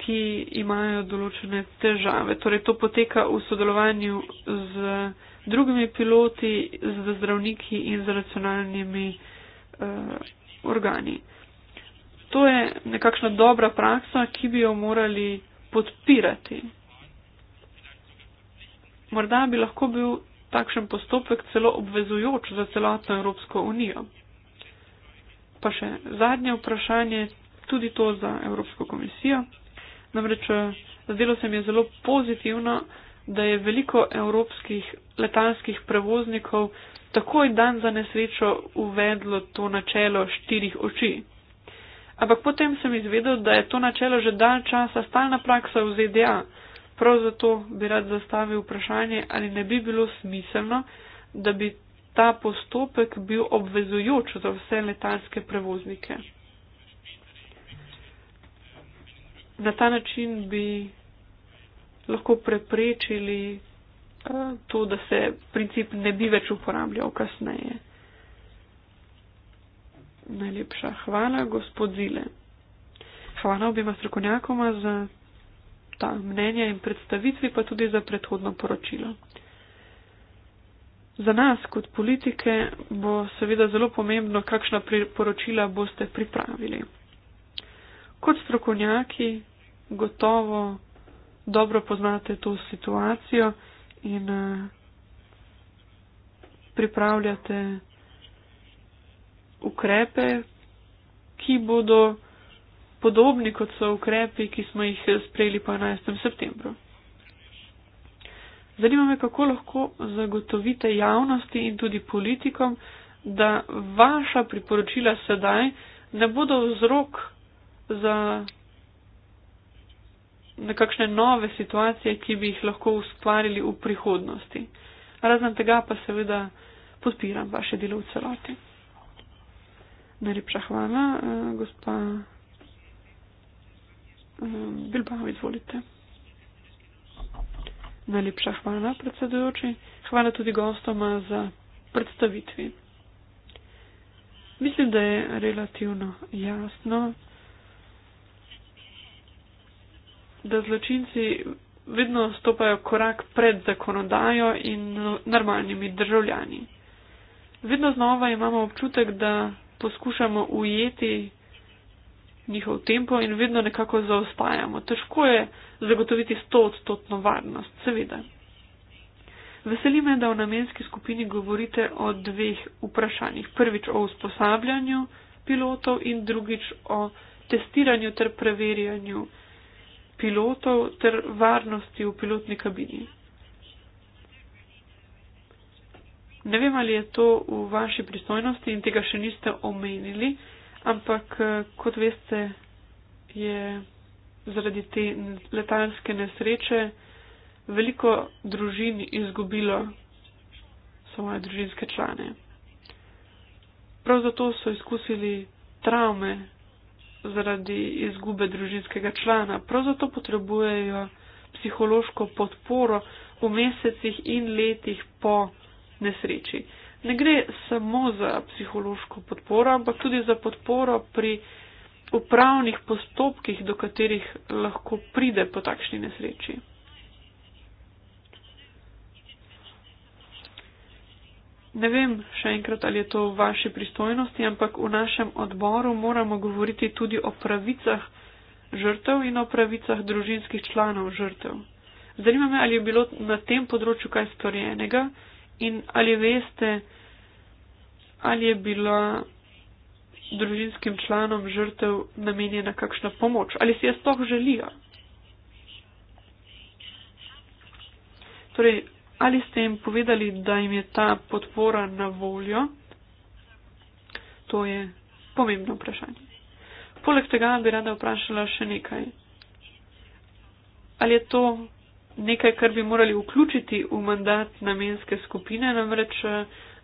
ki imajo določene težave. Torej, to poteka v sodelovanju z drugimi piloti, z zdravniki in z racionalnimi eh, organi. To je nekakšna dobra praksa, ki bi jo morali podpirati. Morda bi lahko bil takšen postopek celo obvezujoč za celotno Evropsko unijo. Pa še zadnje vprašanje, tudi to za Evropsko komisijo. Namreč eh, zdelo se mi je zelo pozitivno, da je veliko evropskih letalskih prevoznikov takoj dan za nesrečo uvedlo to načelo štirih oči. Ampak potem sem izvedel, da je to načelo že dal časa stalna praksa v ZDA. Prav zato bi rad zastavil vprašanje, ali ne bi bilo smiselno, da bi ta postopek bil obvezujoč za vse letalske prevoznike. na ta način bi lahko preprečili eh, to, da se princip ne bi več uporabljal kasneje. Najlepša hvala, gospod Zile. Hvala obima strokovnjakoma za ta mnenja in predstavitvi, pa tudi za predhodno poročilo. Za nas kot politike bo seveda zelo pomembno, kakšna poročila boste pripravili. Kot strokovnjaki gotovo dobro poznate to situacijo in eh, pripravljate ukrepe, ki bodo podobni kot so ukrepi, ki smo jih sprejeli po 11. septembru. Zanima me, kako lahko zagotovite javnosti in tudi politikom, da vaša priporočila sedaj ne bodo vzrok za nekakšne nove situacije, ki bi jih lahko ustvarili v prihodnosti. Razen tega pa seveda podpiram vaše delo v celoti. Najlepša hvala, eh, gospa eh, Bilbao, izvolite. Najlepša hvala, predsedujoči. Hvala tudi gostoma za predstavitvi. Mislim, da je relativno jasno, da zločinci vedno stopajo korak pred zakonodajo in normalnimi državljani. Vedno znova imamo občutek, da poskušamo ujeti njihov tempo in vedno nekako zaostajamo. Težko je zagotoviti stotodstotno varnost, seveda. Veseli me, da v namenski skupini govorite o dveh vprašanjih. Prvič o usposabljanju pilotov in drugič o testiranju ter preverjanju pilotov ter varnosti v pilotni kabini. Ne vem, ali je to v vaši pristojnosti in tega še niste omenili, ampak eh, kot veste, je zaradi te letalske nesreče veliko družin izgubilo svoje družinske člane. Prav zato so izkusili traume zaradi izgube družinskega člana. Prav zato potrebujejo psihološko podporo v mesecih in letih po nesreči. Ne gre samo za psihološko podporo, ampak tudi za podporo pri upravnih postopkih, do katerih lahko pride po takšni nesreči. Ne vem še enkrat, ali je to v vaši pristojnosti, ampak v našem odboru moramo govoriti tudi o pravicah žrtev in o pravicah družinskih članov žrtev. Zanima me, ali je bilo na tem področju kaj storjenega in ali veste, ali je bila družinskim članom žrtev namenjena kakšna pomoč, ali si jaz to želijo. Torej, ali ste jim povedali, da jim je ta podpora na voljo? To je pomembno vprašanje. Poleg tega bi rada vprašala še nekaj. Ali je to nekaj, kar bi morali vključiti v mandat namenske skupine, namreč,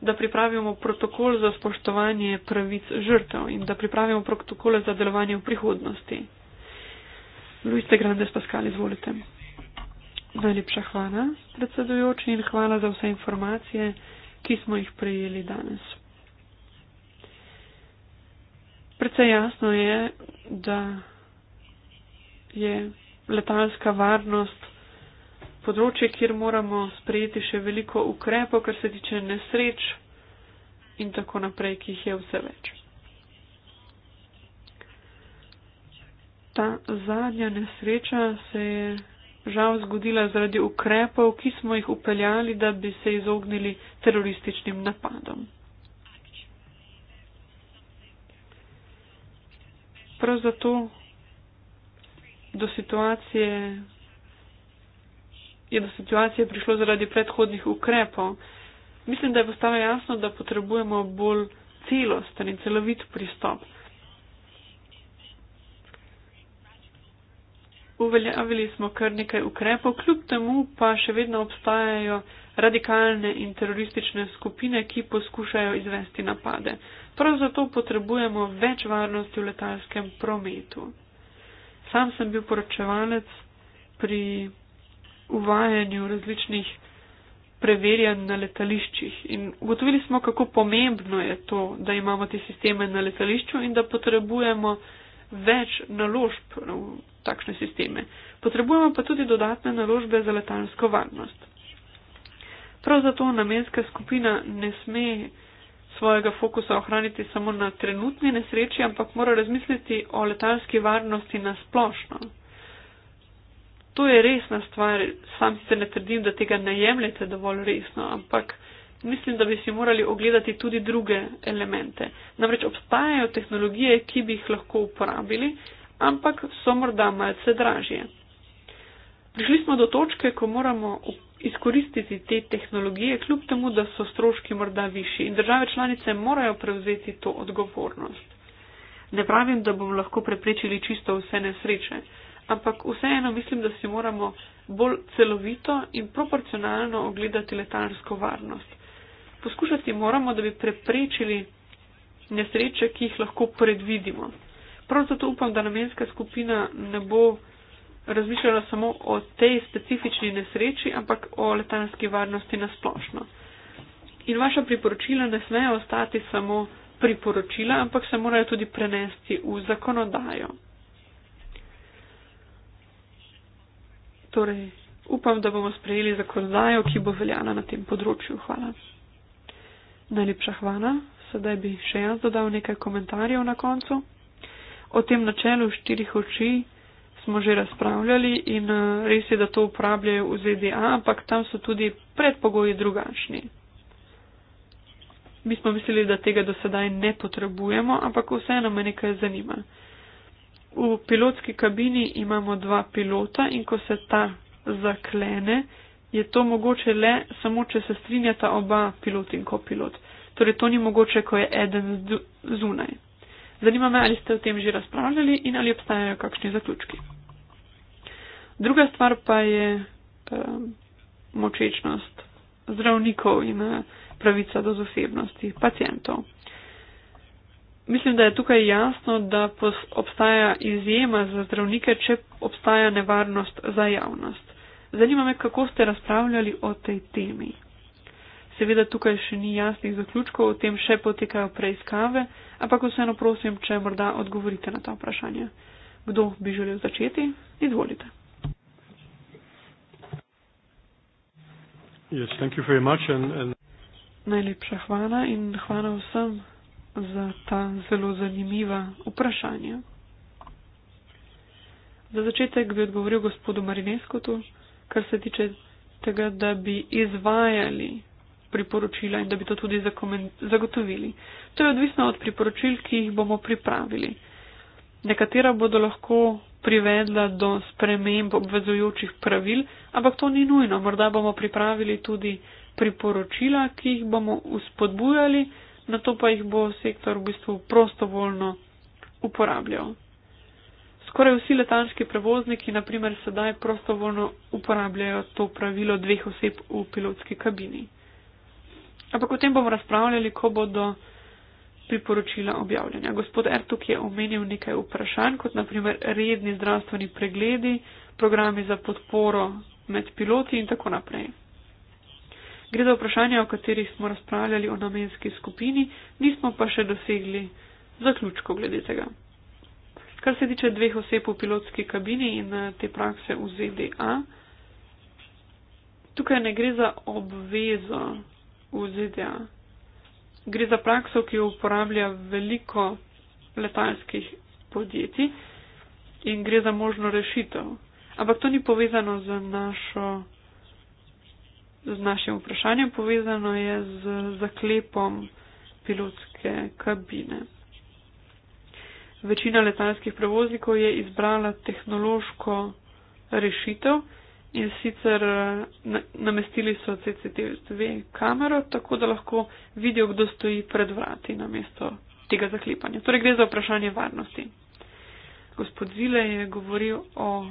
da pripravimo protokol za spoštovanje pravic žrtev in da pripravimo protokole za delovanje v prihodnosti? Luiste Grandes Pascal, izvolite. Najlepša hvala, predsedujoči, in hvala za vse informacije, ki smo jih prejeli danes. Predvsej jasno je, da je letalska varnost področje, kjer moramo sprejeti še veliko ukrepov, kar se tiče nesreč in tako naprej, ki jih je vse več. Ta zadnja nesreča se je žal zgodila zaradi ukrepov, ki smo jih upeljali, da bi se izognili terorističnim napadom. Prav zato do situacije, je do situacije prišlo zaradi predhodnih ukrepov. Mislim, da je postalo jasno, da potrebujemo bolj celosten in celovit pristop. uveljavili smo kar nekaj ukrepov, kljub temu pa še vedno obstajajo radikalne in teroristične skupine, ki poskušajo izvesti napade. Prav zato potrebujemo več varnosti v letalskem prometu. Sam sem bil poročevalec pri uvajanju različnih preverjanj na letališčih in ugotovili smo, kako pomembno je to, da imamo te sisteme na letališču in da potrebujemo več naložb v takšne sisteme. Potrebujemo pa tudi dodatne naložbe za letalsko varnost. Prav zato namenska skupina ne sme svojega fokusa ohraniti samo na trenutni nesreči, ampak mora razmisliti o letalski varnosti na splošno. To je resna stvar, sam sicer ne trdim, da tega ne jemljete dovolj resno, ampak mislim, da bi si morali ogledati tudi druge elemente. Namreč obstajajo tehnologije, ki bi jih lahko uporabili, ampak so morda malce dražje. Prišli smo do točke, ko moramo izkoristiti te tehnologije, kljub temu, da so stroški morda višji in države članice morajo prevzeti to odgovornost. Ne pravim, da bomo lahko preprečili čisto vse nesreče, ampak vseeno mislim, da si moramo bolj celovito in proporcionalno ogledati letalsko varnost poskušati moramo, da bi preprečili nesreče, ki jih lahko predvidimo. Prav zato upam, da namenska skupina ne bo razmišljala samo o tej specifični nesreči, ampak o letalski varnosti nasplošno. In vaša priporočila ne smejo ostati samo priporočila, ampak se morajo tudi prenesti v zakonodajo. Torej, upam, da bomo sprejeli zakonodajo, ki bo veljala na tem področju. Hvala. Najlepša hvala. Sedaj bi še jaz dodal nekaj komentarjev na koncu. O tem načelu štirih oči smo že razpravljali in eh, res je, da to uporabljajo v ZDA, ampak tam so tudi predpogoji drugačni. Mi smo mislili, da tega do sedaj ne potrebujemo, ampak vseeno me nekaj zanima. V pilotski kabini imamo dva pilota in ko se ta zaklene, je to mogoče le samo, če se strinjata oba pilot in kopilot. Torej, to ni mogoče, ko je eden zunaj. Zanima me, ali ste o tem že razpravljali in ali obstajajo kakšni zaključki. Druga stvar pa je eh, močečnost zdravnikov in eh, pravica do zasebnosti pacijentov. Mislim, da je tukaj jasno, da obstaja izjema za zdravnike, če obstaja nevarnost za javnost zanima me, kako ste razpravljali o tej temi. Seveda tukaj še ni jasnih zaključkov, o tem še potekajo preiskave, ampak vseeno prosim, če morda odgovorite na ta vprašanja. Kdo bi želel začeti? Izvolite. Yes, and, and... Najlepša hvala in hvala vsem za ta zelo zanimiva vprašanja. Za začetek bi odgovoril gospodu Marineskotu kar se tiče tega, da bi izvajali priporočila in da bi to tudi zagotovili. To je odvisno od priporočil, ki jih bomo pripravili. Nekatera bodo lahko privedla do sprememb obvezujočih pravil, ampak to ni nujno. Morda bomo pripravili tudi priporočila, ki jih bomo uspodbujali, na to pa jih bo sektor v bistvu prostovoljno uporabljal. Skoraj vsi letalski prevozniki, naprimer, sedaj prostovoljno uporabljajo to pravilo dveh oseb v pilotski kabini. Ampak o tem bomo razpravljali, ko bodo priporočila objavljena. Gospod Ertuk je omenil nekaj vprašanj, kot naprimer redni zdravstveni pregledi, programi za podporo med piloti in tako naprej. Gre za vprašanja, o katerih smo razpravljali o namenski skupini, nismo pa še dosegli zaključko glede tega. Kar se tiče dveh oseb v pilotski kabini in eh, te prakse v ZDA, tukaj ne gre za obvezo v ZDA. Gre za prakso, ki jo uporablja veliko letalskih podjetij in gre za možno rešitev. Ampak to ni povezano z, našo, z našim vprašanjem, povezano je z zaklepom pilotske kabine. Večina letalskih prevoznikov je izbrala tehnološko rešitev in sicer eh, na, namestili so CCTV kamero, tako da lahko vidijo, kdo stoji pred vrati na mesto tega zaklepanja. Torej gre za vprašanje varnosti. Gospod Zile je govoril o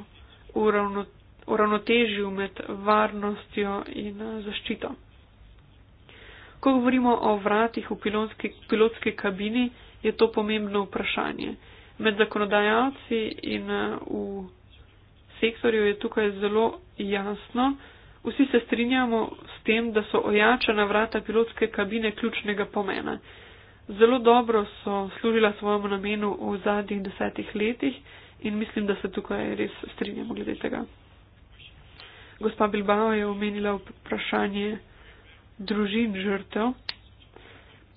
uravnotežju med varnostjo in eh, zaščito. Ko govorimo o vratih v pilotski, pilotski kabini, je to pomembno vprašanje. Med zakonodajalci in eh, v sektorju je tukaj zelo jasno. Vsi se strinjamo s tem, da so ojačana vrata pilotske kabine ključnega pomena. Zelo dobro so služila svojemu namenu v zadnjih desetih letih in mislim, da se tukaj res strinjamo glede tega. Gospa Bilbao je omenila vprašanje družin žrtev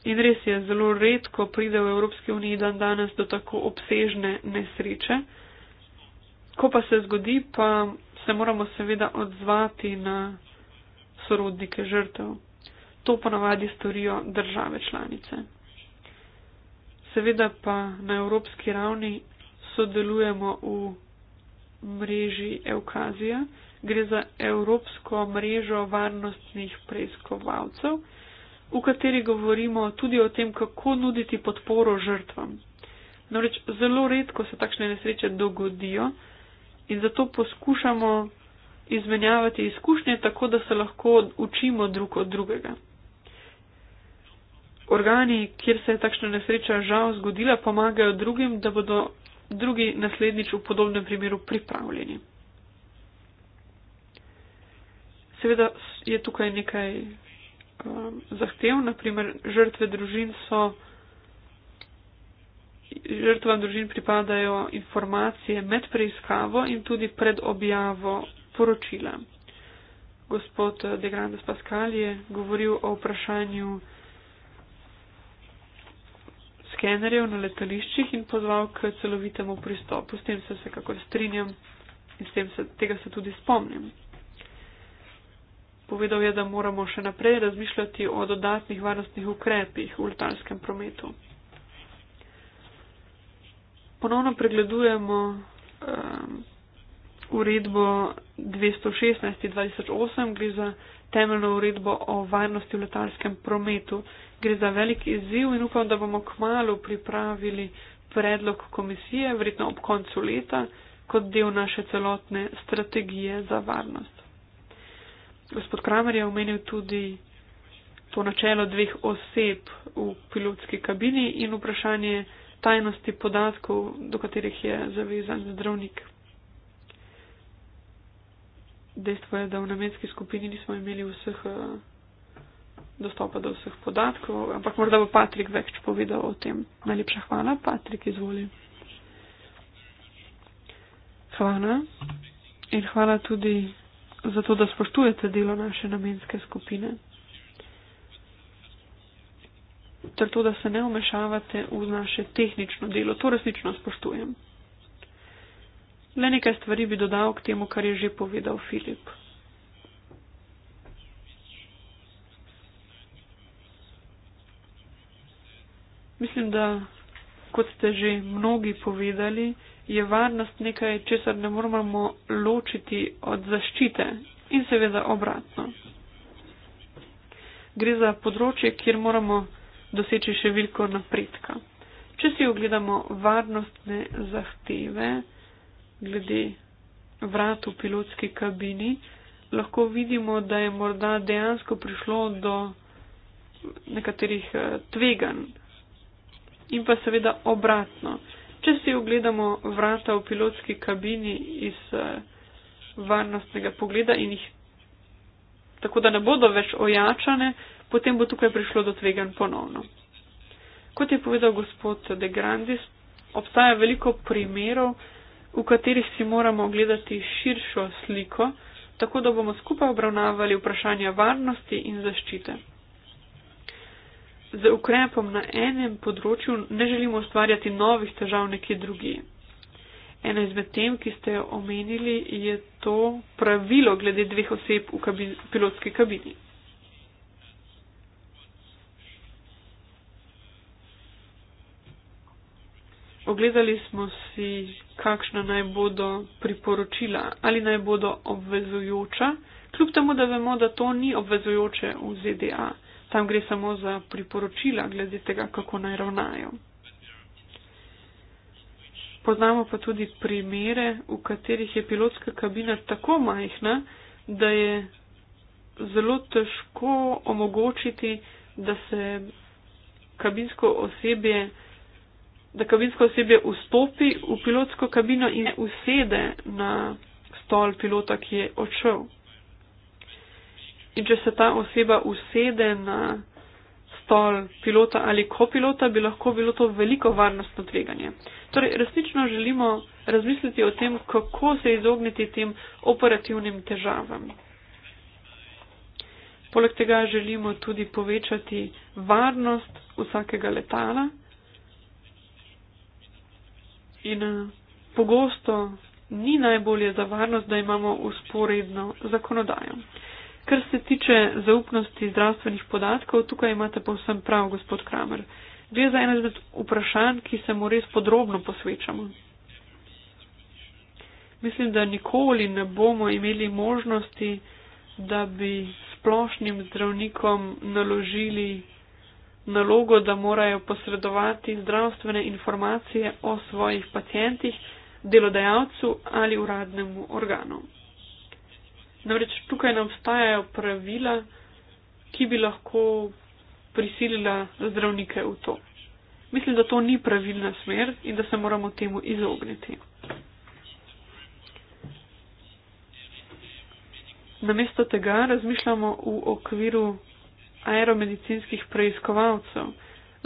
in res je zelo redko pride v Evropski uniji dan danes do tako obsežne nesreče. Ko pa se zgodi, pa se moramo seveda odzvati na sorodnike žrtev. To ponavadi storijo države članice. Seveda pa na evropski ravni sodelujemo v mreži Eukazija. Gre za evropsko mrežo varnostnih preiskovalcev, v kateri govorimo tudi o tem, kako nuditi podporo žrtvam. Namreč zelo redko se takšne nesreče dogodijo in zato poskušamo izmenjavati izkušnje tako, da se lahko učimo drug od drugega. Organi, kjer se je takšna nesreča žal zgodila, pomagajo drugim, da bodo drugi naslednjič v podobnem primeru pripravljeni. Seveda je tukaj nekaj um, zahtev. Naprimer, žrtve družin so, žrtvam družin pripadajo informacije med preiskavo in tudi pred objavo poročila. Gospod eh, De Grandes Pascal je govoril o vprašanju skenerjev na letališčih in pozval k celovitemu pristopu. S tem se vsekakor strinjam in se, tega se tudi spomnim. Povedal je, da moramo še naprej razmišljati o dodatnih varnostnih ukrepih v letalskem prometu. Ponovno pregledujemo um, uredbo 216.28, gre za temeljno uredbo o varnosti v letalskem prometu. Gre za velik izziv in upam, da bomo kmalo pripravili predlog komisije, verjetno ob koncu leta, kot del naše celotne strategije za varnost. Gospod Kramer je omenil tudi to načelo dveh oseb v pilotski kabini in vprašanje tajnosti podatkov, do katerih je zavezan zdravnik. Dejstvo je, da v nemetski skupini nismo imeli vseh, eh, dostopa do vseh podatkov, ampak morda bo Patrik več povedal o tem. Najlepša hvala, Patrik, izvoli. Hvala in hvala tudi zato da spoštujete delo naše namenske skupine. Ter to, da se ne umešavate v naše tehnično delo, to resnično spoštujem. Le nekaj stvari bi dodal k temu, kar je že povedal Filip. Mislim, da kot ste že mnogi povedali, je varnost nekaj, česar ne moramo ločiti od zaščite in seveda obratno. Gre za področje, kjer moramo doseči še veliko napredka. Če si ogledamo varnostne zahteve glede vrat v pilotski kabini, lahko vidimo, da je morda dejansko prišlo do nekaterih eh, tvegan. In pa seveda obratno. Če si ogledamo vrata v pilotski kabini iz eh, varnostnega pogleda in jih tako, da ne bodo več ojačane, potem bo tukaj prišlo do tvegan ponovno. Kot je povedal gospod De Grandis, obstaja veliko primerov, v katerih si moramo ogledati širšo sliko, tako da bomo skupaj obravnavali vprašanje varnosti in zaščite z ukrepom na enem področju ne želimo ustvarjati novih težav nekje drugi. Ena izmed tem, ki ste jo omenili, je to pravilo glede dveh oseb v kabin, pilotski kabini. Ogledali smo si, kakšna naj bodo priporočila ali naj bodo obvezujoča, kljub temu, da vemo, da to ni obvezujoče v ZDA. Tam gre samo za priporočila glede tega, kako naj ravnajo. Poznamo pa tudi primere, v katerih je pilotska kabina tako majhna, da je zelo težko omogočiti, da se kabinsko osebje, da kabinsko osebje vstopi v pilotsko kabino in usede na stol pilota, ki je odšel. In če se ta oseba usede na stol pilota ali kopilota, bi lahko bilo to veliko varnostno tveganje. Torej, resnično želimo razmisliti o tem, kako se izogniti tem operativnim težavam. Poleg tega želimo tudi povečati varnost vsakega letala in eh, pogosto ni najbolje za varnost, da imamo usporedno zakonodajo. Kar se tiče zaupnosti zdravstvenih podatkov, tukaj imate povsem prav, gospod Kramer. Gre za eno izmed vprašanj, ki se mu res podrobno posvečamo. Mislim, da nikoli ne bomo imeli možnosti, da bi splošnim zdravnikom naložili nalogo, da morajo posredovati zdravstvene informacije o svojih pacijentih, delodajalcu ali uradnemu organu. Namreč tukaj ne obstajajo pravila, ki bi lahko prisilila zdravnike v to. Mislim, da to ni pravilna smer in da se moramo temu izogniti. Namesto tega razmišljamo v okviru aeromedicinskih preiskovalcev.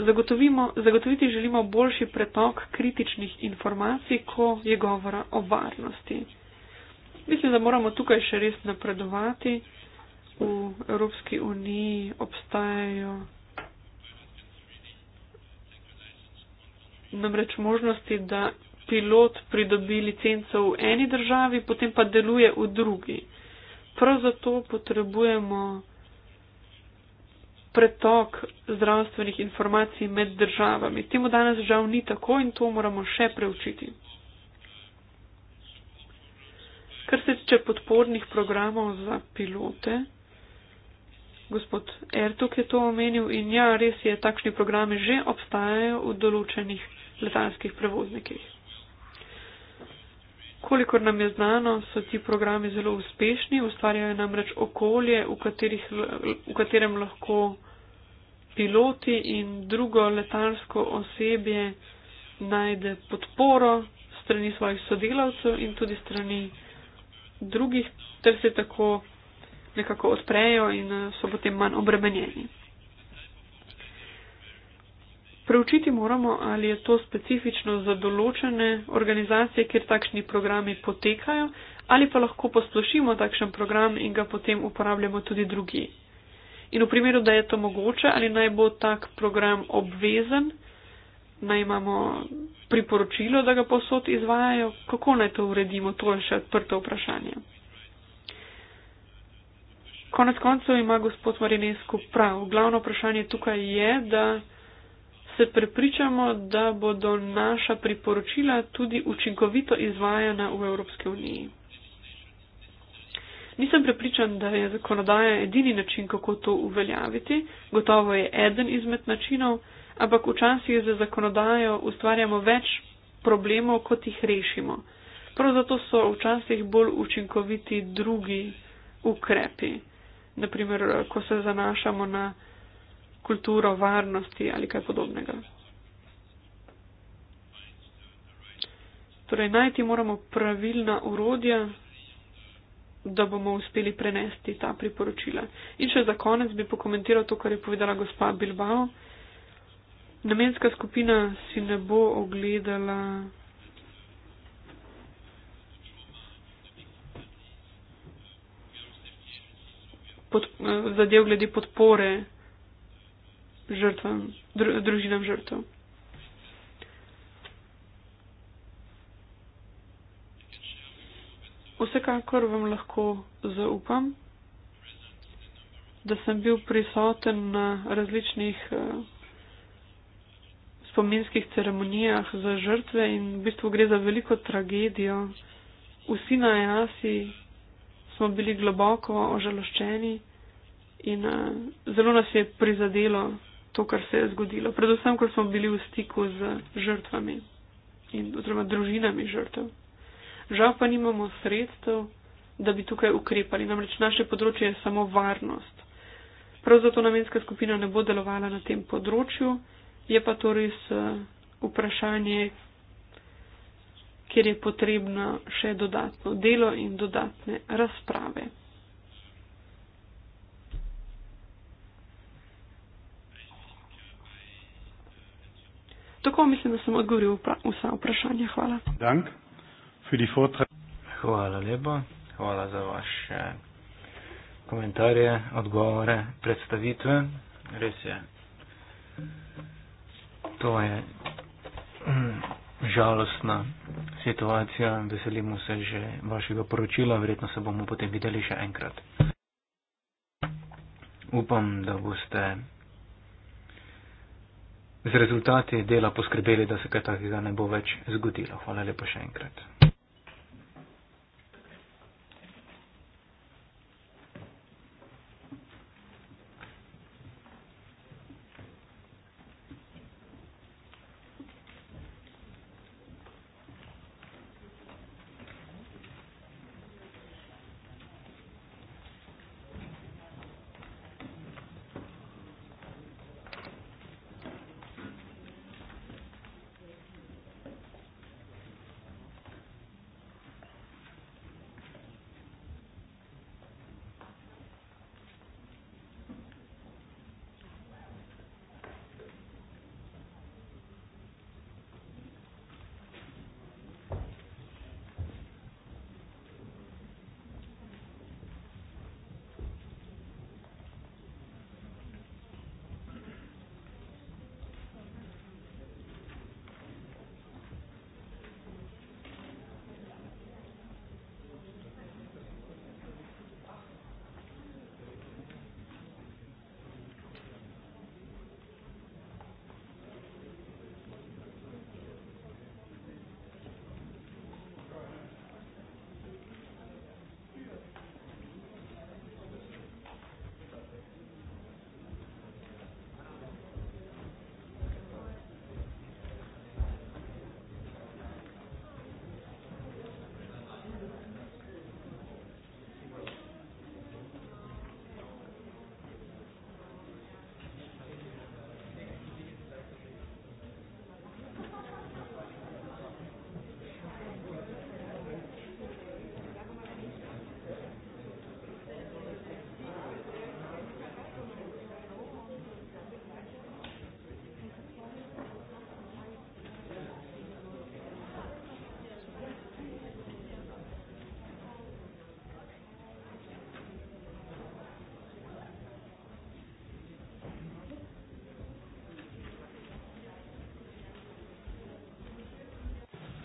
Zagotoviti želimo boljši pretok kritičnih informacij, ko je govora o varnosti. Mislim, da moramo tukaj še res napredovati. V Evropski uniji obstajajo namreč možnosti, da pilot pridobi licenco v eni državi, potem pa deluje v drugi. Prav zato potrebujemo pretok zdravstvenih informacij med državami. Temu danes žal ni tako in to moramo še preučiti. Kar se tiče podpornih programov za pilote, gospod Ertuk je to omenil in ja, res je, takšni programe že obstajajo v določenih letalskih prevoznikih. Kolikor nam je znano, so ti programi zelo uspešni, ustvarjajo namreč okolje, v, katerih, v katerem lahko piloti in drugo letalsko osebje najde podporo strani svojih sodelavcev in tudi strani drugih, ter se tako nekako odprejo in eh, so potem manj obremenjeni. Preučiti moramo, ali je to specifično za določene organizacije, kjer takšni programi potekajo, ali pa lahko posplošimo takšen program in ga potem uporabljamo tudi drugi. In v primeru, da je to mogoče, ali naj bo tak program obvezen, naj imamo priporočilo, da ga posod izvajajo, kako naj to uredimo, to je še odprto vprašanje. Konec koncev ima gospod Marinesko prav. Glavno vprašanje tukaj je, da se prepričamo, da bodo naša priporočila tudi učinkovito izvajana v Evropski uniji. Nisem prepričan, da je zakonodaja edini način, kako to uveljaviti. Gotovo je eden izmed načinov, ampak včasih za zakonodajo ustvarjamo več problemov, kot jih rešimo. Prav zato so včasih bolj učinkoviti drugi ukrepi. Naprimer, ko se zanašamo na kulturo varnosti ali kaj podobnega. Torej, najti moramo pravilna urodja, da bomo uspeli prenesti ta priporočila. In še za konec bi pokomentiral to, kar je povedala gospa Bilbao. Namenska skupina si ne bo ogledala. Pod, eh, zadev glede podpore žrtvam, dru, družinam žrtev. Vsekakor vam lahko zaupam, da sem bil prisoten na različnih uh, spominskih ceremonijah za žrtve in v bistvu gre za veliko tragedijo. Vsi na Jasi smo bili globoko ožaloščeni in uh, zelo nas je prizadelo to, kar se je zgodilo. Predvsem, ker smo bili v stiku z žrtvami in oziroma družinami žrtev. Žal pa nimamo sredstev, da bi tukaj ukrepali. Namreč naše področje je samo varnost. Prav zato namenska skupina ne bo delovala na tem področju. Je pa to res eh, vprašanje, kjer je potrebno še dodatno delo in dodatne razprave. Tako mislim, da sem odgovoril vsa vprašanja. Hvala. Dank. Hvala lepa. Hvala za vaše komentarje, odgovore, predstavitve. Res je to je mm, žalostna situacija. Veselimo se že vašega poročila, verjetno se bomo potem videli še enkrat. Upam, da boste z rezultati dela poskrbeli, da se kaj takega ne bo več zgodilo. Hvala lepa še enkrat.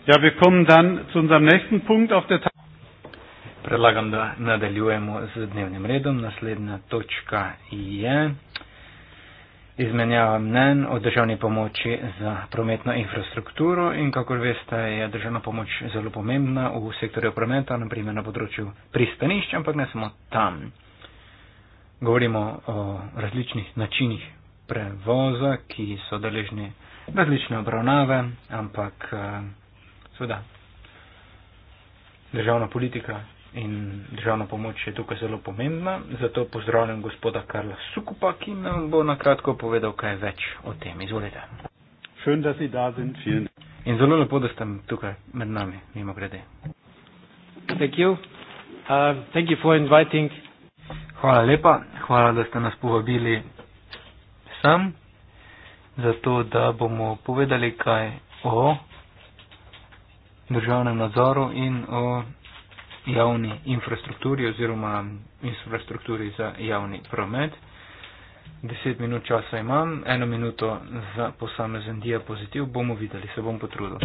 Ja, wir kommen dann zu unserem nächsten Punkt auf der Предлагам да наделюваме с дневним редом. Наследна точка е изменява мнен от държавни помощи за прометна инфраструктура. И како ви сте, е държавна помощ зело помемна у сектора промета, например, на področу пристанища, ампак не само там. Говоримо о различних начинах превоза, ки са дележни различни обравнаве, ампак... Uh, seveda državna politika in državna pomoč je tukaj zelo pomembna, zato pozdravljam gospoda Karla Sukupa, ki nam bo nakratko povedal kaj več o tem. Izvolite. Schön, da da in zelo lepo, da ste tukaj med nami, mimo grede. Thank you. Uh, thank you for inviting. Hvala lepa, hvala, da ste nas povabili sam, zato da bomo povedali kaj o državnem nadzoru in o javni infrastrukturi oziroma infrastrukturi za javni promet. Deset minut časa imam, eno minuto za posamezen diapozitiv, bomo videli, se bom potrudil.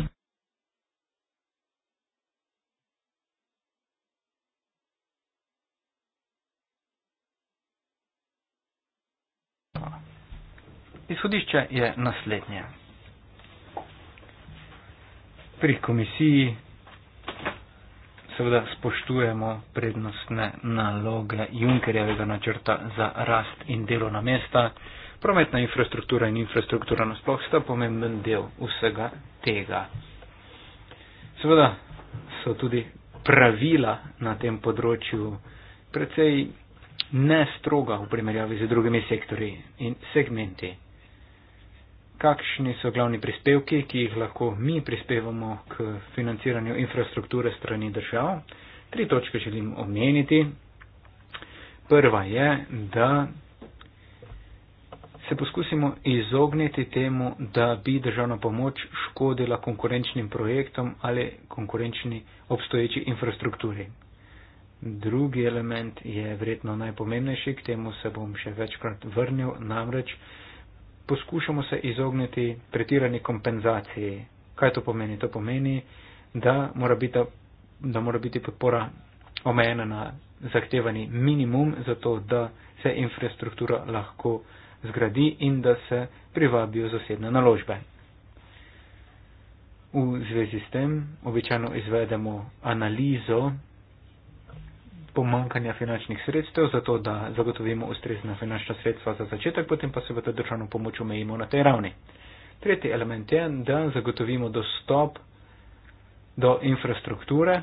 Izhodišče je naslednje pri komisiji seveda spoštujemo prednostne naloge Junkerjevega načrta za rast in delovna mesta. Prometna infrastruktura in infrastruktura nasploh sta pomemben del vsega tega. Seveda so tudi pravila na tem področju precej nestroga v primerjavi z drugimi sektorji in segmenti kakšni so glavni prispevki, ki jih lahko mi prispevamo k financiranju infrastrukture strani držav. Tri točke želim omeniti. Prva je, da se poskusimo izogniti temu, da bi državna pomoč škodila konkurenčnim projektom ali konkurenčni obstoječi infrastrukturi. Drugi element je vredno najpomembnejši, k temu se bom še večkrat vrnil, namreč poskušamo se izogniti pretirani kompenzaciji. Kaj to pomeni? To pomeni, da mora biti, da mora biti podpora omejena na zahtevani minimum, zato da se infrastruktura lahko zgradi in da se privabijo zasebne naložbe. V zvezi s tem običajno izvedemo analizo pomankanja finančnih sredstev, zato da zagotovimo ustrezna finančna sredstva za začetek, potem pa seveda državno pomoč omejimo na tej ravni. Tretji element je, da zagotovimo dostop do infrastrukture,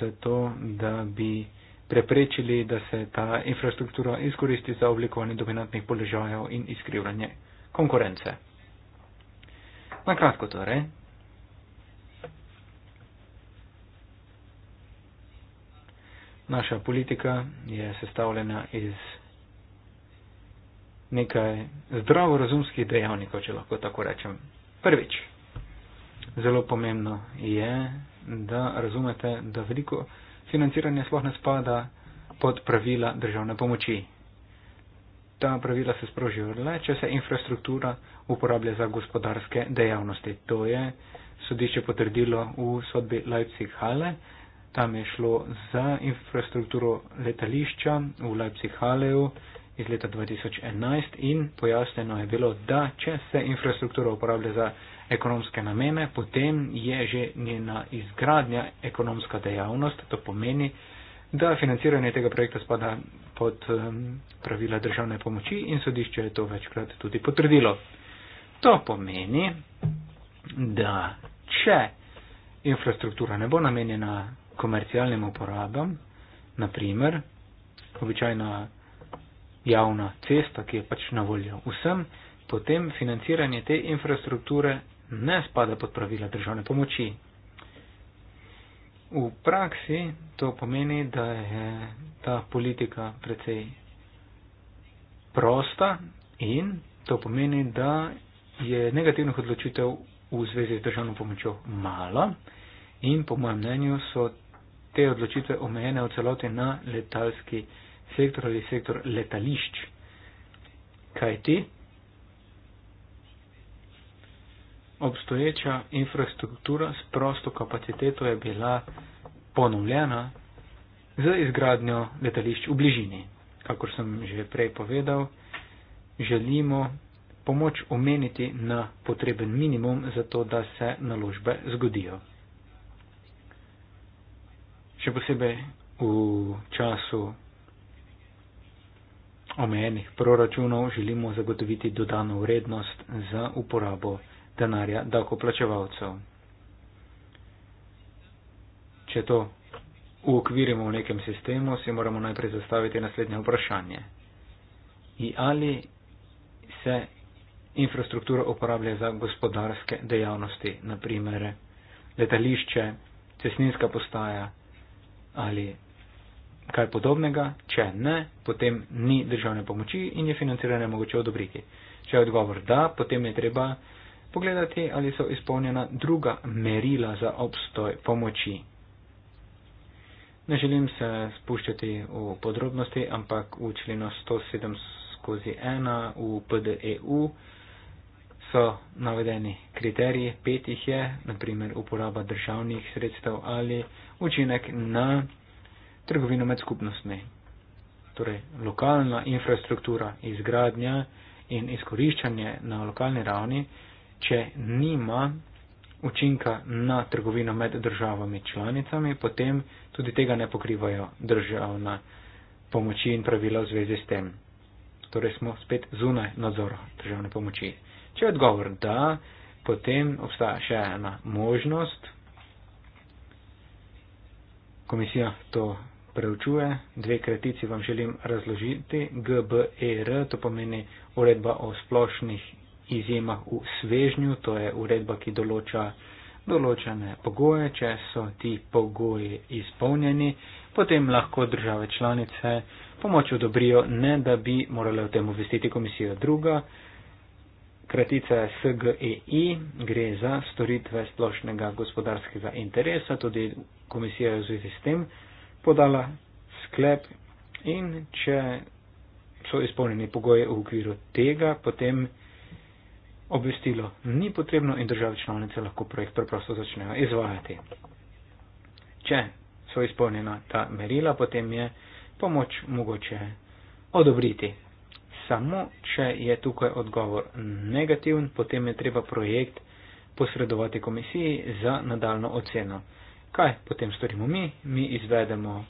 zato da bi preprečili, da se ta infrastruktura izkoristi za oblikovanje dominantnih položajev in izkrivljanje konkurence. Na kratko torej, Naša politika je sestavljena iz nekaj zdravorazumskih dejavnikov, če lahko tako rečem. Prvič, zelo pomembno je, da razumete, da veliko financiranja sploh ne spada pod pravila državne pomoči. Ta pravila se sprožijo le, če se infrastruktura uporablja za gospodarske dejavnosti. To je sodišče potrdilo v sodbi Leipzig-Halle, Tam je šlo za infrastrukturo letališča v Leipzig-Haleju iz leta 2011 in pojasneno je bilo, da če se infrastruktura uporablja za ekonomske namene, potem je že njena izgradnja ekonomska dejavnost. To pomeni, da financiranje tega projekta spada pod um, pravila državne pomoči in sodišče je to večkrat tudi potrdilo. To pomeni, da če infrastruktura ne bo namenjena komercialnim uporabam, naprimer običajna javna cesta, ki je pač na voljo vsem, potem financiranje te infrastrukture ne spada pod pravila državne pomoči. V praksi to pomeni, da je ta politika precej prosta in to pomeni, da je negativnih odločitev v zvezi z državno pomočjo malo in po mojem mnenju so te odločitve omejene v celoti na letalski sektor ali sektor letališč. Kaj ti? Obstoječa infrastruktura s prosto kapaciteto je bila ponovljena z izgradnjo letališč v bližini. Kakor sem že prej povedal, želimo pomoč omeniti na potreben minimum, zato da se naložbe zgodijo še posebej v času omejenih proračunov želimo zagotoviti dodano vrednost za uporabo denarja davkoplačevalcev. Če to uokvirimo v nekem sistemu, si moramo najprej zastaviti naslednje vprašanje. In ali se infrastruktura uporablja za gospodarske dejavnosti, naprimer letališče, cesninska postaja, ali kaj podobnega. Če ne, potem ni državne pomoči in je financiranje mogoče odobriti. Če je odgovor da, potem je treba pogledati, ali so izpolnjena druga merila za obstoj pomoči. Ne želim se spuščati v podrobnosti, ampak v členu 107 skozi 1 v PDEU so navedeni kriteriji, pet jih je, naprimer uporaba državnih sredstev ali učinek na trgovino med skupnostmi. Torej, lokalna infrastruktura, izgradnja in izkoriščanje na lokalni ravni, če nima učinka na trgovino med državami članicami, potem tudi tega ne pokrivajo državna pomoči in pravila v zvezi s tem. Torej smo spet zunaj nadzora državne pomoči. Če je odgovor da, potem obstaja še ena možnost. Komisija to preučuje. Dve kratici vam želim razložiti. GBER, to pomeni uredba o splošnih izjemah v svežnju, to je uredba, ki določa določene pogoje. Če so ti pogoji izpolnjeni, potem lahko države članice pomoč odobrijo, ne da bi morale o tem obvestiti komisijo druga kratica SGEI, gre za storitve splošnega gospodarskega interesa, tudi komisija je v zvezi s tem podala sklep in če so izpolnjeni pogoje v okviru tega, potem obvestilo ni potrebno in države članice lahko projekt preprosto začnejo izvajati. Če so izpolnjena ta merila, potem je pomoč mogoče odobriti. Samo, če je tukaj odgovor negativen, potem je treba projekt posredovati komisiji za nadaljno oceno. Kaj potem storimo mi? Mi izvedemo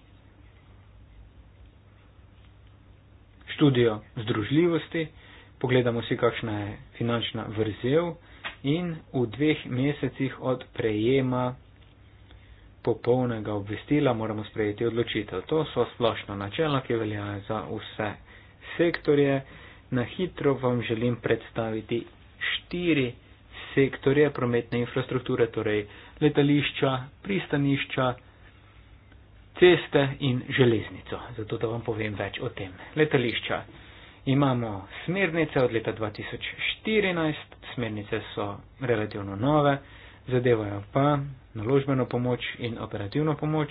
študijo združljivosti, pogledamo si, kakšna je finančna vrzel in v dveh mesecih od prejema popolnega obvestila moramo sprejeti odločitev. To so splošno načela, ki veljajo za vse sektorje. Na hitro vam želim predstaviti štiri sektorje prometne infrastrukture, torej letališča, pristanišča, ceste in železnico. Zato da vam povem več o tem. Letališča. Imamo smernice od leta 2014, smernice so relativno nove, zadevajo pa naložbeno pomoč in operativno pomoč.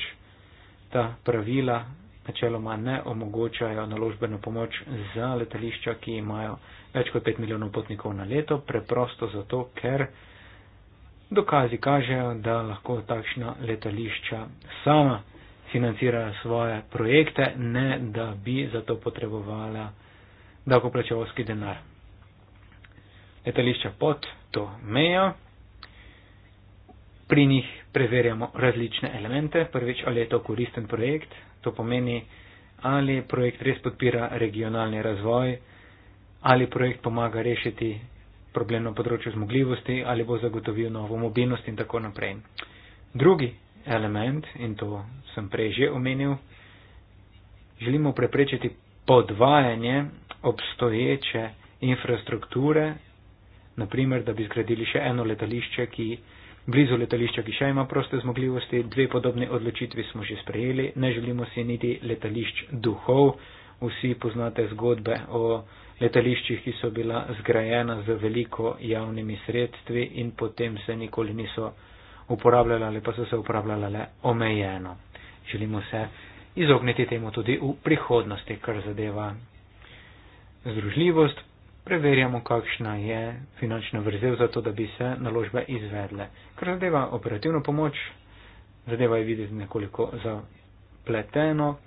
Ta pravila načeloma ne omogočajo naložbeno pomoč za letališča, ki imajo več kot 5 milijonov potnikov na leto, preprosto zato, ker dokazi kažejo, da lahko takšna letališča sama financirajo svoje projekte, ne da bi za to potrebovala davkoplačevalski denar. Letališča pod to mejo. Pri njih preverjamo različne elemente. Prvič, ali je to koristen projekt To pomeni, ali projekt res podpira regionalni razvoj, ali projekt pomaga rešiti problem na področju zmogljivosti, ali bo zagotovil novo mobilnost in tako naprej. Drugi element, in to sem prej že omenil, želimo preprečiti podvajanje obstoječe infrastrukture, naprimer, da bi zgradili še eno letališče, ki blizu letališča, ki še ima proste zmogljivosti, dve podobne odločitvi smo že sprejeli, ne želimo si niti letališč duhov, vsi poznate zgodbe o letališčih, ki so bila zgrajena z veliko javnimi sredstvi in potem se nikoli niso uporabljala ali pa so se uporabljala le omejeno. Želimo se izogniti temu tudi v prihodnosti, kar zadeva združljivost, preverjamo, kakšna je finančna vrzel za to, da bi se naložbe izvedle. Kar zadeva operativno pomoč, zadeva je videti nekoliko zapleteno.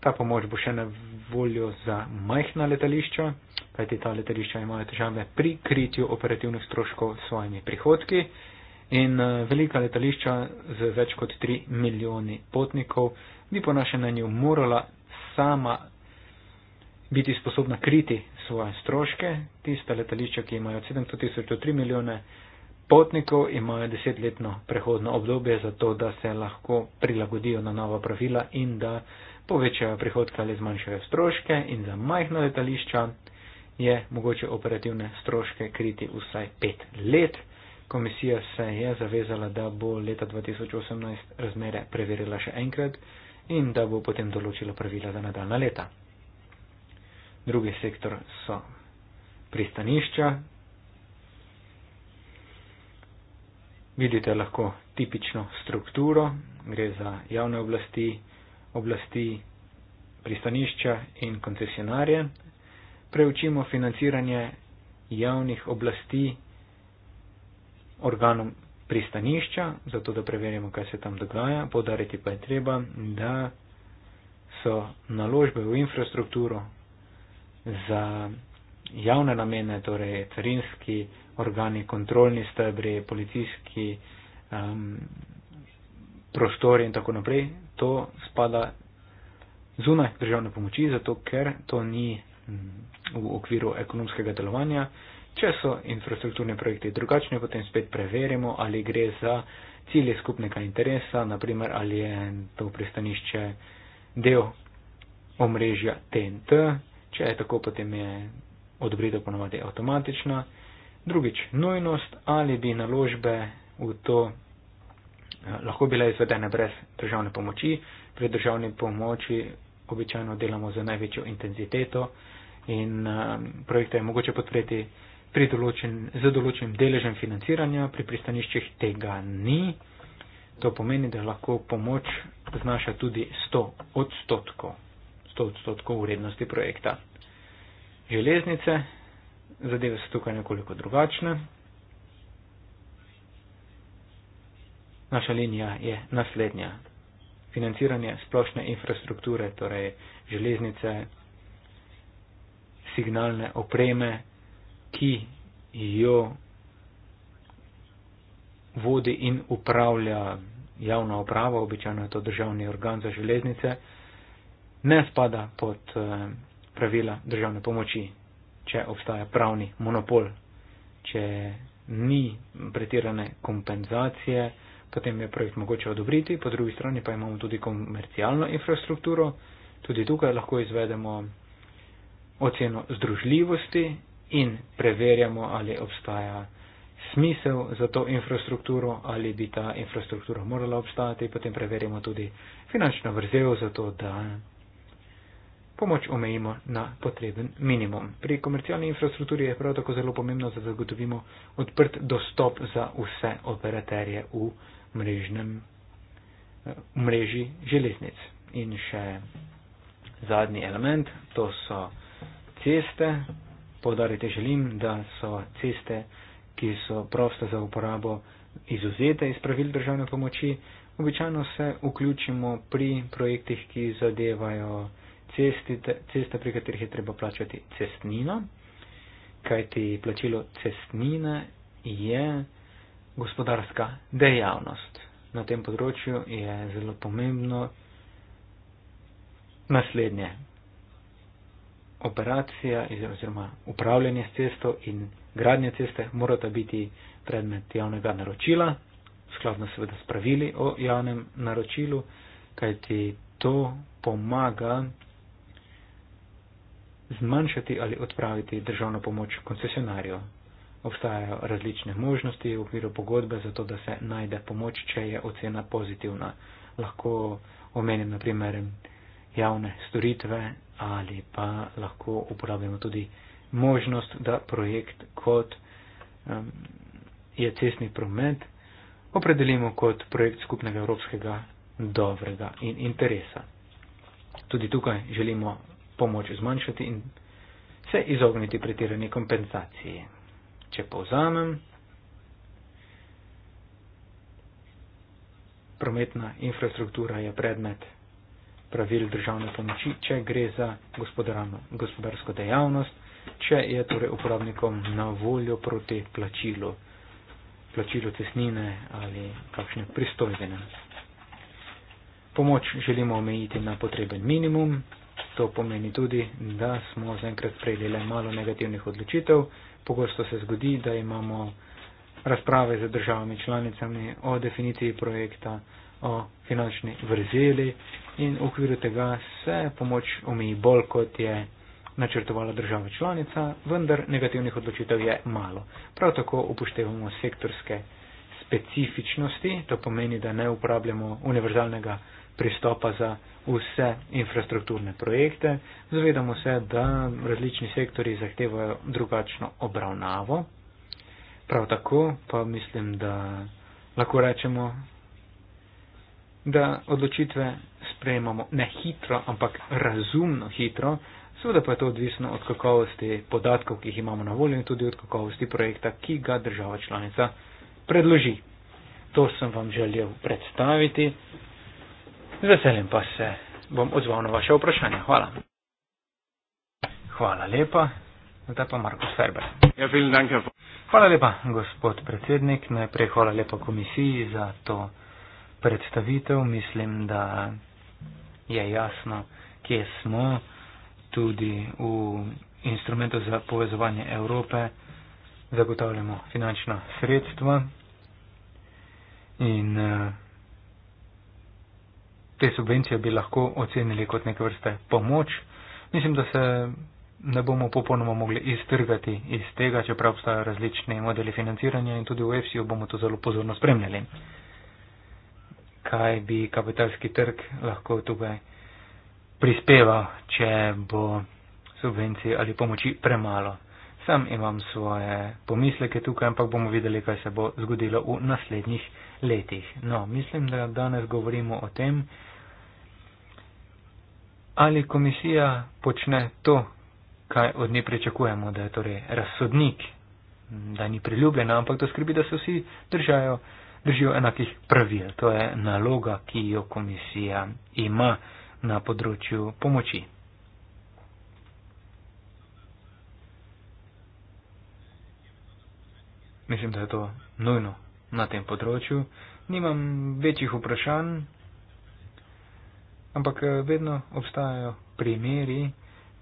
Ta pomoč bo še na voljo za majhna letališča, kajti ta letališča imajo težave pri kritju operativnih stroškov s svojimi prihodki. In eh, velika letališča z več kot 3 milijoni potnikov bi po našem mnenju morala sama biti sposobna kriti svoje stroške, tista letališča, ki imajo 700 tisoč do 3 milijone potnikov, imajo desetletno prehodno obdobje za to, da se lahko prilagodijo na nova pravila in da povečajo prihodke ali zmanjšajo stroške in za majhna letališča je mogoče operativne stroške kriti vsaj pet let. Komisija se je zavezala, da bo leta 2018 razmere preverila še enkrat in da bo potem določila pravila za nadaljna leta drugi sektor so pristanišča. Vidite lahko tipično strukturo, gre za javne oblasti, oblasti pristanišča in koncesionarje. Preučimo financiranje javnih oblasti organom pristanišča, zato da preverimo, kaj se tam dogaja. Podariti pa je treba, da so naložbe v infrastrukturo za javne namene, torej carinski organi, kontrolni stebri, policijski um, prostori in tako naprej, to spada zunaj državne pomoči, zato ker to ni mm, v okviru ekonomskega delovanja. Če so infrastrukturni projekti drugačni, potem spet preverimo, ali gre za cilje skupnega interesa, naprimer ali je to pristanišče del omrežja TNT, Če je tako, potem je odobritev ponovadi avtomatična. Drugič, nujnost ali bi naložbe v to eh, lahko bile izvedene brez državne pomoči. Pri državni pomoči običajno delamo za največjo intenziteto in eh, projekte je mogoče podpreti določen, z določenim deležem financiranja, pri pristaniščih tega ni. To pomeni, da lahko pomoč znaša tudi 100 odstotkov, 100 odstotkov vrednosti projekta železnice, zadeve so tukaj nekoliko drugačne. Naša linija je naslednja. Financiranje splošne infrastrukture, torej železnice, signalne opreme, ki jo vodi in upravlja javna uprava, običajno je to državni organ za železnice, ne spada pod. Eh, pravila državne pomoči, če obstaja pravni monopol, če ni pretirane kompenzacije, potem je projekt mogoče odobriti, po drugi strani pa imamo tudi komercialno infrastrukturo, tudi tukaj lahko izvedemo oceno združljivosti in preverjamo, ali obstaja smisel za to infrastrukturo, ali bi ta infrastruktura morala obstajati, potem preverjamo tudi finančno vrzel za to, da pomoč omejimo na potreben minimum. Pri komercialni infrastrukturi je prav tako zelo pomembno, da zagotovimo odprt dostop za vse operaterje v mrežnem, mreži železnic. In še zadnji element, to so ceste. Podariti želim, da so ceste, ki so proste za uporabo, izuzete iz pravil državne pomoči. Običajno se vključimo pri projektih, ki zadevajo cesti, ceste, pri katerih je treba plačati cestnino, kajti plačilo cestnine je gospodarska dejavnost. Na tem področju je zelo pomembno naslednje. Operacija oziroma upravljanje s cesto in gradnja ceste morata biti predmet javnega naročila, skladno seveda s pravili o javnem naročilu, kajti to pomaga zmanjšati ali odpraviti državno pomoč koncesionarjev. Obstajajo različne možnosti v okviru pogodbe za to, da se najde pomoč, če je ocena pozitivna. Lahko omenim naprimer javne storitve ali pa lahko uporabimo tudi možnost, da projekt kot um, je cestni promet opredelimo kot projekt skupnega evropskega dobrega in interesa. Tudi tukaj želimo pomoč zmanjšati in se izogniti pretirani kompenzaciji. Če povzamem, prometna infrastruktura je predmet pravil državne pomoči, če gre za gospodarsko dejavnost, če je torej uporabnikom na voljo proti plačilu, plačilu cesnine ali kakšne pristojbine. Pomoč želimo omejiti na potreben minimum, to pomeni tudi, da smo zaenkrat sprejeli le malo negativnih odločitev. Pogosto se zgodi, da imamo razprave z državami članicami o definiciji projekta, o finančni vrzeli in v okviru tega se pomoč omeji bolj, kot je načrtovala država članica, vendar negativnih odločitev je malo. Prav tako upoštevamo sektorske specifičnosti, to pomeni, da ne uporabljamo univerzalnega pristopa za vse infrastrukturne projekte. Zavedamo se, da različni sektori zahtevajo drugačno obravnavo. Prav tako pa mislim, da lahko rečemo, da odločitve sprejemamo ne hitro, ampak razumno hitro. Seveda pa je to odvisno od kakovosti podatkov, ki jih imamo na voljo in tudi od kakovosti projekta, ki ga država članica predloži. To sem vam želel predstaviti. Z veseljem pa se bom odzval na vaše vprašanje. Hvala. Hvala lepa. Zdaj pa Markus Ferber. Ja, hvala lepa, gospod predsednik. Najprej hvala lepa komisiji za to predstavitev. Mislim, da je jasno, kje smo tudi v instrumentu za povezovanje Evrope. Zagotavljamo finančna sredstva in uh, te subvencije bi lahko ocenili kot neke vrste pomoč. Mislim, da se ne bomo popolnoma mogli iztrgati iz tega, čeprav obstajajo različni modeli financiranja in tudi v EFSI-ju bomo to zelo pozorno spremljali. Kaj bi kapitalski trg lahko tukaj prispeval, če bo subvencije ali pomoči premalo sam imam svoje pomisleke tukaj, ampak bomo videli, kaj se bo zgodilo v naslednjih letih. No, mislim, da danes govorimo o tem, ali komisija počne to, kaj od nje pričakujemo, da je torej razsodnik, da ni priljubljena, ampak da skrbi, da se vsi držajo, držijo enakih pravil. To je naloga, ki jo komisija ima na področju pomoči. Mislim, da je to nujno na tem področju. Nimam večjih vprašanj, ampak eh, vedno obstajajo primeri,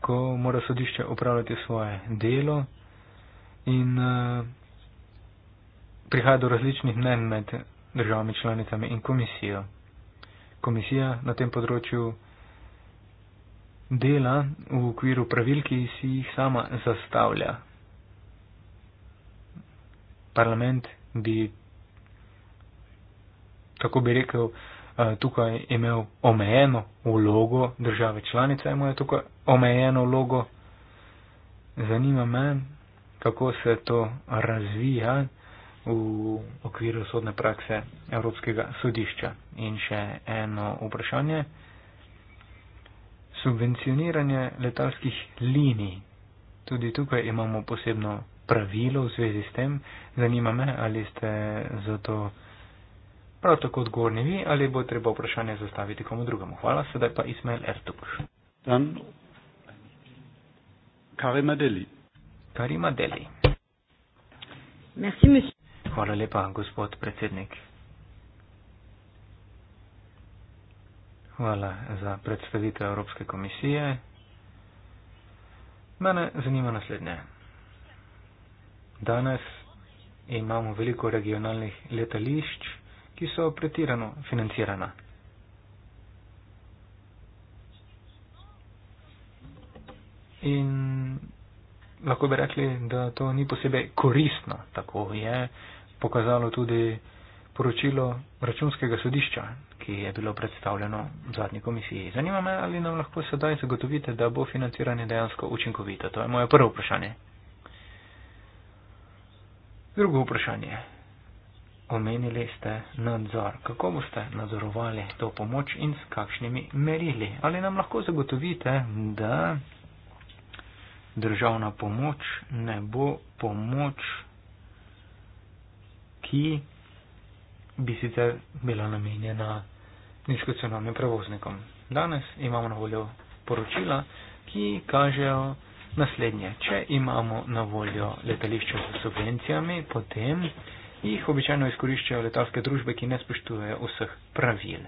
ko mora sodišče upravljati svoje delo in uh, prihaja do različnih mnen med državami članicami in komisijo. Komisija na tem področju dela v okviru pravil, ki si jih sama zastavlja parlament bi, kako bi rekel, eh, tukaj imel omejeno vlogo, države članice imajo tukaj omejeno vlogo. Zanima me, kako se to razvija v okviru sodne prakse Evropskega sodišča. In še eno vprašanje. Subvencioniranje letalskih linij. Tudi tukaj imamo posebno pravilo v zvezi s tem. Zanima me, ali ste za to prav tako odgovorni vi, ali bo treba vprašanje zastaviti komu drugemu. Hvala, sedaj pa Ismail Ertuš. Dan. Karima Deli. Karima Deli. Merci, Hvala lepa, gospod predsednik. Hvala za predstavitev Evropske komisije. Mene zanima naslednje. Danes imamo veliko regionalnih letališč, ki so pretirano financirana. In lahko bi rekli, da to ni posebej koristno, tako je pokazalo tudi poročilo računskega sodišča, ki je bilo predstavljeno v zadnji komisiji. Zanima me, ali nam lahko sedaj zagotovite, da bo financiranje dejansko učinkovito. To je moje prvo vprašanje. Drugo vprašanje. Omenili ste nadzor. Kako boste nadzorovali to pomoč in s kakšnimi merili? Ali nam lahko zagotovite, da državna pomoč ne bo pomoč, ki bi sicer bila namenjena nizkocenovnim prevoznikom? Danes imamo na voljo poročila, ki kažejo, Naslednje, če imamo na voljo letališče z subvencijami, potem jih običajno izkoriščajo letalske družbe, ki ne spoštujejo vseh pravil.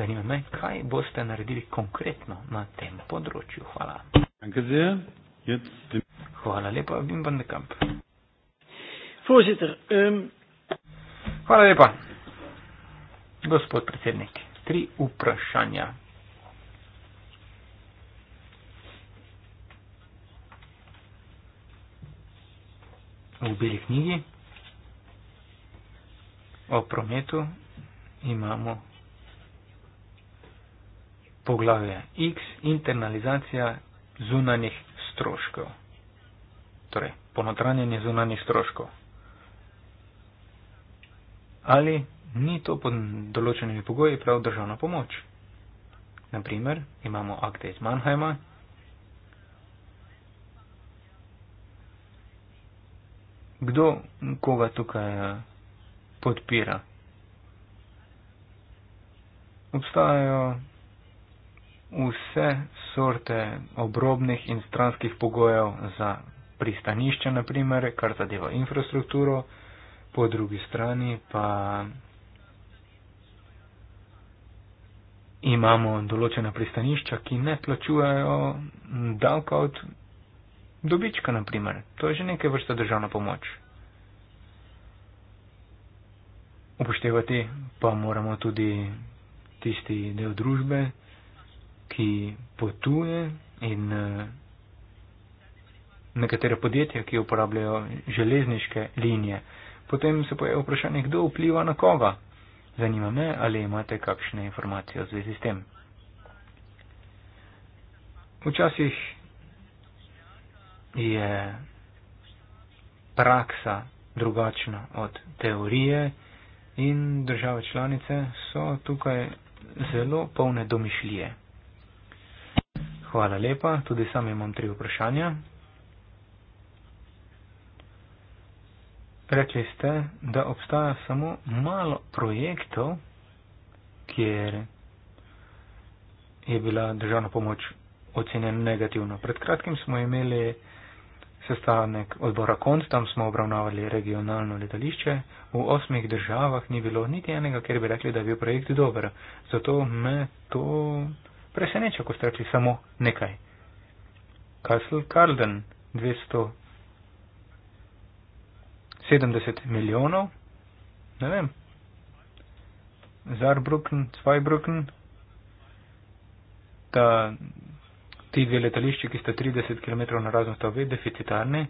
Zanima me, kaj boste naredili konkretno na tem področju. Hvala. Hvala lepa, Wim van de Kamp. Ehm, Hvala lepa, gospod predsednik. Tri vprašanja. v beli knjigi o prometu imamo poglavje X, internalizacija zunanjih stroškov. Torej, ponotranjanje zunanjih stroškov. Ali ni to pod določenimi pogoji prav državna pomoč? Naprimer, imamo akte iz Mannheima, kdo koga tukaj eh, podpira. Obstajajo vse sorte obrobnih in stranskih pogojev za pristanišče, naprimer, kar zadeva infrastrukturo, po drugi strani pa imamo določena pristanišča, ki ne plačujejo davka od dobička, na primer, to je že neke vrste državna pomoč. Upoštevati pa moramo tudi tisti del družbe, ki potuje in eh, nekatere podjetja, ki uporabljajo železniške linije. Potem se pojavi vprašanje, kdo vpliva na koga. Zanima me, ali imate kakšne informacije o zvezi s tem. Včasih je praksa drugačna od teorije in države članice so tukaj zelo polne domišljije. Hvala lepa, tudi sam imam tri vprašanja. Rekli ste, da obstaja samo malo projektov, kjer je bila državna pomoč ocenjena negativno. Pred kratkim smo imeli sestanek odbora KONT, tam smo obravnavali regionalno letališče, v osmih državah ni bilo niti enega, ker bi rekli, da je bil projekt dober. Zato me to preseneča, ko ste rekli samo nekaj. Castle Carlden, 270 milijonov, ne vem. Zarbruken, Zweibruken, ta ti dve letališči, ki sta 30 km na razno, sta obe deficitarni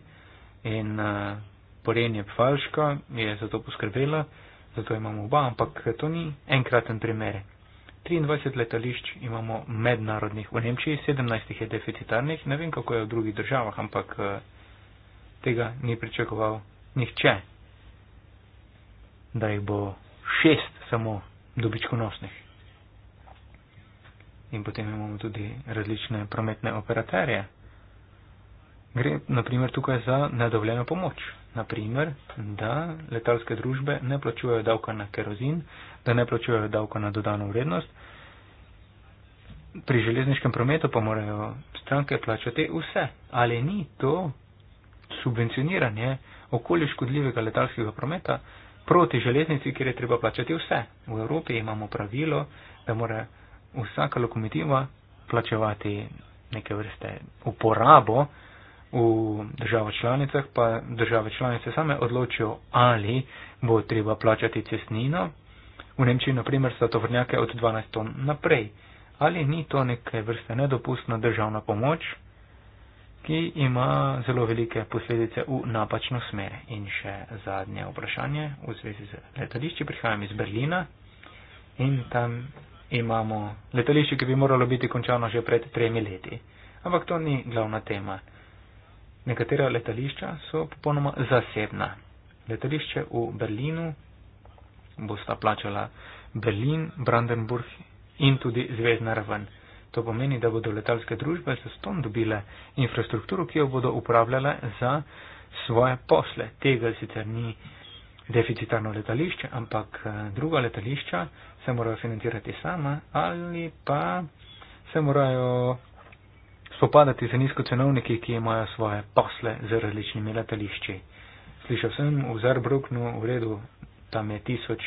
in uh, porenje Pfalška je za to poskrbela, zato imamo oba, ampak to ni enkraten primer. 23 letališč imamo mednarodnih, v Nemčiji 17 je deficitarnih, ne vem kako je v drugih državah, ampak uh, tega ni pričakoval nihče, da jih bo šest samo dobičkonosnih in potem imamo tudi različne prometne operaterje. Gre naprimer tukaj za nedovoljeno pomoč. Naprimer, da letalske družbe ne plačujejo davka na kerozin, da ne plačujejo davka na dodano vrednost. Pri železniškem prometu pa morajo stranke plačati vse. Ali ni to subvencioniranje okolje škodljivega letalskega prometa proti železnici, kjer je treba plačati vse? V Evropi imamo pravilo, da morajo vsaka lokomotiva plačevati neke vrste uporabo v državah članicah, pa države članice same odločijo, ali bo treba plačati cestnino. V Nemčiji, na primer, so to vrnjake od 12 ton naprej. Ali ni to neke vrste nedopustna državna pomoč, ki ima zelo velike posledice v napačno smer? In še zadnje vprašanje v zvezi z letališči. Prihajam iz Berlina in tam imamo letališče, ki bi moralo biti končano že pred tremi leti. Ampak to ni glavna tema. Nekatera letališča so popolnoma zasebna. Letališče v Berlinu bosta plačala Berlin, Brandenburg in tudi zvezdna raven. To pomeni, da bodo letalske družbe za ston dobile infrastrukturo, ki jo bodo uporabljale za svoje posle. Tega sicer ni deficitarno letališče, ampak eh, druga letališča se morajo financirati sama ali pa se morajo spopadati z nizkocenovniki, ki imajo svoje posle z različnimi letališči. Slišal sem v Zarbruknu, v redu, tam je tisoč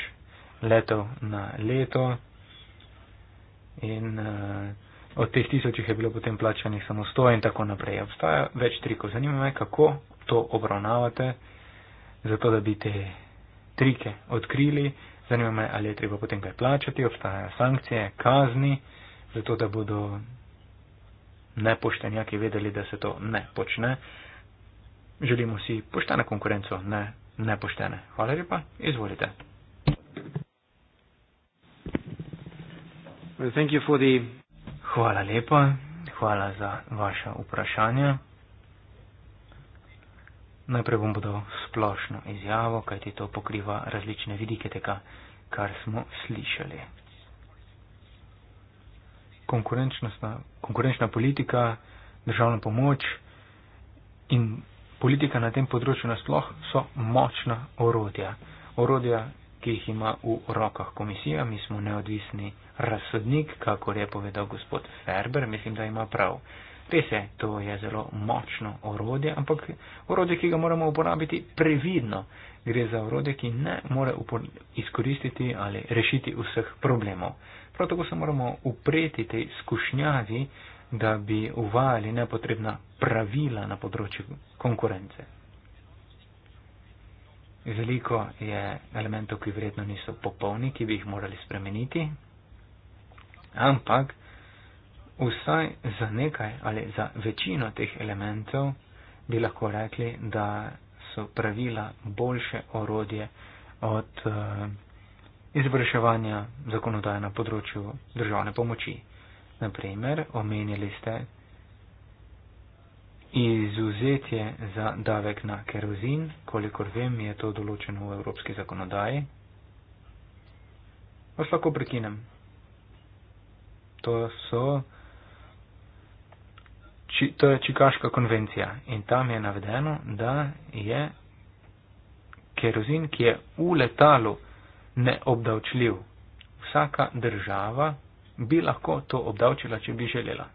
letov na leto in uh, od teh tisočih je bilo potem plačanih samo sto in tako naprej. Obstaja več trikov. Zanima me, kako to obravnavate, zato da bi te trike odkrili, Zanima me, ali je treba potem kaj plačati, obstajajo sankcije, kazni, zato da bodo nepoštenjaki vedeli, da se to ne počne. Želimo si poštene konkurenco, ne nepoštene. Hvala lepa, izvolite. Hvala lepa, hvala za vaše vprašanje. Najprej bom podal splošno izjavo, kajti to pokriva različne vidike tega, kar smo slišali. Konkurenčna politika, državna pomoč in politika na tem področju nasploh so močna orodja. Orodja, ki jih ima v rokah komisija, mi smo neodvisni razsodnik, kakor je povedal gospod Ferber, mislim, da ima prav pese, to je zelo močno orodje, ampak orodje, ki ga moramo uporabiti previdno. Gre za orodje, ki ne more izkoristiti ali rešiti vseh problemov. Prav tako se moramo upreti tej skušnjavi, da bi uvajali nepotrebna pravila na področju konkurence. Veliko je elementov, ki vredno niso popolni, ki bi jih morali spremeniti, ampak vsaj za nekaj ali za večino teh elementov bi lahko rekli, da so pravila boljše orodje od eh, izvrševanja zakonodaje na področju državne pomoči. Naprimer, omenili ste izuzetje za davek na kerozin, kolikor vem, je to določeno v evropski zakonodaji. Vas lahko prekinem. To so či, to je Čikaška konvencija in tam je navedeno, da je kerozin, ki je v letalu neobdavčljiv. Vsaka država bi lahko to obdavčila, če bi želela.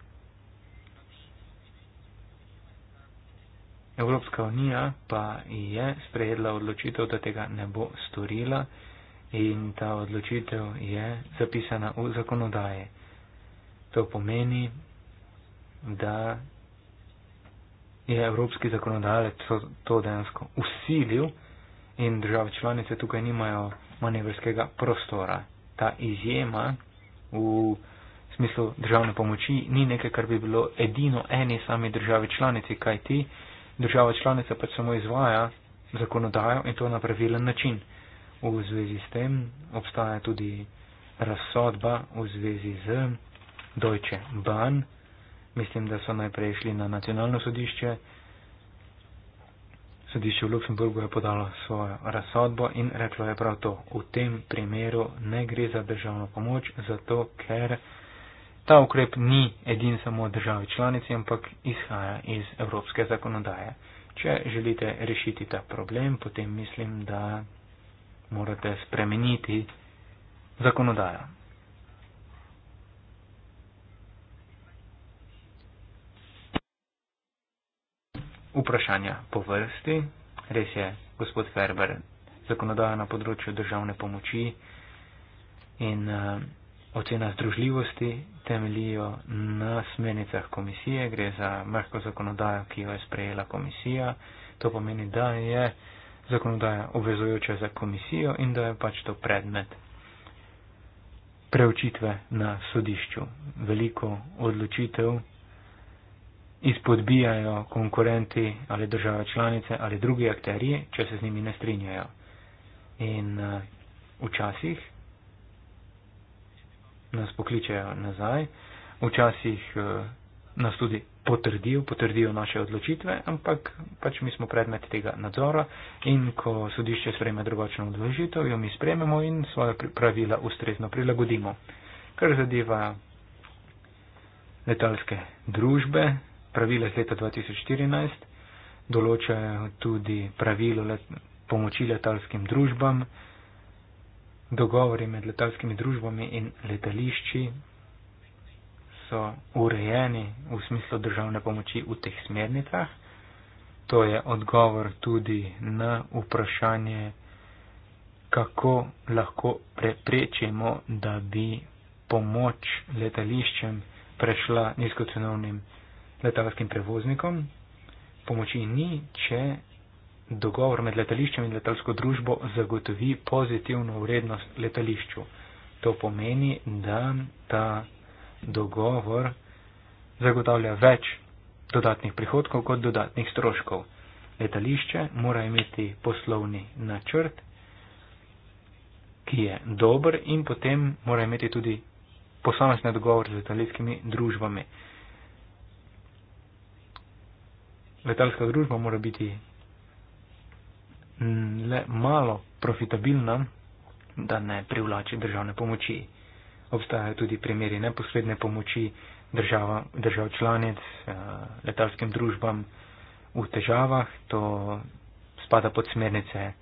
Evropska unija pa je sprejedla odločitev, da tega ne bo storila in ta odločitev je zapisana v zakonodaje. To pomeni, da je evropski zakonodajalec to, to dejansko usilil in države članice tukaj nimajo manevrskega prostora. Ta izjema v smislu državne pomoči ni nekaj, kar bi bilo edino eni sami državi članici, kaj ti država članica pač samo izvaja zakonodajo in to na pravilen način. V zvezi s tem obstaja tudi razsodba v zvezi z Deutsche Bahn. Mislim, da so najprej šli na nacionalno sodišče. Sodišče v Luksemburgu je podalo svojo razsodbo in reklo je prav to. V tem primeru ne gre za državno pomoč, zato ker ta ukrep ni edin samo državi članici, ampak izhaja iz evropske zakonodaje. Če želite rešiti ta problem, potem mislim, da morate spremeniti zakonodajo. vprašanja po vrsti. Res je, gospod Ferber, zakonodaja na področju državne pomoči in uh, ocena združljivosti temelijo na smernicah komisije. Gre za mrhko zakonodajo, ki jo je sprejela komisija. To pomeni, da je zakonodaja obvezujoča za komisijo in da je pač to predmet preučitve na sodišču. Veliko odločitev izpodbijajo konkurenti ali države članice ali drugi akteri, če se z njimi ne strinjajo. In eh, včasih nas pokličejo nazaj, včasih eh, nas tudi potrdijo, potrdijo naše odločitve, ampak pač mi smo predmet tega nadzora in ko sodišče sprejme drugačno odložitev, jo mi sprejmemo in svoje pravila ustrezno prilagodimo. Kar zadeva letalske družbe, pravila iz leta 2014, določajo tudi pravilo let, pomoči letalskim družbam, dogovori med letalskimi družbami in letališči so urejeni v smislu državne pomoči v teh smernicah. To je odgovor tudi na vprašanje, kako lahko preprečimo, da bi pomoč letališčem prešla nizkocenovnim letalskim prevoznikom. Pomoči ni, če dogovor med letališčem in letalsko družbo zagotovi pozitivno vrednost letališču. To pomeni, da ta dogovor zagotavlja več dodatnih prihodkov kot dodatnih stroškov. Letališče mora imeti poslovni načrt, ki je dober in potem mora imeti tudi posamezne dogovore z letalskimi družbami letalska družba mora biti mm, le malo profitabilna, da ne privlači državne pomoči. Obstajajo tudi primeri neposredne pomoči država, držav članic eh, letalskim družbam v težavah. To spada pod smernice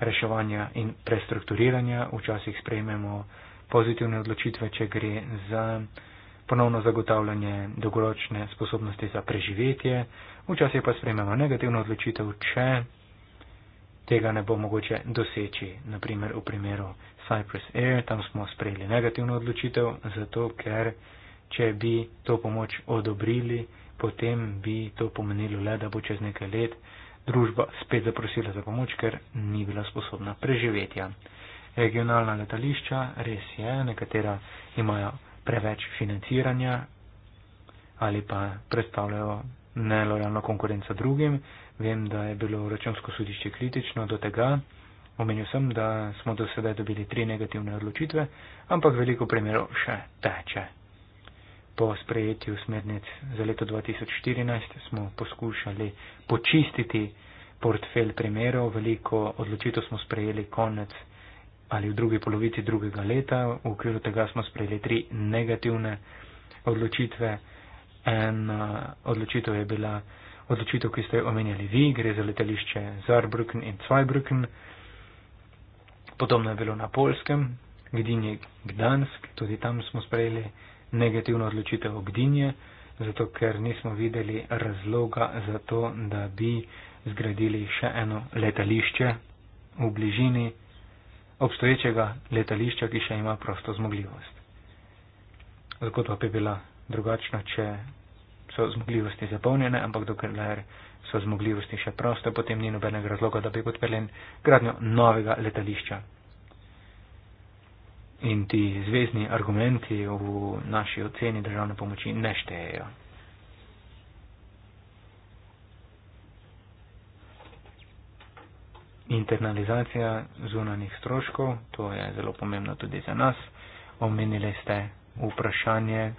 reševanja in prestrukturiranja. Včasih sprejmemo pozitivne odločitve, če gre za ponovno zagotavljanje dolgoročne sposobnosti za preživetje, včasih pa sprejmemo negativno odločitev, če tega ne bo mogoče doseči. Naprimer v primeru Cyprus Air, tam smo sprejeli negativno odločitev, zato ker če bi to pomoč odobrili, potem bi to pomenilo le, da bo čez nekaj let družba spet zaprosila za pomoč, ker ni bila sposobna preživetja. Regionalna letališča, res je, nekatera imajo preveč financiranja ali pa predstavljajo nelojalno konkurenco drugim. Vem, da je bilo računsko sodišče kritično do tega. Omenil sem, da smo do sedaj dobili tri negativne odločitve, ampak veliko primerov še teče. Po sprejetju smernic za leto 2014 smo poskušali počistiti portfel primerov. Veliko odločitev smo sprejeli konec ali v drugi polovici drugega leta. V okviru tega smo sprejeli tri negativne odločitve ena eh, odločitev je bila odločitev, ki ste jo omenjali vi, gre za letališče Zarbrücken in Zweibrücken. Podobno je bilo na Polskem, Gdinje, Gdansk, tudi tam smo sprejeli negativno odločitev Gdinje, zato ker nismo videli razloga za to, da bi zgradili še eno letališče v bližini obstoječega letališča, ki še ima prosto zmogljivost. Zakotva bi bila drugačno, če so zmogljivosti zapolnjene, ampak dokler so zmogljivosti še proste, potem ni nobenega razloga, da bi podprli gradnjo novega letališča. In ti zvezdni argumenti v naši oceni državne pomoči ne štejejo. Internalizacija zunanih stroškov, to je zelo pomembno tudi za nas. Omenili ste vprašanje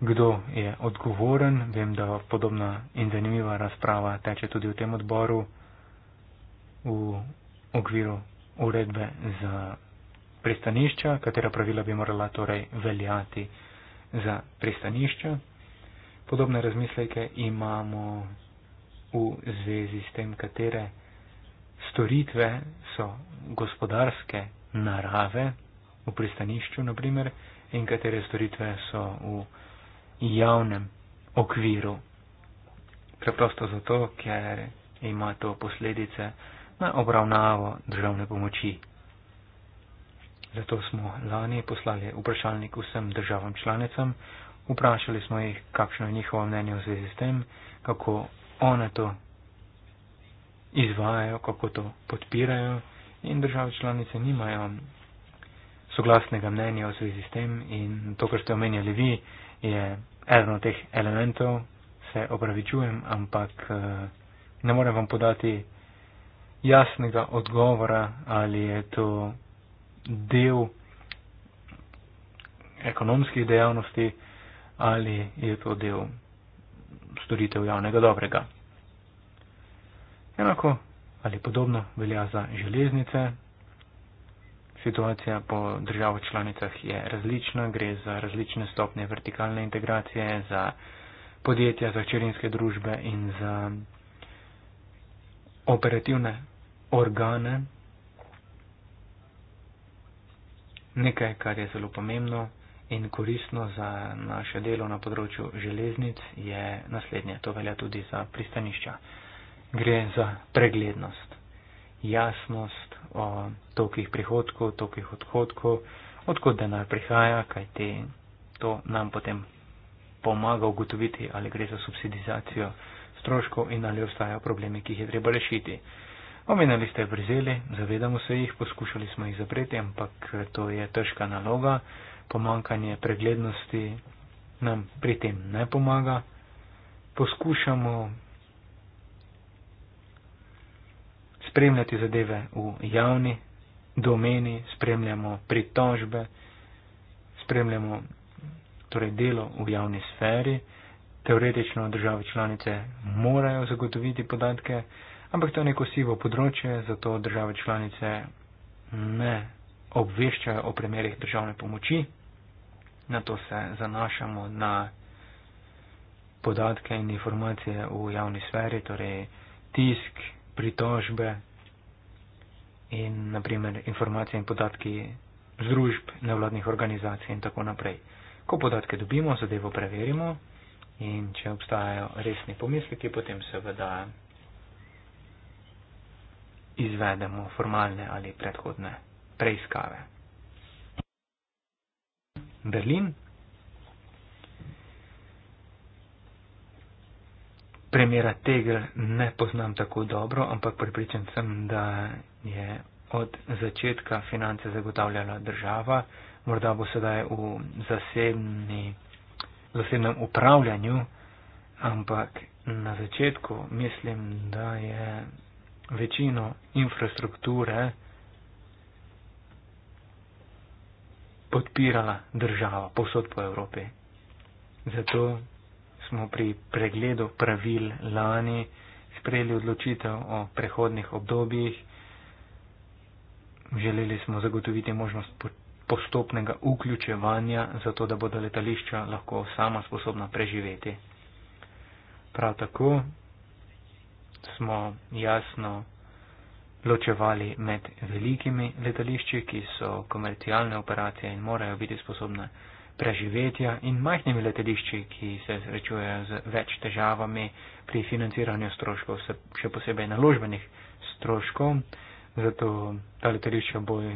kdo je odgovoren. Vem, da podobna in zanimiva razprava teče tudi v tem odboru v okviru uredbe za pristanišča, katera pravila bi morala torej veljati za pristanišča. Podobne razmisleke imamo v zvezi s tem, katere storitve so gospodarske narave v pristanišču, naprimer, in katere storitve so v javnem okviru. Preprosto zato, ker ima to posledice na obravnavo državne pomoči. Zato smo lani poslali vprašalnik vsem državam članicam, vprašali smo jih, kakšno je njihovo mnenje v zvezi s tem, kako one to izvajajo, kako to podpirajo in države članice nimajo soglasnega mnenja v zvezi s tem in to, kar ste omenjali vi, je eden od teh elementov, se opravičujem, ampak eh, ne morem vam podati jasnega odgovora, ali je to del ekonomskih dejavnosti ali je to del storitev javnega dobrega. Enako ali podobno velja za železnice, Situacija po državah članicah je različna, gre za različne stopnje vertikalne integracije, za podjetja, za hčerinske družbe in za operativne organe. Nekaj, kar je zelo pomembno in koristno za naše delo na področju železnic, je naslednje. To velja tudi za pristanišča. Gre za preglednost jasnost o tolkih prihodkov, tolkih odhodkov, odkud denar prihaja, kaj te to nam potem pomaga ugotoviti, ali gre za subsidizacijo stroškov in ali ostajajo problemi, ki jih je treba rešiti. Omenjali ste vrzeli, zavedamo se jih, poskušali smo jih zapreti, ampak to je težka naloga, pomankanje preglednosti nam pri tem ne pomaga. Poskušamo spremljati zadeve v javni domeni, spremljamo pritožbe, spremljamo torej delo v javni sferi. Teoretično države članice morajo zagotoviti podatke, ampak to je neko sivo področje, zato države članice ne obveščajo o primerih državne pomoči. Na to se zanašamo na podatke in informacije v javni sferi, torej tisk, pritožbe in naprimer informacije in podatki združb, nevladnih organizacij in tako naprej. Ko podatke dobimo, zadevo preverimo in če obstajajo resni pomisliki, potem seveda izvedemo formalne ali predhodne preiskave. Berlin, premjera tega ne poznam tako dobro, ampak pripričan sem, da je od začetka finance zagotavljala država, morda bo sedaj v zasebni, zasebnem upravljanju, ampak na začetku mislim, da je večino infrastrukture podpirala država povsod po Evropi. Zato smo pri pregledu pravil lani sprejeli odločitev o prehodnih obdobjih. Želeli smo zagotoviti možnost postopnega vključevanja, zato da bodo letališča lahko sama sposobna preživeti. Prav tako smo jasno ločevali med velikimi letališči, ki so komercialne operacije in morajo biti sposobne preživetja in majhnimi letališči, ki se srečujejo z več težavami pri financiranju stroškov, še posebej naložbenih stroškov, zato ta letališča bolj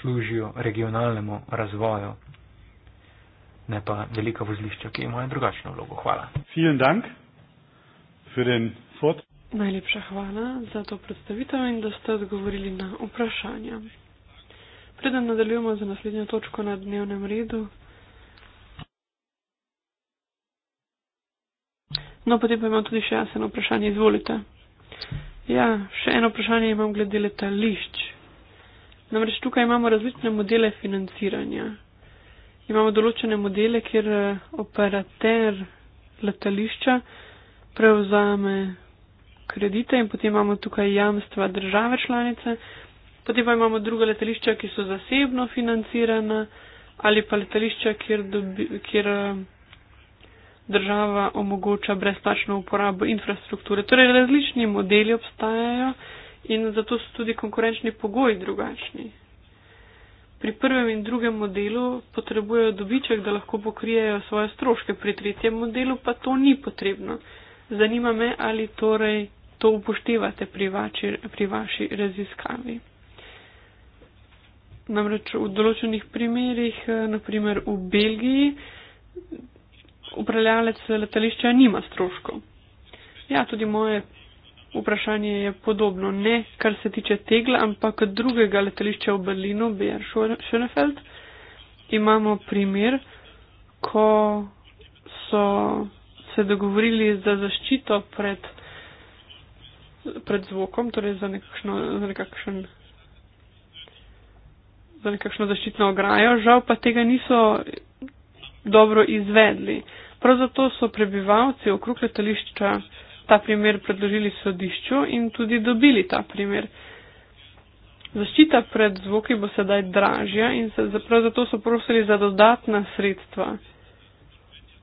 služijo regionalnemu razvoju, ne pa velika vozlišča, ki imajo drugačno vlogo. Hvala. Najlepša hvala za to predstavitev in da ste odgovorili na vprašanja. Preden nadaljujemo z naslednjo točko na dnevnem redu. No, potem pa imam tudi še jaz eno vprašanje, izvolite. Ja, še eno vprašanje imam glede letališč. Namreč tukaj imamo različne modele financiranja. Imamo določene modele, kjer eh, operater letališča prevzame kredite in potem imamo tukaj jamstva države članice, Potem pa imamo druga letališča, ki so zasebno financirana ali pa letališča, kjer, dobi, kjer eh, država omogoča brezplačno uporabo infrastrukture. Torej različni modeli obstajajo in zato so tudi konkurenčni pogoji drugačni. Pri prvem in drugem modelu potrebujejo dobiček, da lahko pokrijejo svoje stroške, pri tretjem modelu pa to ni potrebno. Zanima me, ali torej to upoštevate pri, vači, pri vaši raziskavi. Namreč v določenih primerjih, eh, naprimer v Belgiji, upravljalec letališča nima stroškov. Ja, tudi moje vprašanje je podobno. Ne, kar se tiče tega, ampak drugega letališča v Berlinu, BR Schönefeld, imamo primer, ko so se dogovorili za zaščito pred, pred zvokom, torej za nekakšen. Za nekakšen za nekakšno zaščitno ograjo, žal pa tega niso dobro izvedli. Prav zato so prebivalci okrog letališča ta primer predložili sodišču in tudi dobili ta primer. Zaščita pred zvoki bo sedaj dražja in se prav zato so prosili za dodatna sredstva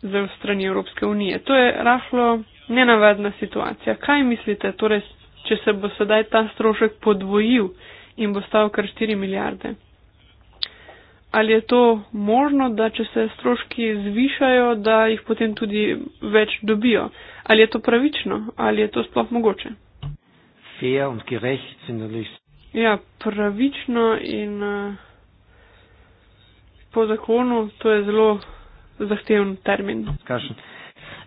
za strani Evropske unije. To je rahlo nenavadna situacija. Kaj mislite, torej, če se bo sedaj ta strošek podvojil in bo stal kar 4 milijarde? ali je to možno, da če se stroški zvišajo, da jih potem tudi več dobijo? Ali je to pravično? Ali je to sploh mogoče? Fair und gerecht sind natürlich. Ja, pravično in uh, po zakonu to je zelo zahteven termin. Kažem.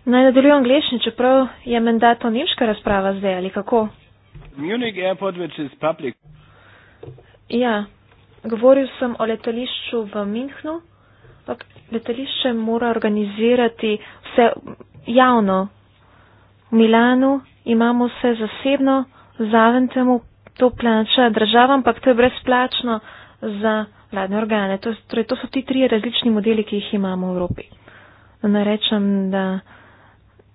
Naj nadaljujem angliščino, čeprav je menda to nemška razprava zdaj ali kako? Munich Airport, which is public. Ja, govoril sem o letališču v Minhnu, ampak letališče mora organizirati vse javno. V Milanu imamo vse zasebno, zaven temu to plača država, ampak to je brezplačno za vladne organe. To, torej, to so ti tri različni modeli, ki jih imamo v Evropi. Ne rečem, da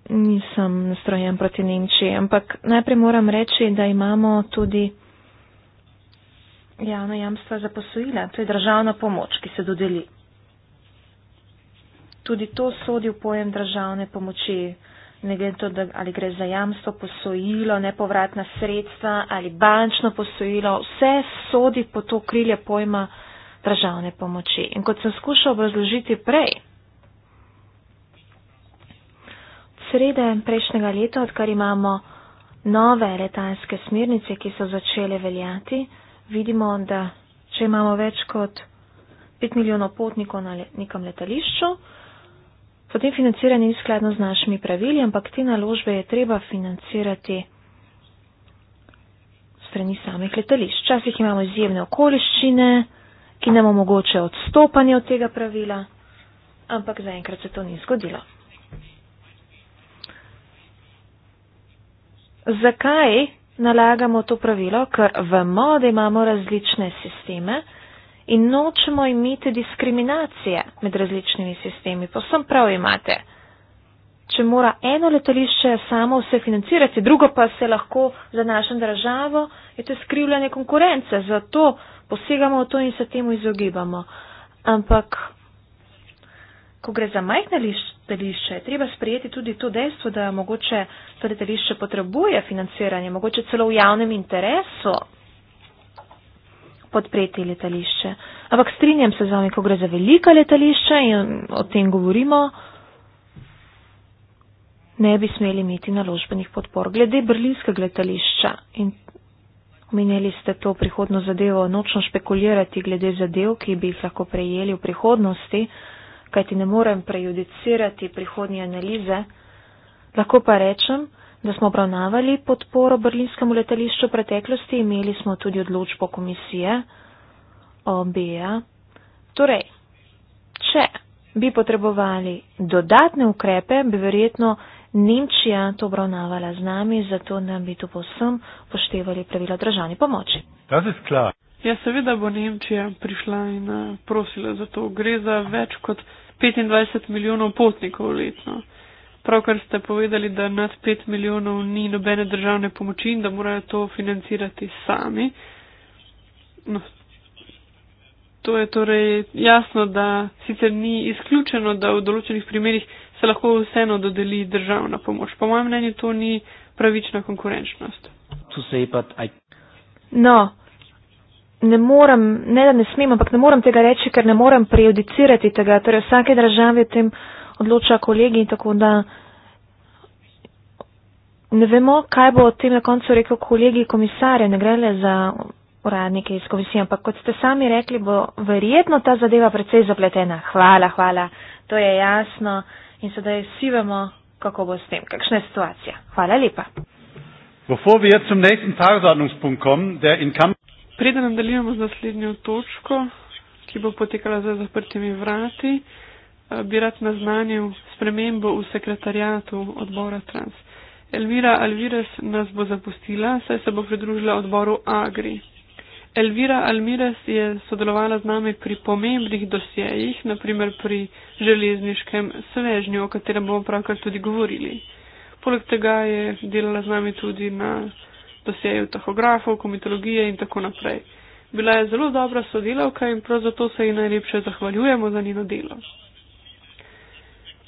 nisem nastrojen proti Nemčiji, ampak najprej moram reči, da imamo tudi javna jamstva za posojila, to je državna pomoč, ki se dodeli. Tudi to sodi v pojem državne pomoči. Ne glede to, da, ali gre za jamstvo, posojilo, nepovratna sredstva ali bančno posojilo, vse sodi po to krilje pojma državne pomoči. In kot sem skušal razložiti prej, od srede prejšnjega leta, odkar imamo nove letalske smernice, ki so začele veljati, vidimo, da če imamo več kot 5 milijonov potnikov na le, nekem letališču, potem financiranje ni skladno z našimi pravili, ampak te naložbe je treba financirati strani samih letališč. Včasih imamo izjemne okoliščine, ki nam omogočajo odstopanje od tega pravila, ampak zaenkrat se to ni zgodilo. Zakaj nalagamo to pravilo, ker vemo, da imamo različne sisteme in nočemo imeti diskriminacije med različnimi sistemi. Posem prav imate. Če mora eno letališče samo vse financirati, drugo pa se lahko za našo državo, je to skrivljanje konkurence. Zato posegamo v to in se temu izogibamo. Ampak, ko gre za majhne lišče, letališče. Treba sprejeti tudi to dejstvo, da mogoče to letališče potrebuje financiranje, mogoče celo v javnem interesu podpreti letališče. Ampak strinjam se z vami, ko gre za velika letališča in o tem govorimo, ne bi smeli imeti naložbenih podpor. Glede brlinskega letališča in omenjali ste to prihodno zadevo, nočno špekulirati glede zadev, ki bi jih lahko prejeli v prihodnosti kajti ne morem prejudicirati prihodnje analize. Lahko pa rečem, da smo obravnavali podporo Brlinskemu letališču v preteklosti, imeli smo tudi odločbo komisije OBA. Torej, če bi potrebovali dodatne ukrepe, bi verjetno Nemčija to obravnavala z nami, zato nam bi to povsem poštevali pravila državne pomoči. Ja, seveda bo Nemčija prišla in eh, prosila za to. Gre za več kot 25 milijonov potnikov letno. Pravkar ste povedali, da nad 5 milijonov ni nobene državne pomoči in da morajo to financirati sami. No, to je torej jasno, da sicer ni izključeno, da v določenih primerjih se lahko vseeno dodeli državna pomoč. Po mojem mnenju to ni pravična konkurenčnost. No, ne morem, ne da ne smem, ampak ne morem tega reči, ker ne morem prejudicirati tega. Torej, vsake države o tem odloča kolegi in tako da ne vemo, kaj bo o tem na koncu rekel kolegi komisarje. Ne gre le za uradnike iz komisije, ampak kot ste sami rekli, bo verjetno ta zadeva precej zapletena. Hvala, hvala. To je jasno in sedaj vsi vemo, kako bo s tem, kakšna je situacija. Hvala lepa. Bevor wir zum nächsten Tagesordnungspunkt kommen, der in Kampf. Preden nadaljujemo z naslednjo točko, ki bo potekala za zaprtimi vrati, eh, bi rad naznanil spremembo v sekretarijatu odbora Trans. Elvira Alvirez nas bo zapustila, saj se bo pridružila odboru Agri. Elvira Almirez je sodelovala z nami pri pomembnih dosjejih, naprimer pri železniškem svežnju, o katerem bomo pravkar tudi govorili. Poleg tega je delala z nami tudi na posejev tahografov, komitologije in tako naprej. Bila je zelo dobra sodelavka in prav zato se ji najlepše zahvaljujemo za njeno delo.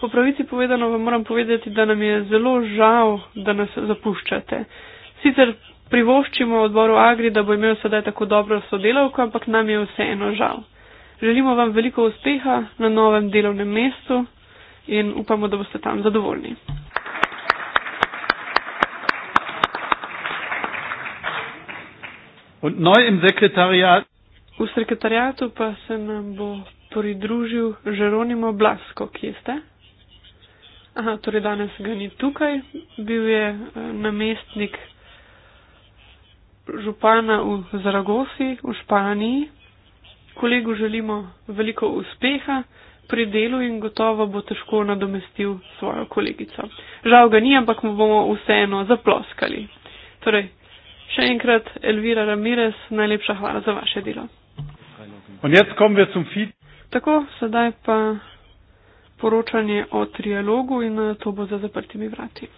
Po pravici povedano vam moram povedati, da nam je zelo žal, da nas zapuščate. Sicer privoščimo odboru Agri, da bo imel sedaj tako dobro sodelavko, ampak nam je vseeno žal. Želimo vam veliko uspeha na novem delovnem mestu in upamo, da boste tam zadovoljni. Und neu im Sekretariat. V sekretariatu pa se nam bo pridružil Žeronimo Blasko, kje ste? Aha, torej danes ga ni tukaj, bil je eh, namestnik župana v Zaragosi v Španiji. Kolegu želimo veliko uspeha pri delu in gotovo bo težko nadomestil svojo kolegico. Žal ga ni, ampak mu bomo vseeno zaploskali. Torej, Še enkrat, Elvira Ramirez, najlepša hvala za vaše delo. Tako, sedaj pa poročanje o trialogu in eh, to bo za zaprtimi vrati.